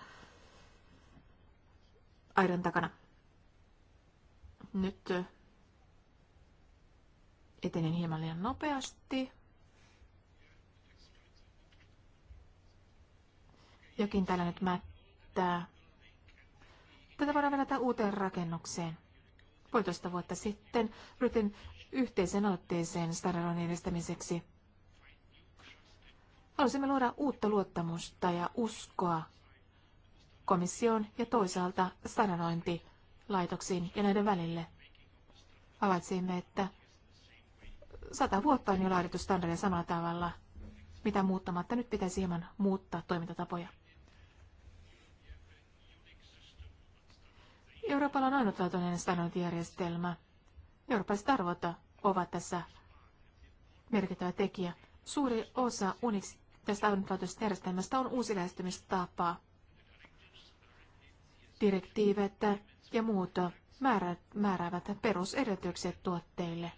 aidan takana. Nyt etenen hieman liian nopeasti. Jokin täällä nyt mättää. Tätä voidaan verrata uuteen rakennukseen. Puolitoista vuotta sitten ryhtyin yhteisen aloitteeseen Staralonin edistämiseksi Haluaisimme luoda uutta luottamusta ja uskoa komission ja toisaalta laitoksiin ja näiden välille. Havaitsimme, että sata vuotta on jo laadittu standardia samalla tavalla, mitä muuttamatta nyt pitäisi hieman muuttaa toimintatapoja. Euroopalla on ainutlaatuinen standardijärjestelmä. Eurooppalaiset arvot ovat tässä merkittävä tekijä. Suuri osa Unix tästä ainutlaatuisesta on uusi lähestymistapa. Direktiivet ja muut määräävät perusedellytykset tuotteille.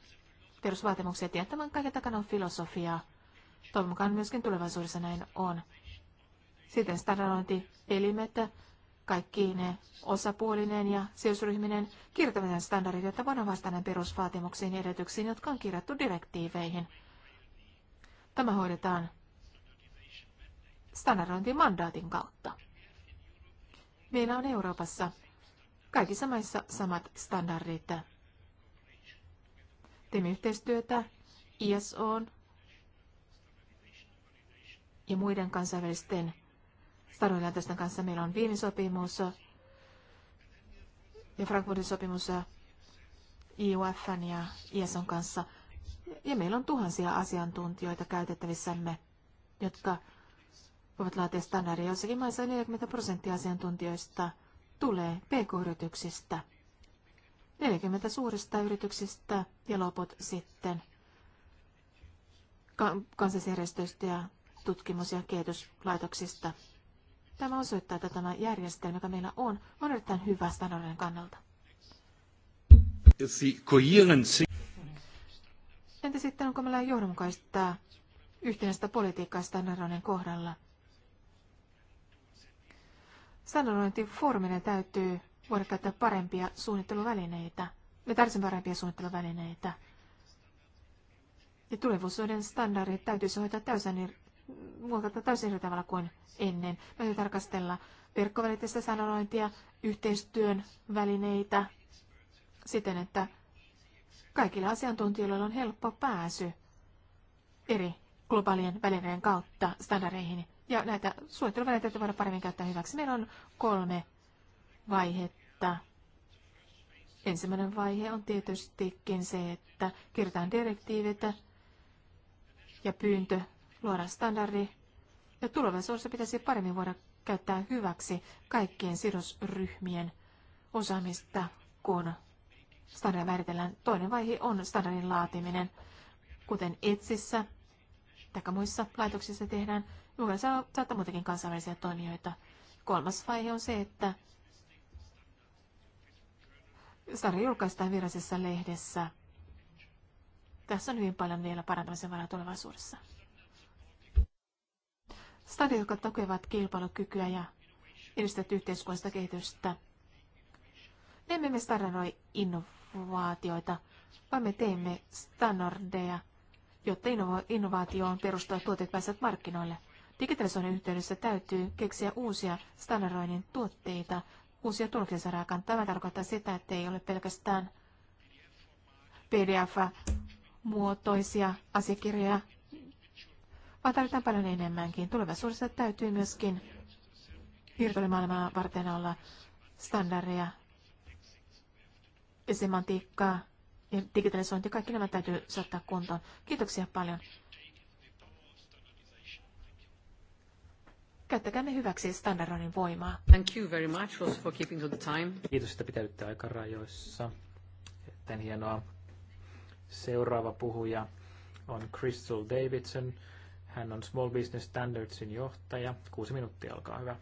Perusvaatimukset ja tämän kaiken takana on filosofiaa. Toivon mukaan myöskin tulevaisuudessa näin on. Sitten standardointielimet, kaikki ne osapuolinen ja sijoitusryhminen kirjoittaminen standardit, jotta voidaan vastata perusvaatimuksiin ja edellytyksiin, jotka on kirjattu direktiiveihin. Tämä hoidetaan standardointimandaatin kautta. Meillä on Euroopassa kaikissa maissa samat standardit. Teemme yhteistyötä ISO ja muiden kansainvälisten standardilaitosten kanssa. Meillä on Viinin sopimus ja Frankfurtin sopimus IUFn ja ISOn kanssa. Ja meillä on tuhansia asiantuntijoita käytettävissämme, jotka voivat laatia standardia. Jossakin maissa 40 prosenttia asiantuntijoista tulee pk-yrityksistä. 40 suurista yrityksistä ja loput sitten kansallisjärjestöistä ja tutkimus- ja kehityslaitoksista. Tämä osoittaa, että tämä järjestelmä, joka meillä on, on erittäin hyvä standardin kannalta. Entä sitten, onko meillä johdonmukaista yhtenäistä politiikkaa standardien kohdalla? Sanonnointifoorumina täytyy voida käyttää parempia suunnitteluvälineitä. Me tarvitsemme parempia suunnitteluvälineitä. Ja tulevaisuuden standardit täytyisi hoitaa täysin, muokata täysin eri tavalla kuin ennen. Me täytyy tarkastella verkkovälitteistä sanonointia, yhteistyön välineitä siten, että kaikilla asiantuntijoilla on helppo pääsy eri globaalien välineiden kautta standardeihin ja näitä suunnitteluvälineitä voidaan paremmin käyttää hyväksi. Meillä on kolme vaihetta. Ensimmäinen vaihe on tietystikin se, että kirjoitetaan direktiivit ja pyyntö luoda standardi. Ja tulevaisuudessa pitäisi paremmin voida käyttää hyväksi kaikkien sidosryhmien osaamista, kun standardia määritellään. Toinen vaihe on standardin laatiminen, kuten ETSissä tai muissa laitoksissa tehdään – mukaan saa, saattaa muutenkin kansainvälisiä toimijoita. Kolmas vaihe on se, että sarja julkaistaan virallisessa lehdessä. Tässä on hyvin paljon vielä parantamisen varaa tulevaisuudessa. Stadit, jotka tukevat kilpailukykyä ja edistävät yhteiskunnallista kehitystä. Me emme me standardoi innovaatioita, vaan me teemme standardeja, jotta innovaatioon perustuvat tuotteet pääsevät markkinoille – Digitalisoinnin yhteydessä täytyy keksiä uusia standardoinnin tuotteita, uusia tuloksia Tämä tarkoittaa sitä, että ei ole pelkästään PDF-muotoisia asiakirjoja, vaan tarvitaan paljon enemmänkin. Tulevaisuudessa täytyy myöskin virtuaalimaailmaa varten olla standardeja semantiikkaa ja digitalisointi. Kaikki nämä täytyy saattaa kuntoon. Kiitoksia paljon. Käyttäkäämme hyväksi standardoinnin voimaa. Thank you very much also for keeping to the time. Kiitos, että pitäydytte aikarajoissa. Tän hienoa. Seuraava puhuja on Crystal Davidson. Hän on Small Business Standardsin johtaja. Kuusi minuuttia, olkaa hyvä.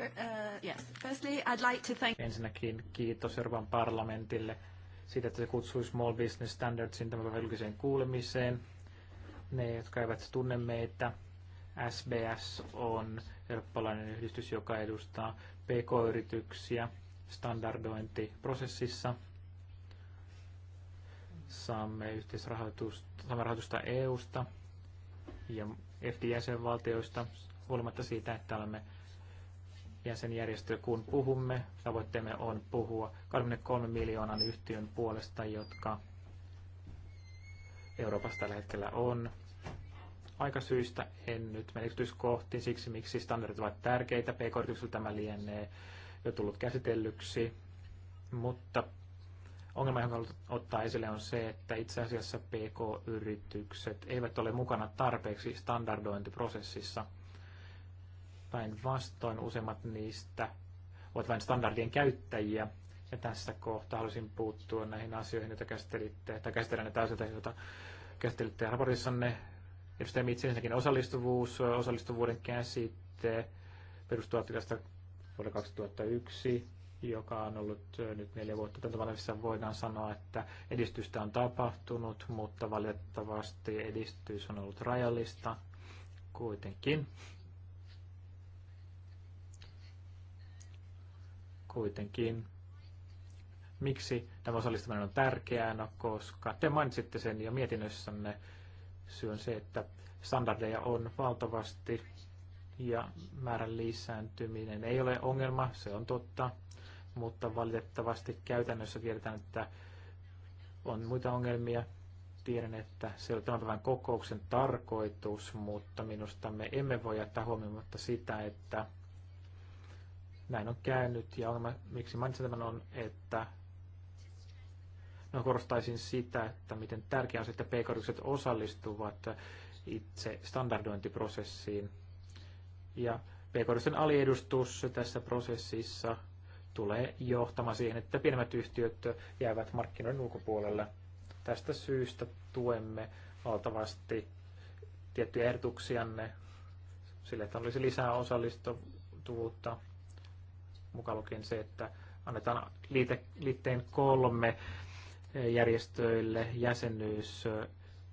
Uh, Ensinnäkin kiitos Euroopan parlamentille siitä, että se kutsui Small Business Standardsin tämän julkiseen kuulemiseen. Ne, jotka eivät tunne meitä, SBS on eurooppalainen yhdistys, joka edustaa PK-yrityksiä standardointiprosessissa. Saamme yhteisrahoitusta, saamme rahoitusta EU-sta ja FD-jäsenvaltioista huolimatta siitä, että olemme jäsenjärjestö, kun puhumme. Tavoitteemme on puhua 23 miljoonan yhtiön puolesta, jotka Euroopassa tällä hetkellä on. syystä en nyt mene yksityiskohtiin siksi, miksi standardit ovat tärkeitä. pk tämä lienee jo tullut käsitellyksi, mutta ongelma, jonka haluan ottaa esille, on se, että itse asiassa PK-yritykset eivät ole mukana tarpeeksi standardointiprosessissa – Päinvastoin useimmat niistä ovat vain standardien käyttäjiä. Ja tässä kohtaa haluaisin puuttua näihin asioihin, joita käsittelitte, tai käsitellään näitä asioita, joita käsittelitte raportissanne. Edustaja Mitsi, ensinnäkin osallistuvuus, osallistuvuuden käsite, perustuu vuonna 2001, joka on ollut nyt neljä vuotta tätä valmissa, voidaan sanoa, että edistystä on tapahtunut, mutta valitettavasti edistys on ollut rajallista kuitenkin. kuitenkin. Miksi tämä osallistuminen on tärkeää? No, koska te mainitsitte sen jo mietinnössänne. Syy on se, että standardeja on valtavasti ja määrän lisääntyminen ei ole ongelma, se on totta, mutta valitettavasti käytännössä tiedetään, että on muita ongelmia. Tiedän, että se oli tämän päivän kokouksen tarkoitus, mutta minusta me emme voi jättää huomioimatta sitä, että näin on käynyt ja on miksi mainitsen tämän on, että no korostaisin sitä, että miten tärkeää on se, että pk osallistuvat itse standardointiprosessiin. Ja pk aliedustus tässä prosessissa tulee johtamaan siihen, että pienemmät yhtiöt jäävät markkinoiden ulkopuolelle. Tästä syystä tuemme valtavasti tiettyjä ehdotuksianne sille, että olisi lisää osallistuvuutta mukaan lukien se, että annetaan liite, liitteen kolme järjestöille jäsenyys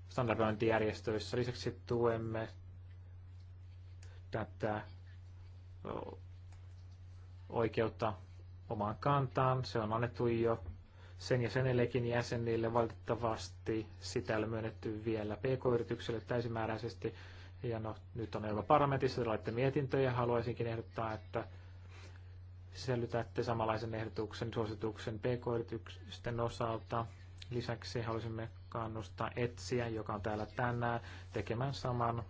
standardointijärjestöissä. Lisäksi tuemme tätä oikeutta omaan kantaan. Se on annettu jo sen ja sen elekin jäsenille. Valitettavasti sitä ei ole myönnetty vielä pk-yritykselle täysimääräisesti. Ja no, nyt on Euroopan parlamentissa laitte mietintöjä. Haluaisinkin ehdottaa, että sisällytätte samanlaisen ehdotuksen suosituksen pk-yritysten osalta. Lisäksi haluaisimme kannustaa etsiä, joka on täällä tänään, tekemään saman.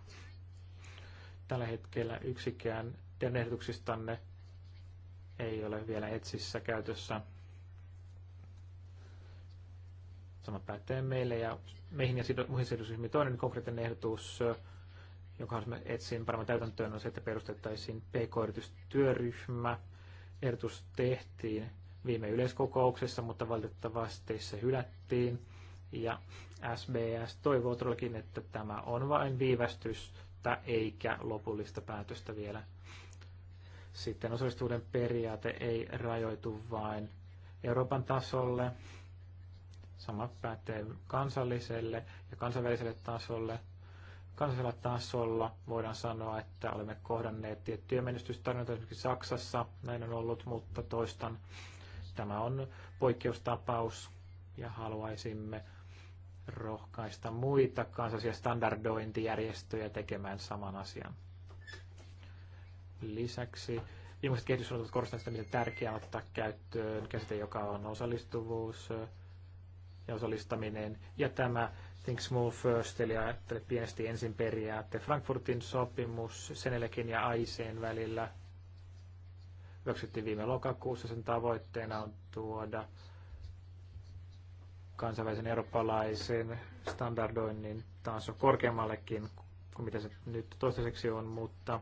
Tällä hetkellä yksikään teidän ehdotuksistanne ei ole vielä etsissä käytössä. Sama päättää meille ja meihin ja muihin sidosryhmiin. Toinen konkreettinen ehdotus, jonka haluaisimme etsiin paremmin täytäntöön, on se, että perustettaisiin pk-yritystyöryhmä, ehdotus tehtiin viime yleiskokouksessa, mutta valitettavasti se hylättiin. Ja SBS toivoo todellakin, että tämä on vain viivästystä eikä lopullista päätöstä vielä. Sitten osallistuuden periaate ei rajoitu vain Euroopan tasolle, sama pätee kansalliselle ja kansainväliselle tasolle – kansallisella tasolla voidaan sanoa, että olemme kohdanneet tiettyjä menestystarinoita esimerkiksi Saksassa, näin on ollut, mutta toistan, tämä on poikkeustapaus ja haluaisimme rohkaista muita kansallisia standardointijärjestöjä tekemään saman asian. Lisäksi ilmaiset kehityssuunnitelmat korostavat sitä, miten tärkeää ottaa käyttöön käsite, joka on osallistuvuus ja osallistaminen. Ja tämä Think Small First, eli ajattele pienesti ensin periaatte. Frankfurtin sopimus Senelekin ja Aiseen välillä hyväksyttiin viime lokakuussa. Sen tavoitteena on tuoda kansainvälisen eurooppalaisen standardoinnin taso korkeammallekin kuin mitä se nyt toistaiseksi on, mutta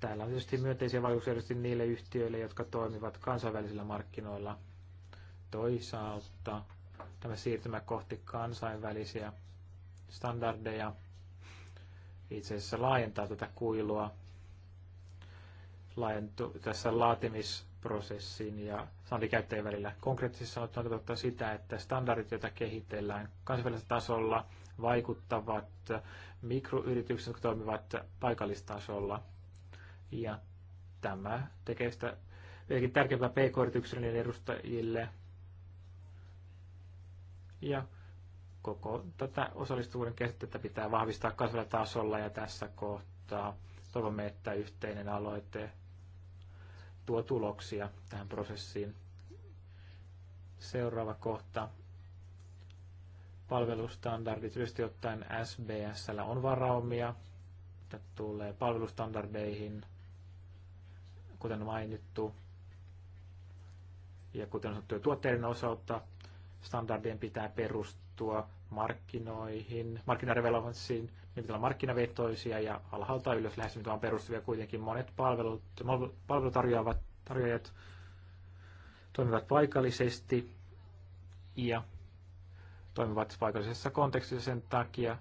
täällä on tietysti myönteisiä vaikutuksia niille yhtiöille, jotka toimivat kansainvälisillä markkinoilla. Toisaalta tämä siirtymä kohti kansainvälisiä standardeja itse asiassa laajentaa tätä kuilua laajentu, tässä laatimisprosessin ja standardikäyttäjien välillä. Konkreettisesti sanottuna tarkoittaa sitä, että standardit, joita kehitellään kansainvälisellä tasolla, vaikuttavat mikroyritykset, jotka toimivat paikallistasolla. Ja tämä tekee sitä vieläkin tärkeämpää pk-yrityksille edustajille – ja koko tätä osallistuvuuden käsitettä pitää vahvistaa kasvella tasolla ja tässä kohtaa toivomme, että yhteinen aloite tuo tuloksia tähän prosessiin. Seuraava kohta. Palvelustandardit. Yleisesti ottaen SBS on varaumia. että tulee palvelustandardeihin, kuten mainittu. Ja kuten sanottu, tuotteiden osalta standardien pitää perustua markkinoihin, markkinarelevanssiin, ne pitää olla markkinavetoisia ja alhaalta ylös lähestymiseen perustuvia kuitenkin monet palvelut, palvelutarjoajat tarjoajat toimivat paikallisesti ja toimivat paikallisessa kontekstissa sen takia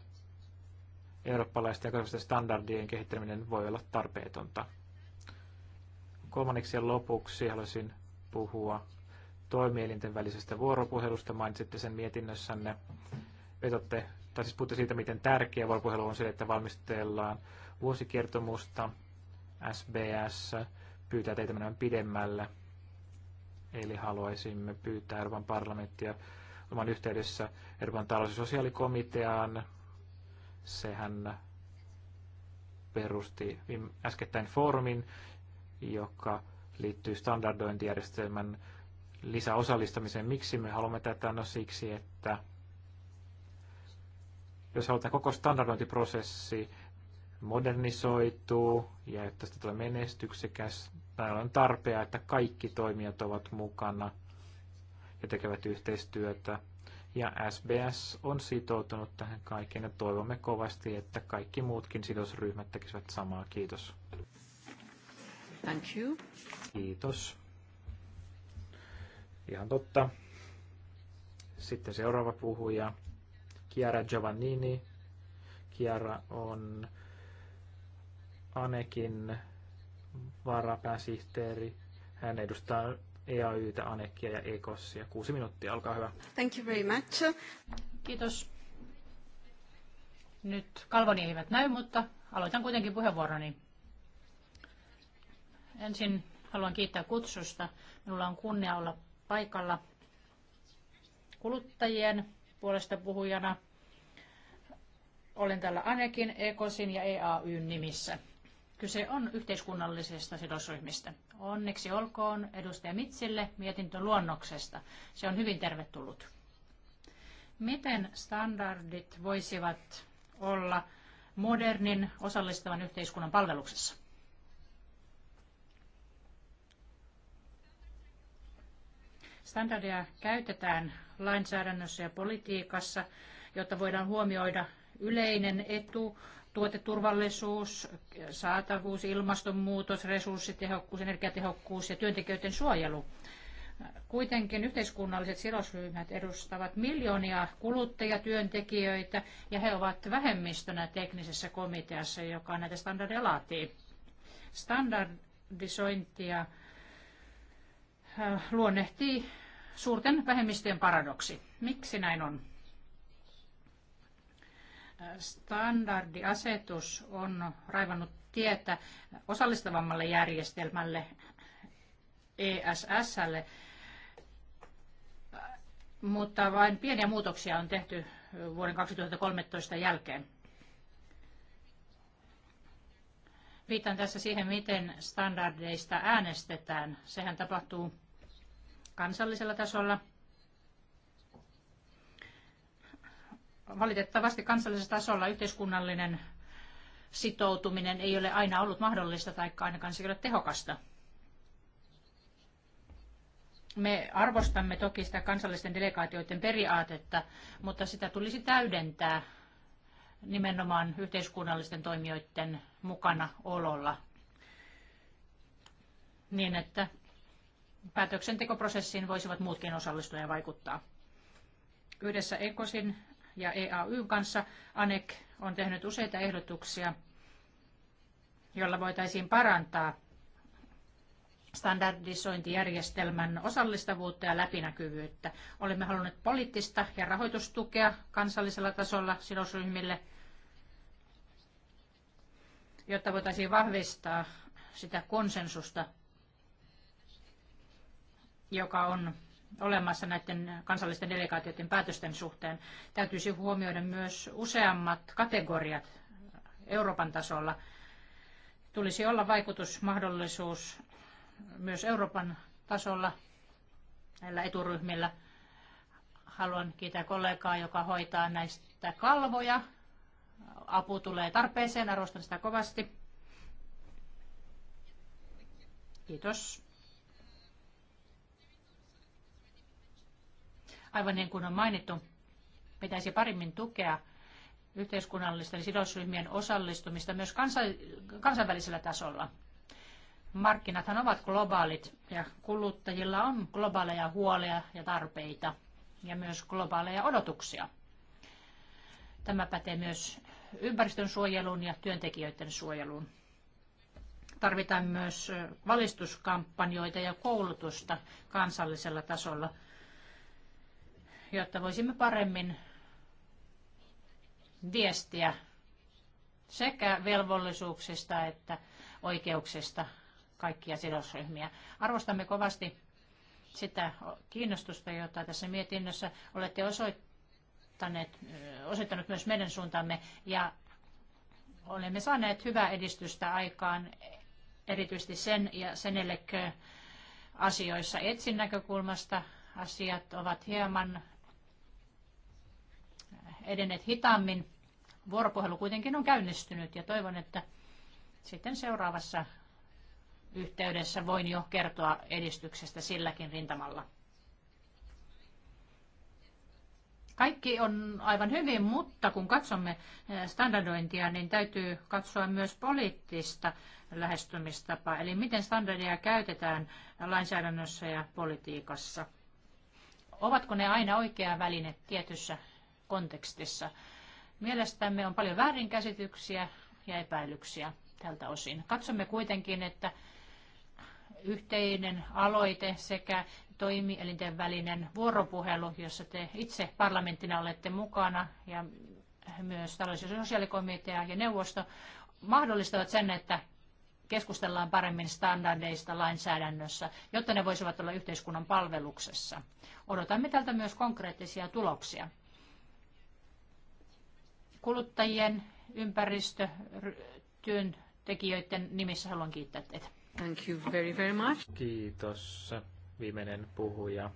eurooppalaisten ja kansallisten standardien kehittäminen voi olla tarpeetonta. Kolmanneksi ja lopuksi haluaisin puhua toimielinten välisestä vuoropuhelusta. Mainitsitte sen mietinnössänne. Vetotte, tai siis puhutte siitä, miten tärkeä vuoropuhelu on se, että valmistellaan vuosikertomusta. SBS pyytää teitä menemään pidemmälle. Eli haluaisimme pyytää Euroopan parlamenttia oman yhteydessä Euroopan talous- ja sosiaalikomiteaan. Sehän perusti äskettäin foorumin, joka liittyy standardointijärjestelmän lisäosallistamiseen. Miksi me haluamme tätä? No siksi, että jos halutaan koko standardointiprosessi modernisoituu ja että sitä tulee menestyksekäs, tai on tarpeen, että kaikki toimijat ovat mukana ja tekevät yhteistyötä. Ja SBS on sitoutunut tähän kaikkeen ja toivomme kovasti, että kaikki muutkin sidosryhmät tekisivät samaa. Kiitos. Thank you. Kiitos. Ihan totta. Sitten seuraava puhuja, Chiara Giovannini. Chiara on Anekin varapääsihteeri. Hän edustaa EAYtä, Anekia ja Ekossia. Kuusi minuuttia, alkaa hyvä. Thank you very much. Kiitos. Nyt kalvoni eivät näy, mutta aloitan kuitenkin puheenvuoroni. Ensin haluan kiittää kutsusta. Minulla on kunnia olla paikalla kuluttajien puolesta puhujana. Olen täällä Anekin, Ekosin ja EAYn nimissä. Kyse on yhteiskunnallisesta sidosryhmistä. Onneksi olkoon edustaja Mitsille mietintö luonnoksesta. Se on hyvin tervetullut. Miten standardit voisivat olla modernin osallistavan yhteiskunnan palveluksessa? Standardeja käytetään lainsäädännössä ja politiikassa, jotta voidaan huomioida yleinen etu, tuoteturvallisuus, saatavuus, ilmastonmuutos, resurssitehokkuus, energiatehokkuus ja työntekijöiden suojelu. Kuitenkin yhteiskunnalliset sidosryhmät edustavat miljoonia kuluttajia, työntekijöitä ja he ovat vähemmistönä teknisessä komiteassa, joka näitä standardeja laatii. Standardisointia Äh, luonnehtii suurten vähemmistöjen paradoksi. Miksi näin on? Äh, standardiasetus on raivannut tietä osallistavammalle järjestelmälle ESSlle, mutta vain pieniä muutoksia on tehty vuoden 2013 jälkeen. Viitan tässä siihen, miten standardeista äänestetään. Sehän tapahtuu kansallisella tasolla. Valitettavasti kansallisella tasolla yhteiskunnallinen sitoutuminen ei ole aina ollut mahdollista tai ainakaan se ei ole tehokasta. Me arvostamme toki sitä kansallisten delegaatioiden periaatetta, mutta sitä tulisi täydentää nimenomaan yhteiskunnallisten toimijoiden mukana ololla niin, että päätöksentekoprosessiin voisivat muutkin osallistua ja vaikuttaa. Yhdessä ECOSin ja EAYn kanssa ANEC on tehnyt useita ehdotuksia, joilla voitaisiin parantaa standardisointijärjestelmän osallistavuutta ja läpinäkyvyyttä. Olemme halunneet poliittista ja rahoitustukea kansallisella tasolla sidosryhmille, jotta voitaisiin vahvistaa sitä konsensusta, joka on olemassa näiden kansallisten delegaatioiden päätösten suhteen, täytyisi huomioida myös useammat kategoriat Euroopan tasolla. Tulisi olla vaikutusmahdollisuus myös Euroopan tasolla näillä eturyhmillä. Haluan kiittää kollegaa, joka hoitaa näistä kalvoja. Apu tulee tarpeeseen, arvostan sitä kovasti. Kiitos. Aivan niin kuin on mainittu, pitäisi paremmin tukea yhteiskunnallisten sidosryhmien osallistumista myös kansainvälisellä tasolla. Markkinathan ovat globaalit ja kuluttajilla on globaaleja huolia ja tarpeita ja myös globaaleja odotuksia. Tämä pätee myös ympäristön suojeluun ja työntekijöiden suojeluun. Tarvitaan myös valistuskampanjoita ja koulutusta kansallisella tasolla – jotta voisimme paremmin viestiä sekä velvollisuuksista että oikeuksista kaikkia sidosryhmiä. Arvostamme kovasti sitä kiinnostusta, jota tässä mietinnössä olette osoittaneet, osoittanut myös meidän suuntaamme ja olemme saaneet hyvää edistystä aikaan erityisesti sen ja senellekö asioissa etsin näkökulmasta asiat ovat hieman edenneet hitaammin. Vuoropuhelu kuitenkin on käynnistynyt ja toivon, että sitten seuraavassa yhteydessä voin jo kertoa edistyksestä silläkin rintamalla. Kaikki on aivan hyvin, mutta kun katsomme eh, standardointia, niin täytyy katsoa myös poliittista lähestymistapaa, eli miten standardeja käytetään lainsäädännössä ja politiikassa. Ovatko ne aina oikea väline tietyssä kontekstissa. Mielestämme on paljon väärinkäsityksiä ja epäilyksiä tältä osin. Katsomme kuitenkin, että yhteinen aloite sekä toimielinten välinen vuoropuhelu, jossa te itse parlamenttina olette mukana ja myös talous- ja sosiaalikomitea ja neuvosto mahdollistavat sen, että keskustellaan paremmin standardeista lainsäädännössä, jotta ne voisivat olla yhteiskunnan palveluksessa. Odotamme tältä myös konkreettisia tuloksia kuluttajien, ympäristötyön tekijöiden nimissä haluan kiittää teitä. Thank you very, very much. Kiitos. Viimeinen puhuja.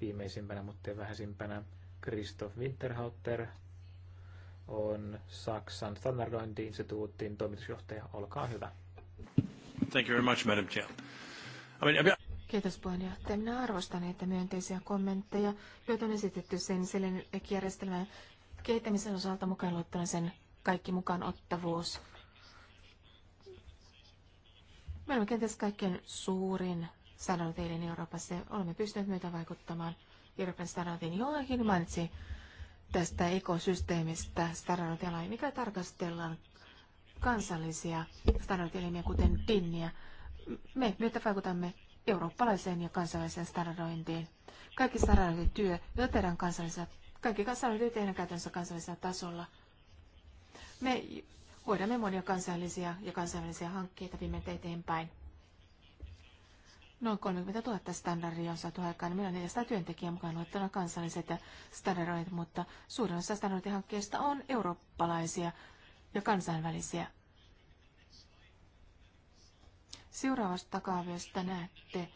Viimeisimpänä, mutta vähäisimpänä. Christoph Winterhauter on Saksan standardointi-instituutin toimitusjohtaja. Olkaa hyvä. Thank you very much, Madam Chair. I mean, I... Kiitos puheenjohtaja. Minä arvostan näitä myönteisiä kommentteja, joita on esitetty sen selin järjestelmän kehittämisen osalta mukaan luettuna sen kaikki mukaan ottavuus. Me olemme kenties kaikkein suurin sanoteilin Euroopassa ja olemme pystyneet myötä vaikuttamaan Euroopan sanoteilin. Jollakin mainitsi tästä ekosysteemistä standardointialaa, mikä tarkastellaan kansallisia sanoteilimiä, kuten DINniä. Me myötä vaikutamme eurooppalaiseen ja kansainväliseen standardointiin. Kaikki standardointityö, jota tehdään kansallisella kaikki kansainväliset tehdään käytännössä kansallisella tasolla. Me hoidamme monia kansallisia ja kansainvälisiä hankkeita viimein eteenpäin. Noin 30 000 standardia on saatu aikaan. Meillä on 400 työntekijää mukaan luettuna kansalliset standardit, mutta suurin osa standardihankkeista on eurooppalaisia ja kansainvälisiä. Seuraavasta kaaviosta näette,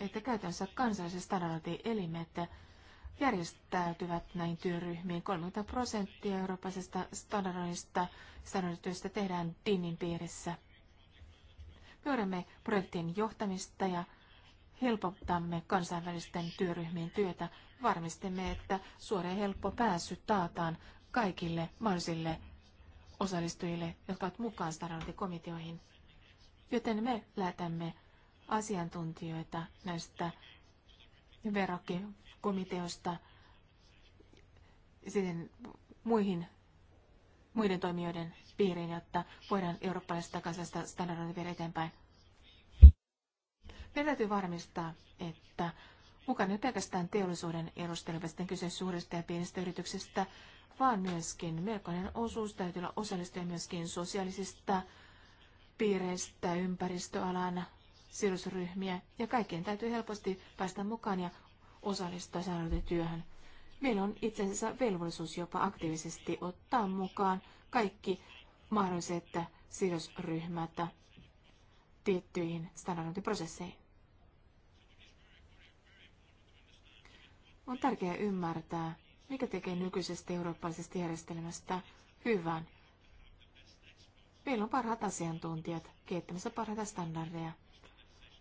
että käytännössä kansalliset standardointielimet elimet järjestäytyvät näin työryhmiin. 30 prosenttia eurooppaisesta standardoista standardityöstä tehdään DINin piirissä. Pyörämme projektin projektien johtamista ja helpottamme kansainvälisten työryhmien työtä. Varmistamme, että suora ja helppo pääsy taataan kaikille mahdollisille osallistujille, jotka ovat mukaan standardikomiteoihin. Joten me lähetämme asiantuntijoita näistä verokkikomiteosta sitten muihin, muiden toimijoiden piiriin, jotta voidaan eurooppalaisesta kansallista standardointia viedä eteenpäin. Meidän täytyy varmistaa, että mukana ei pelkästään teollisuuden edustelevisten kyse suurista ja pienistä yrityksistä, vaan myöskin melkoinen osuus täytyy olla osallistuja myöskin sosiaalisista piireistä, ympäristöalan sidosryhmiä ja kaikkien täytyy helposti päästä mukaan ja osallistua säännöllityöhön. Meillä on itse asiassa velvollisuus jopa aktiivisesti ottaa mukaan kaikki mahdolliset sidosryhmät tiettyihin standardointiprosesseihin. On tärkeää ymmärtää, mikä tekee nykyisestä eurooppalaisesta järjestelmästä hyvän. Meillä on parhaat asiantuntijat kehittämässä parhaita standardeja.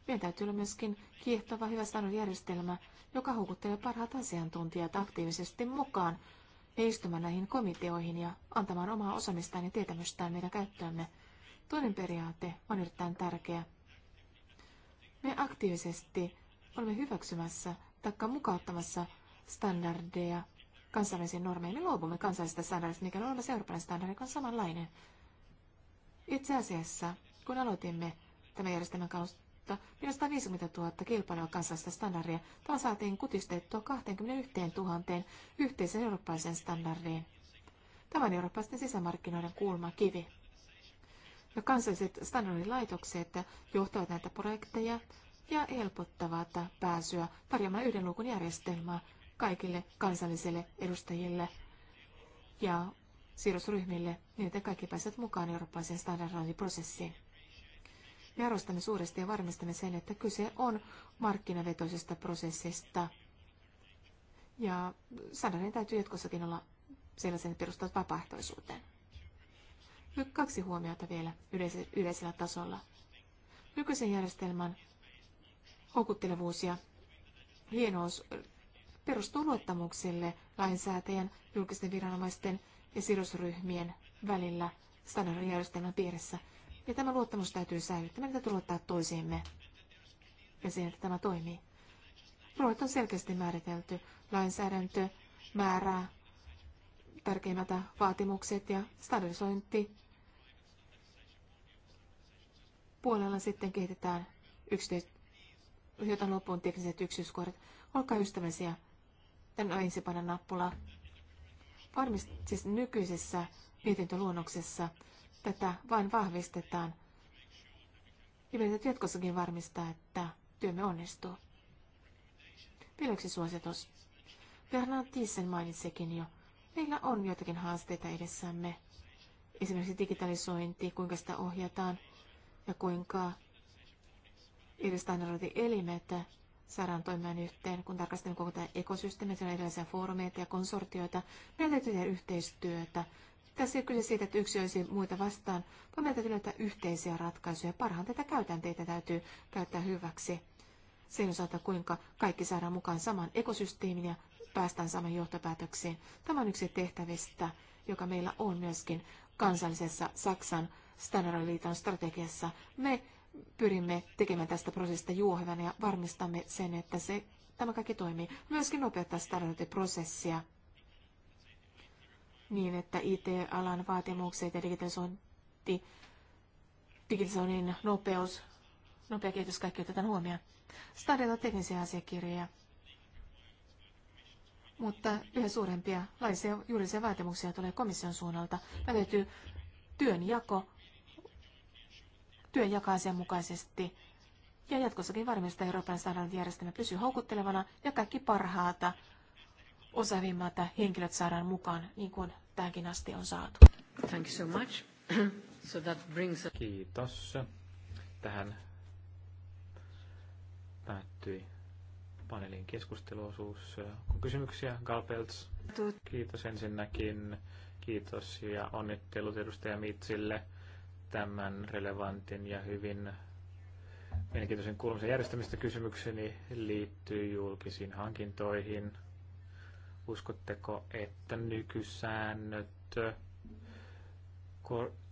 Meidän täytyy olla myöskin kiehtova hyvä järjestelmä, joka houkuttelee parhaat asiantuntijat aktiivisesti mukaan ja istumaan näihin komiteoihin ja antamaan omaa osaamistaan ja tietämystään meidän käyttöömme. Toinen periaate on erittäin tärkeä. Me aktiivisesti olemme hyväksymässä tai mukauttamassa standardeja kansainvälisiin normeihin. Me luovumme kansallisista standardeista, mikä on olemassa eurooppalainen standardi, joka on samanlainen. Itse asiassa, kun aloitimme tämän järjestelmän 450 000 kilpailua kansallista standardia. Tämä saatiin kutistettua 21 000 yhteisen eurooppalaisen standardiin. Tämä on eurooppalaisten sisämarkkinoiden kulmakivi. Ja kansalliset standardilaitokset johtavat näitä projekteja ja helpottavat pääsyä tarjoamaan yhden luukun järjestelmää kaikille kansallisille edustajille ja siirrosryhmille, niin että kaikki pääsevät mukaan eurooppalaisen standardointiprosessiin. Me arvostamme suuresti ja varmistamme sen, että kyse on markkinavetoisesta prosessista. Ja sanarien täytyy jatkossakin olla sellaisen perustat vapaaehtoisuuteen. Nyt kaksi huomiota vielä yleisellä tasolla. Nykyisen järjestelmän houkuttelevuus ja hienous perustuu luottamukselle lainsäätäjän, julkisten viranomaisten ja sidosryhmien välillä standardijärjestelmän piirissä. Ja tämä luottamus täytyy säilyttää. Meidän täytyy luottaa toisiimme ja siihen, että tämä toimii. Roolit on selkeästi määritelty. Lainsäädäntö määrää tärkeimmät vaatimukset ja standardisointi puolella sitten kehitetään yksityiset, loppuun tekniset yksityiskohdat. Olkaa ystävällisiä. Tän on ensi paina nappula. Varmasti siis nykyisessä mietintöluonnoksessa tätä vain vahvistetaan. Ja meidän jatkossakin varmistaa, että työmme onnistuu. Vielä yksi suositus. Bernard Thyssen mainitsikin jo. Meillä on joitakin haasteita edessämme. Esimerkiksi digitalisointi, kuinka sitä ohjataan ja kuinka eri standardointielimet saadaan toimimaan yhteen, kun tarkastelemme koko tämä ekosysteemi, on erilaisia foorumeita ja konsortioita. Meidän täytyy tehdä yhteistyötä tässä ei kyse siitä, että yksi olisi muita vastaan, vaan meidän täytyy löytää yhteisiä ratkaisuja. tätä käytänteitä täytyy käyttää hyväksi sen osalta, kuinka kaikki saadaan mukaan saman ekosysteemin ja päästään saman johtopäätöksiin. Tämä on yksi tehtävistä, joka meillä on myöskin kansallisessa Saksan Standardiliiton strategiassa. Me pyrimme tekemään tästä prosessista juohevan ja varmistamme sen, että se, tämä kaikki toimii. Myöskin nopeuttaa standardiprosessia. prosessia niin, että IT-alan vaatimukset ja digitalisointi, digitalisoinnin nopeus, nopea kehitys, kaikki otetaan huomioon. Stadilla on teknisiä asiakirjoja, mutta yhä suurempia laisia juridisia vaatimuksia tulee komission suunnalta. Mä löytyy työnjako, työnjako asianmukaisesti ja jatkossakin varmistaa Euroopan standardijärjestelmä pysyy houkuttelevana ja kaikki parhaata osaavimmat henkilöt saadaan mukaan, niin kuin tähänkin asti on saatu. Thank you so much. So that brings a... Kiitos. Tähän päättyi paneelin keskusteluosuus. Kun kysymyksiä, Galpelts? Kiitos ensinnäkin. Kiitos ja onnittelut edustaja Mitsille tämän relevantin ja hyvin mielenkiintoisen kuulumisen järjestämistä kysymykseni liittyy julkisiin hankintoihin. Uskotteko, että nykysäännöt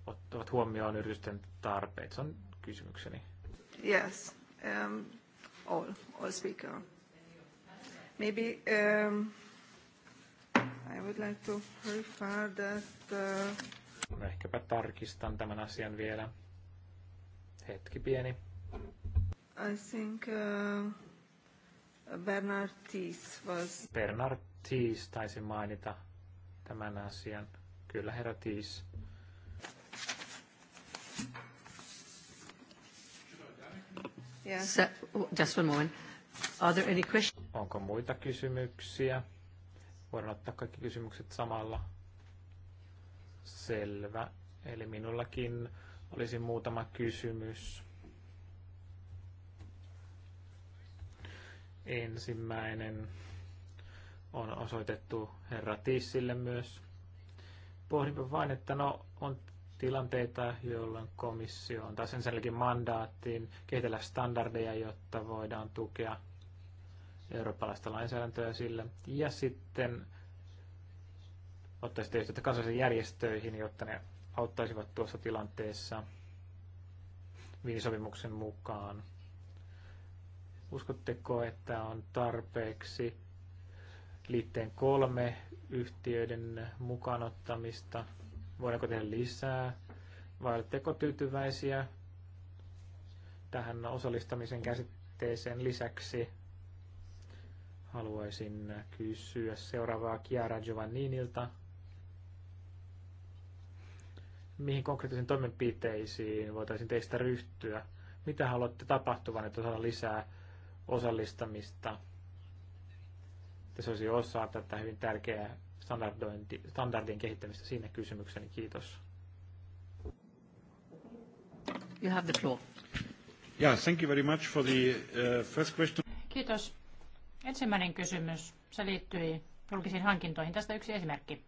ottavat huomioon yritysten tarpeet? Se on kysymykseni. Yes, um, all, all speaker. Maybe um, I would like to refer that... Uh... No, ehkäpä tarkistan tämän asian vielä. Hetki pieni. I think uh, Bernard Thies was... Bernard Tees taisi mainita tämän asian. Kyllä, herra Tees. Yes. just one moment. Are there any questions? Onko muita kysymyksiä? Voidaan ottaa kaikki kysymykset samalla. Selvä. Eli minullakin olisi muutama kysymys. Ensimmäinen on osoitettu herra Tissille myös. Pohdinpä vain, että no, on tilanteita, jolloin komissio on taas ensinnäkin mandaattiin kehitellä standardeja, jotta voidaan tukea eurooppalaista lainsäädäntöä sillä. Ja sitten ottaisi yhteyttä kansallisiin järjestöihin, jotta ne auttaisivat tuossa tilanteessa viinisopimuksen mukaan. Uskotteko, että on tarpeeksi liitteen kolme yhtiöiden mukaanottamista? Voidaanko tehdä lisää? Vai oletteko tyytyväisiä tähän osallistamisen käsitteeseen lisäksi? Haluaisin kysyä seuraavaa Chiara Giovanninilta. Mihin konkreettisiin toimenpiteisiin voitaisiin teistä ryhtyä? Mitä haluatte tapahtuvan, että saada lisää osallistamista? se olisi osa tätä hyvin tärkeää standardien kehittämistä siinä kysymykseni. Kiitos. You have the floor. Yeah, thank you very much for the uh, first question. Kiitos. Ensimmäinen kysymys. Se liittyi julkisiin hankintoihin. Tästä yksi esimerkki.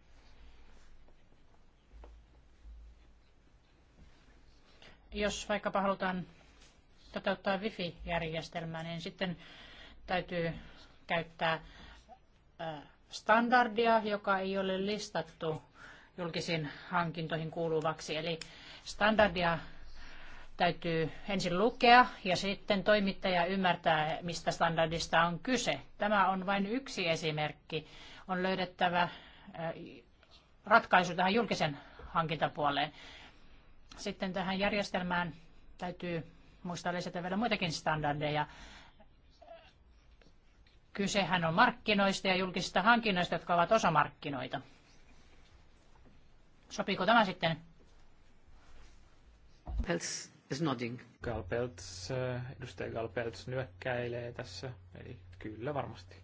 Jos vaikkapa halutaan toteuttaa wifi-järjestelmää, niin sitten täytyy käyttää standardia, joka ei ole listattu julkisiin hankintoihin kuuluvaksi. Eli standardia täytyy ensin lukea ja sitten toimittaja ymmärtää, mistä standardista on kyse. Tämä on vain yksi esimerkki. On löydettävä ratkaisu tähän julkisen hankintapuoleen. Sitten tähän järjestelmään täytyy muistaa lisätä vielä muitakin standardeja. Kysehän on markkinoista ja julkisista hankinnoista, jotka ovat osa markkinoita. Sopiiko tämä sitten? Peltz is nodding. Galpeltz, äh, edustaja Galpeltz nyökkäilee tässä, eli kyllä varmasti.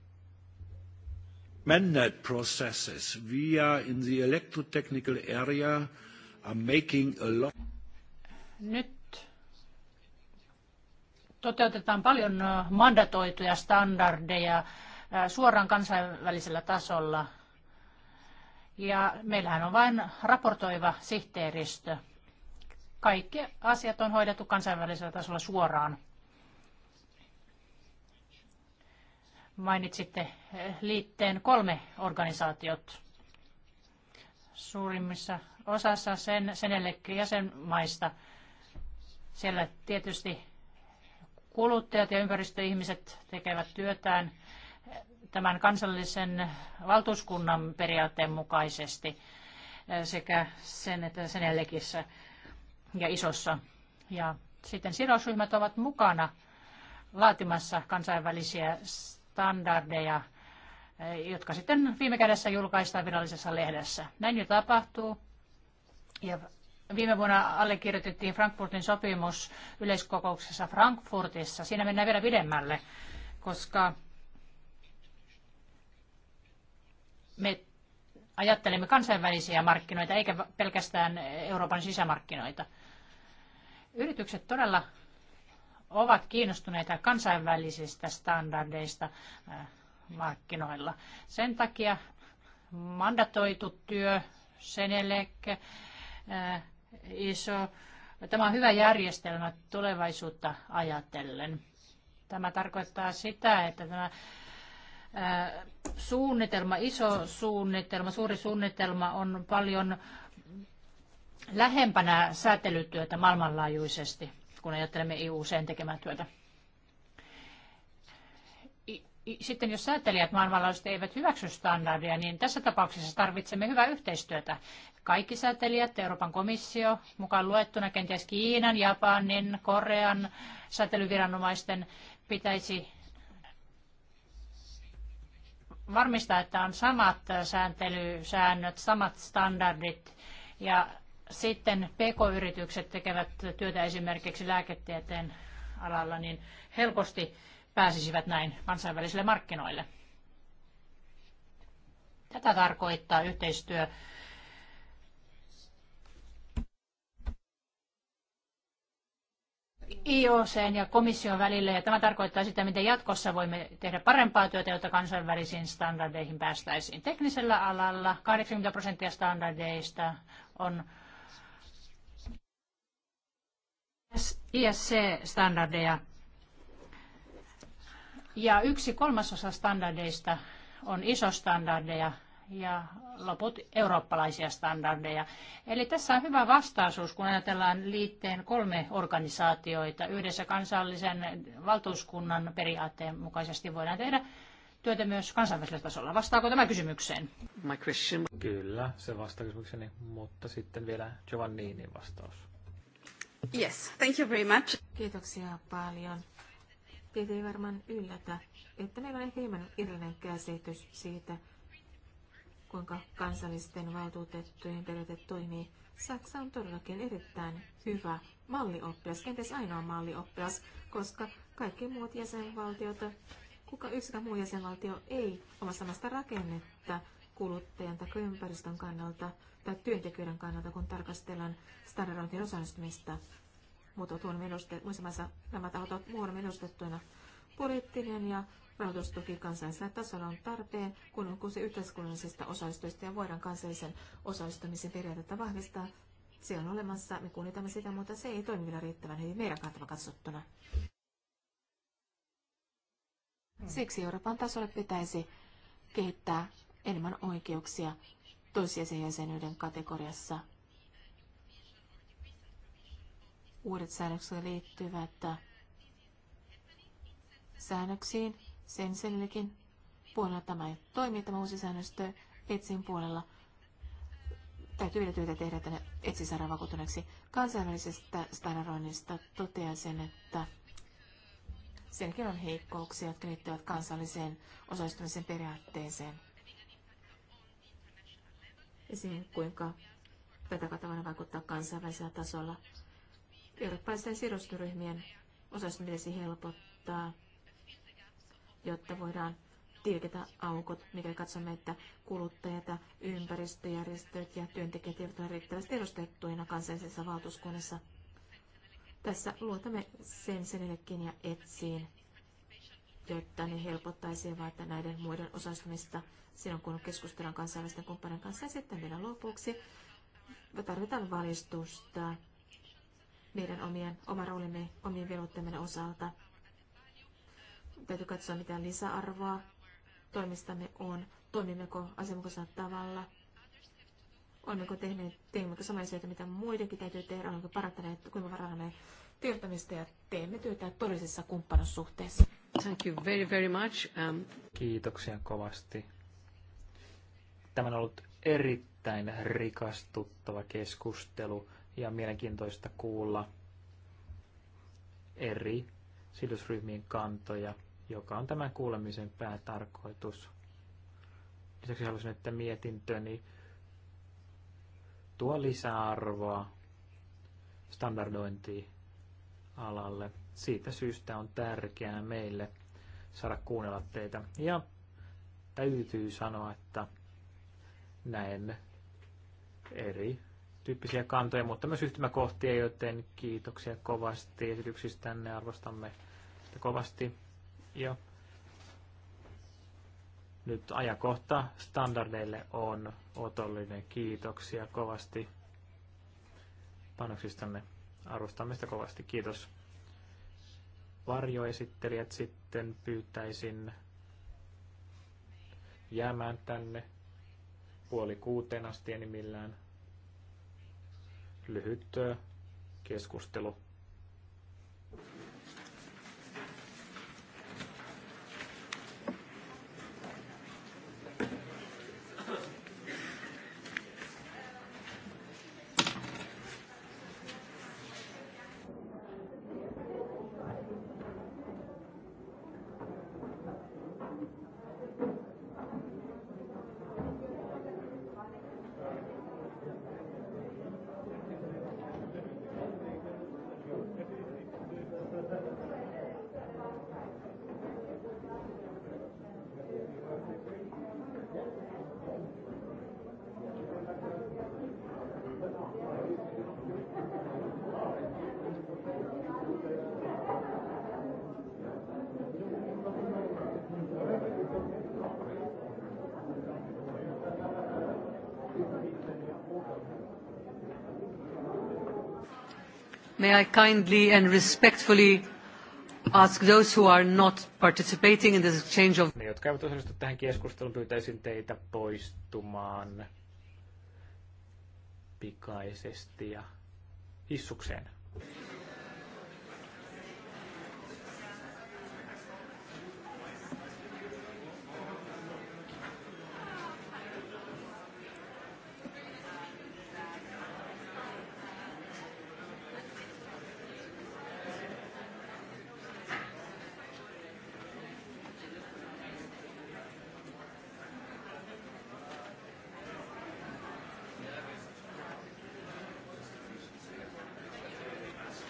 Mennet processes via in the electrotechnical area are making a lot... Nyt toteutetaan paljon mandatoituja standardeja suoraan kansainvälisellä tasolla. Ja meillähän on vain raportoiva sihteeristö. Kaikki asiat on hoidettu kansainvälisellä tasolla suoraan. Mainitsitte liitteen kolme organisaatiot. Suurimmissa osassa sen, sen jäsenmaista. Siellä tietysti kuluttajat ja ympäristöihmiset tekevät työtään tämän kansallisen valtuuskunnan periaatteen mukaisesti eh, sekä sen että Senellekissä ja isossa. Ja sitten sidosryhmät ovat mukana laatimassa kansainvälisiä standardeja, eh, jotka sitten viime kädessä julkaistaan virallisessa lehdessä. Näin jo tapahtuu ja Viime vuonna allekirjoitettiin Frankfurtin sopimus yleiskokouksessa Frankfurtissa. Siinä mennään vielä pidemmälle, koska me ajattelemme kansainvälisiä markkinoita eikä pelkästään Euroopan sisämarkkinoita. Yritykset todella ovat kiinnostuneita kansainvälisistä standardeista äh, markkinoilla. Sen takia mandatoitu työ, Senelek, äh, iso. Tämä on hyvä järjestelmä tulevaisuutta ajatellen. Tämä tarkoittaa sitä, että tämä suunnitelma, iso suunnitelma, suuri suunnitelma on paljon lähempänä säätelytyötä maailmanlaajuisesti, kun ajattelemme EU-sen tekemää työtä sitten jos säätelijät maailmanlaajuisesti eivät hyväksy standardia, niin tässä tapauksessa tarvitsemme hyvää yhteistyötä. Kaikki säätelijät, Euroopan komissio, mukaan luettuna kenties Kiinan, Japanin, Korean säätelyviranomaisten pitäisi varmistaa, että on samat sääntelysäännöt, samat standardit ja sitten pk-yritykset tekevät työtä esimerkiksi lääketieteen alalla, niin helposti pääsisivät näin kansainvälisille markkinoille. Tätä tarkoittaa yhteistyö IOC ja komission välillä, ja tämä tarkoittaa sitä, miten jatkossa voimme tehdä parempaa työtä, jotta kansainvälisiin standardeihin päästäisiin. Teknisellä alalla 80 prosenttia standardeista on ISC-standardeja ja yksi kolmasosa standardeista on isostandardeja ja loput eurooppalaisia standardeja. Eli tässä on hyvä vastaisuus, kun ajatellaan liitteen kolme organisaatioita. Yhdessä kansallisen valtuuskunnan periaatteen mukaisesti voidaan tehdä työtä myös kansainvälisellä tasolla. Vastaako tämä kysymykseen? My question. Kyllä, se vastaa kysymykseni, mutta sitten vielä Giovanninin vastaus. Yes, thank you very much. Kiitoksia paljon. Teitä ei varmaan yllätä, että meillä on ehkä hieman erilainen käsitys siitä, kuinka kansallisten valtuutettujen periaate toimii. Saksa on todellakin erittäin hyvä mallioppilas, kenties ainoa mallioppilas, koska kaikki muut jäsenvaltiot, kuka yksikään muu jäsenvaltio ei oma samasta rakennetta kuluttajan tai ympäristön kannalta tai työntekijöiden kannalta, kun tarkastellaan standardointien osallistumista mutta on minusta, muistamassa nämä tahot ovat muodon edustettuina. Poliittinen ja rahoitustuki kansallisella tasolla on tarpeen, kun on kyse yhteiskunnallisista osallistuista ja voidaan kansallisen osallistumisen periaatetta vahvistaa. Se on olemassa, me kunnitamme sitä, mutta se ei toimi vielä riittävän hyvin meidän kantava katsottuna. Siksi Euroopan tasolle pitäisi kehittää enemmän oikeuksia toissijaisen jäsenyyden kategoriassa – uudet säännökset liittyvät säännöksiin, sen sellikin puolella tämä ei toimi, tämä uusi säännöstö etsin puolella. Täytyy vielä työtä tehdä tänne etsi saadaan vakuutuneeksi. Kansainvälisestä standardoinnista totean sen, että senkin on heikkouksia, jotka liittyvät kansalliseen osallistumisen periaatteeseen. Ja siihen, kuinka tätä kautta voidaan vaikuttaa kansainvälisellä tasolla. Eurooppalaisten sidosryhmien osallistumista helpottaa, jotta voidaan tilkitä aukot, mikäli katsomme, että kuluttajat, ympäristöjärjestöt ja työntekijät eivät ole riittävästi edustettuina kansallisessa valtuuskunnassa. Tässä luotamme senillekin ja Etsiin, jotta ne helpottaisivat näiden muiden osallistumista silloin, kun keskustellaan kansainvälisten kumppanien kanssa. Ja sitten vielä lopuksi me tarvitaan valistusta meidän omien, oma roolimme, omien velvoitteemme osalta. Täytyy katsoa, mitä lisäarvoa toimistamme on, toimimmeko asianmukaisella tavalla, olemmeko tehneet, teemmekö samoja asioita, mitä muidenkin täytyy tehdä, olemmeko parantaneet kuinka tiedottamista ja teemme työtä todellisessa kumppanussuhteessa. Thank you very, very much. Um... Kiitoksia kovasti. Tämä on ollut erittäin rikastuttava keskustelu ja mielenkiintoista kuulla eri sidosryhmien kantoja, joka on tämän kuulemisen päätarkoitus. Lisäksi haluaisin, että mietintöni tuo lisäarvoa standardointi alalle. Siitä syystä on tärkeää meille saada kuunnella teitä. Ja täytyy sanoa, että näen eri tyyppisiä kantoja, mutta myös yhtymäkohtia, joten kiitoksia kovasti esityksistänne, arvostamme kovasti. Ja nyt ajakohta standardeille on otollinen. Kiitoksia kovasti panoksistanne. Arvostamme sitä kovasti. Kiitos. Varjoesittelijät sitten pyytäisin jäämään tänne puoli kuuteen asti enimmillään lyhyt keskustelu May I kindly and respectfully ask those who are not participating in this exchange of... Ne, jotka eivät osallistu tähän keskusteluun, pyytäisin teitä poistumaan pikaisesti ja hissukseen.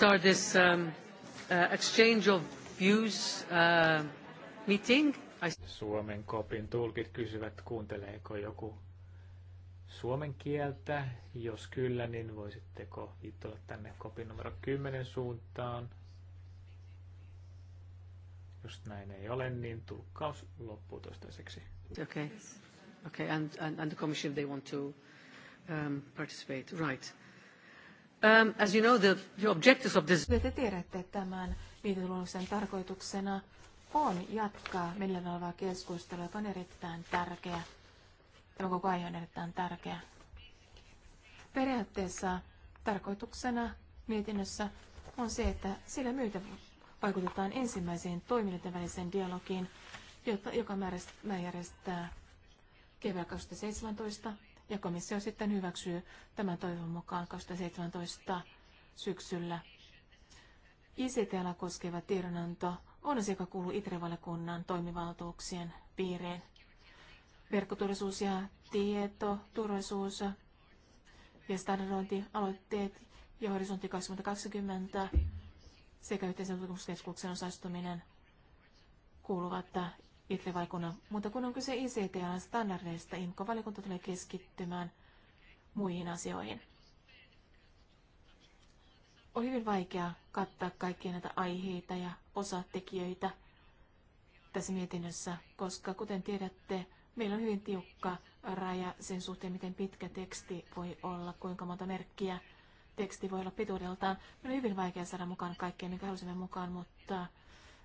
start this um, uh, exchange of views uh, meeting. I... Suomen kopin tulkit kysyvät, kuunteleeko joku suomen kieltä. Jos kyllä, niin voisitteko viittoilla tänne kopin numero 10 suuntaan. Jos näin ei ole, niin tulkkaus loppuu toistaiseksi. Okay. Okay, and, and, and the commission, they want to um, participate. Right. Um, as you know, the, the objectives of this... Te tiedätte tämän viiteluonnoksen tarkoituksena on jatkaa meneillään olevaa keskustelua, joka on erittäin tärkeä. Tämä koko aihe on erittäin tärkeä. Periaatteessa tarkoituksena mietinnössä on se, että sillä myötä vaikutetaan ensimmäiseen toiminnan väliseen dialogiin, joka järjestää kevään 2017 ja komissio sitten hyväksyy tämän toivon mukaan 2017 syksyllä. ict alaa koskeva tiedonanto on asia, joka kuuluu ITRE-valiokunnan toimivaltuuksien piiriin. Verkkoturvallisuus ja tieto, turvallisuus ja standardointialoitteet ja horisontti 2020 sekä yhteisen tutkimuskeskuksen osallistuminen kuuluvat itse valikunnan mutta kun on kyse ICT-standardeista, IMCO-valikunta tulee keskittymään muihin asioihin. On hyvin vaikea kattaa kaikkia näitä aiheita ja osatekijöitä tässä mietinnössä, koska kuten tiedätte, meillä on hyvin tiukka raja sen suhteen, miten pitkä teksti voi olla, kuinka monta merkkiä teksti voi olla pituudeltaan. Meillä on hyvin vaikea saada mukaan kaikkea, mikä halusimme mukaan, mutta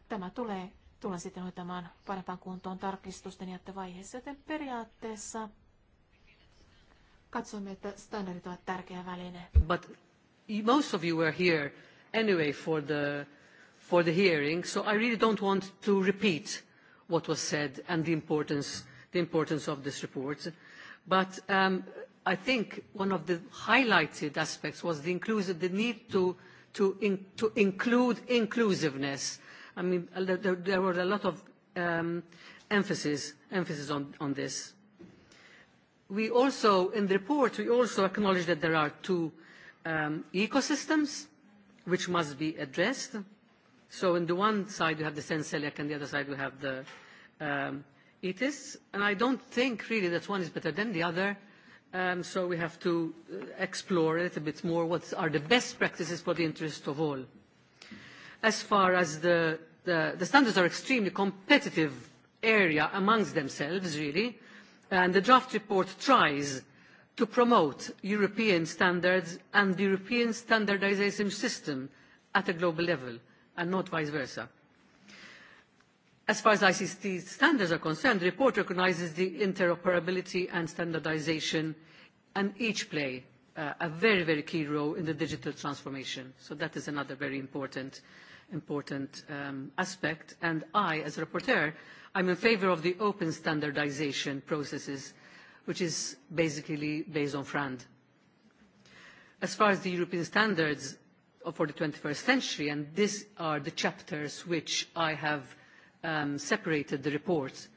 tämä tulee tullaan sitten hoitamaan parempaan kuntoon tarkistusten vaiheessa. joten periaatteessa katsomme, että standardit ovat tärkeä väline. But most of you were here anyway for the, for the hearing, so I really don't want to repeat what was said and the importance, the importance of this report. But um, I think one of the highlighted aspects was the, inclusive, the need to, to, in, to include inclusiveness I mean, there, there was a lot of um, emphasis, emphasis on, on this. We also, in the report, we also acknowledge that there are two um, ecosystems which must be addressed. So on the one side, you have the Senselic, and the other side, we have the um, ETIS. And I don't think really that one is better than the other. Um, so we have to uh, explore a little bit more what are the best practices for the interest of all as far as the, the, the standards are extremely competitive area amongst themselves, really, and the draft report tries to promote European standards and the European standardisation system at a global level, and not vice versa. As far as ICT standards are concerned, the report recognises the interoperability and standardisation, and each play uh, a very, very key role in the digital transformation. So that is another very important uh, important um, aspect, and I, as a rapporteur, I'm in favor of the open standardization processes, which is basically based on FRAND. As far as the European standards for the 21st century, and these are the chapters which I have um, separated the report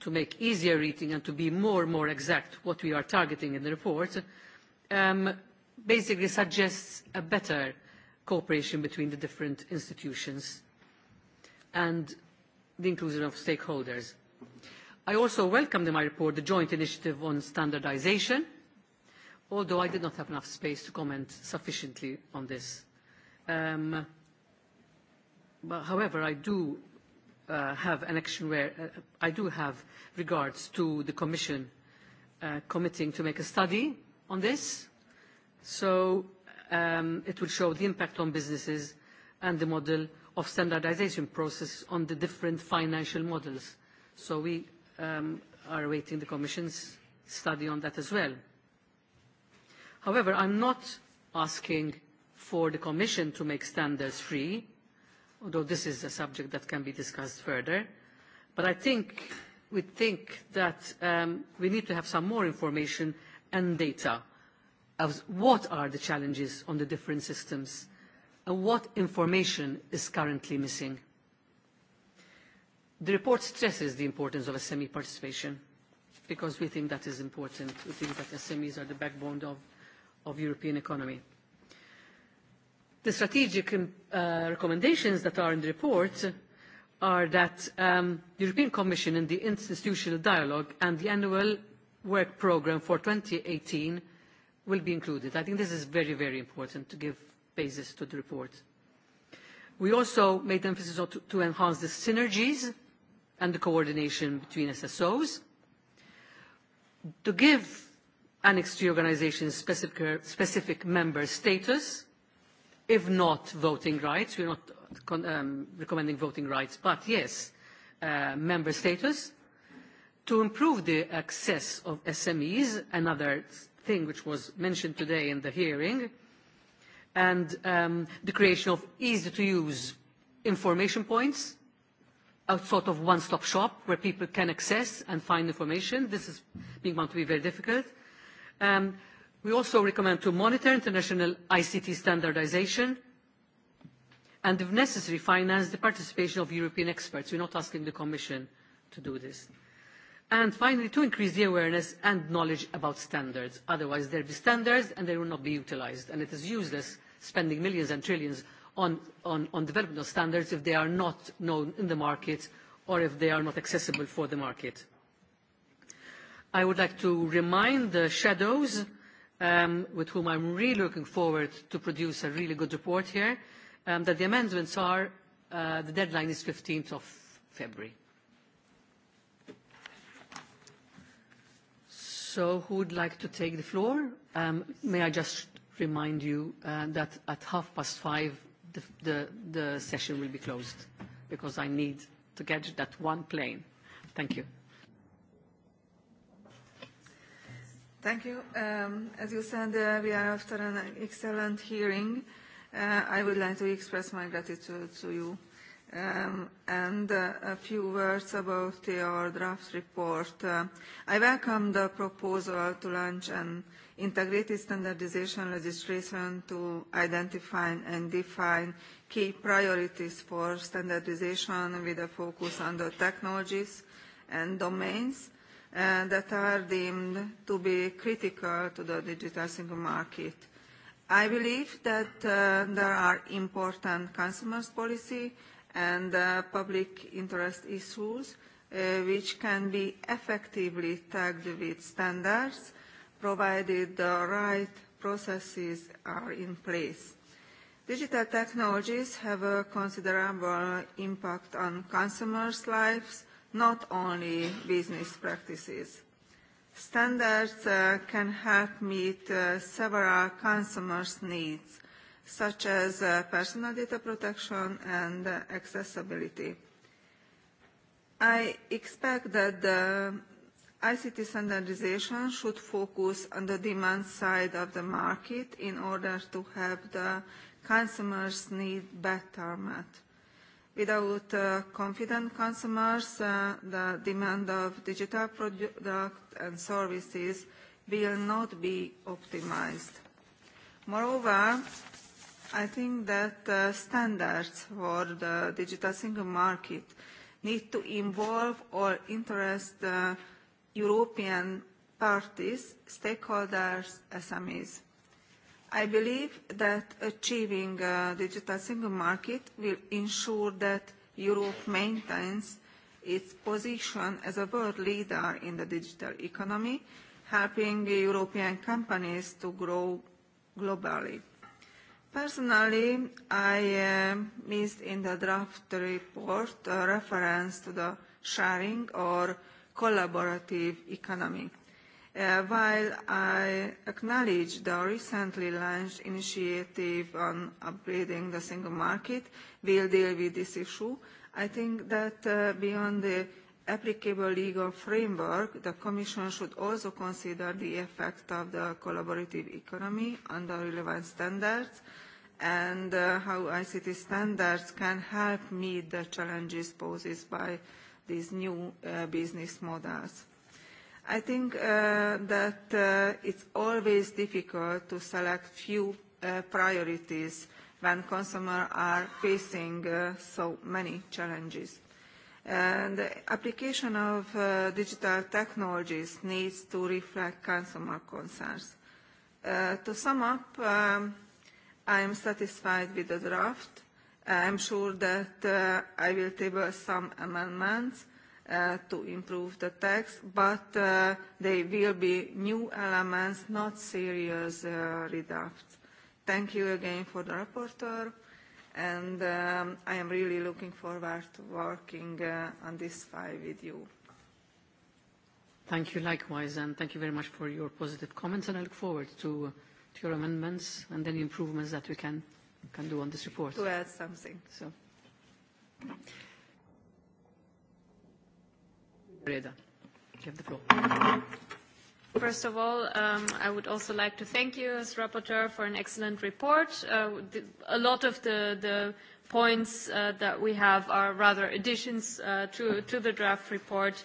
to make easier reading and to be more and more exact what we are targeting in the report, um, basically suggests a better cooperation between the different institutions and the inclusion of stakeholders. I also welcomed in my report the joint initiative on standardisation, although I did not have enough space to comment sufficiently on this. Um, but however, I do uh, have an action where uh, I do have regards to the Commission uh, committing to make a study on this. So Um, it will show the impact on businesses and the model of standardization process on the different financial models. So we um, are awaiting the Commission's study on that as well. However, I'm not asking for the Commission to make standards free, although this is a subject that can be discussed further. But I think we think that um, we need to have some more information and data what are the challenges on the different systems and what information is currently missing. The report stresses the importance of SME participation because we think that is important. We think that SMEs are the backbone of, of European economy. The strategic um, uh, recommendations that are in the report are that um, the European Commission in the institutional dialogue and the annual work programme for 2018 will be included. I think this is very, very important to give basis to the report. We also made emphasis on to, to enhance the synergies and the coordination between SSOs, to give Annex III organizations specific, specific member status, if not voting rights. We're not um, recommending voting rights, but yes, uh, member status. To improve the access of SMEs and others thing which was mentioned today in the hearing, and um, the creation of easy-to-use information points, a sort of one-stop shop where people can access and find information. This is being found to be very difficult. Um, we also recommend to monitor international ICT standardization and, if necessary, finance the participation of European experts. We're not asking the Commission to do this. And finally, to increase the awareness and knowledge about standards. Otherwise, there will be standards and they will not be utilised. And it is useless spending millions and trillions on, development of standards if they are not known in the market or if they are not accessible for the market. I would like to remind the shadows, um, with whom i am really looking forward to produce a really good report here, um, that the amendments are, uh, the deadline is 15 of February. So who would like to take the floor? Um, may I just remind you uh, that at half past five, the, the, the session will be closed because I need to catch that one plane. Thank you. Thank you. Um, as you said, uh, we are after an excellent hearing. Uh, I would like to express my gratitude to you Um, and uh, a few words about your draft report. Uh, I welcome the proposal to launch an integrated standardization legislation to identify and define key priorities for standardization with a focus on the technologies and domains uh, that are deemed to be critical to the digital single market. I believe that uh, there are important consumers policy and uh, public interest issues, uh, which can be effectively tagged with standards, provided the right processes are in place. Digital technologies have a considerable impact on consumers' lives, not only business practices. Standards uh, can help meet uh, several consumers' needs, such as uh, personal data protection and uh, accessibility. I expect that the ICT standardization should focus on the demand side of the market in order to have the consumers' need better met. Without uh, confident consumers, uh, the demand of digital products and services will not be optimized. Moreover, I think that uh, standards for the digital single market need to involve or interest the European parties, stakeholders, SMEs. I believe that achieving a digital single market will ensure that Europe maintains its position as a world leader in the digital economy, helping European companies to grow globally. Personally, I uh, missed in the draft report a reference to the sharing or collaborative economy. Uh, while I acknowledge the recently launched initiative on upgrading the single market will deal with this issue, I think that uh, beyond the applicable legal framework, the Commission should also consider the effect of the collaborative economy on the relevant standards and uh, how ICT standards can help meet the challenges posed by these new uh, business models. I think uh, that uh, it's always difficult to select few uh, priorities when consumers are facing uh, so many challenges. And the application of uh, digital technologies needs to reflect consumer concerns. Uh, to sum up, um, I am satisfied with the draft. Uh, I am sure that uh, I will table some amendments uh, to improve the text, but uh, they will be new elements, not serious uh, redrafts. Thank you again for the rapporteur, and um, I am really looking forward to working uh, on this file with you. Thank you likewise, and thank you very much for your positive comments, and I look forward to uh, to your amendments and any improvements that we can, can do on this report. To add something. So. Reda, you have the floor. First of all, um, I would also like to thank you as rapporteur for an excellent report. Uh, the, a lot of the, the points uh, that we have are rather additions uh, to, to the draft report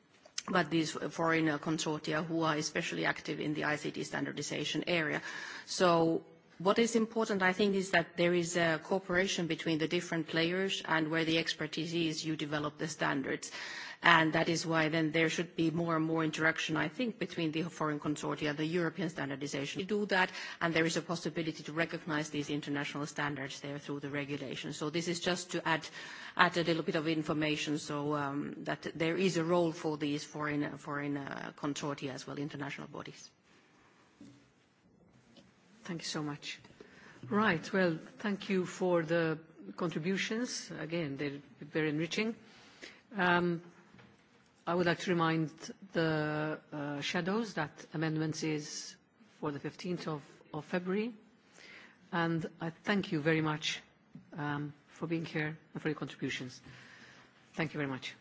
but these foreign consortia who are especially active in the ICT standardization area. So what is important, I think, is that there is a cooperation between the different players, and where the expertise is, you develop the standards and that is why then there should be more and more interaction, I think, between the foreign consortia and the European standardization We do that, and there is a possibility to recognize these international standards there through the regulation. So this is just to add, a little bit of information so um, that there is a role for these foreign, uh, consortia as well, international bodies. Thank you so much. Right. Well, thank you for the contributions. Again, they're very enriching. Um, I would like to remind the uh, shadows that amendments is for the 15th of, of February. And I thank you very much um, for being here and for your contributions. Thank you very much.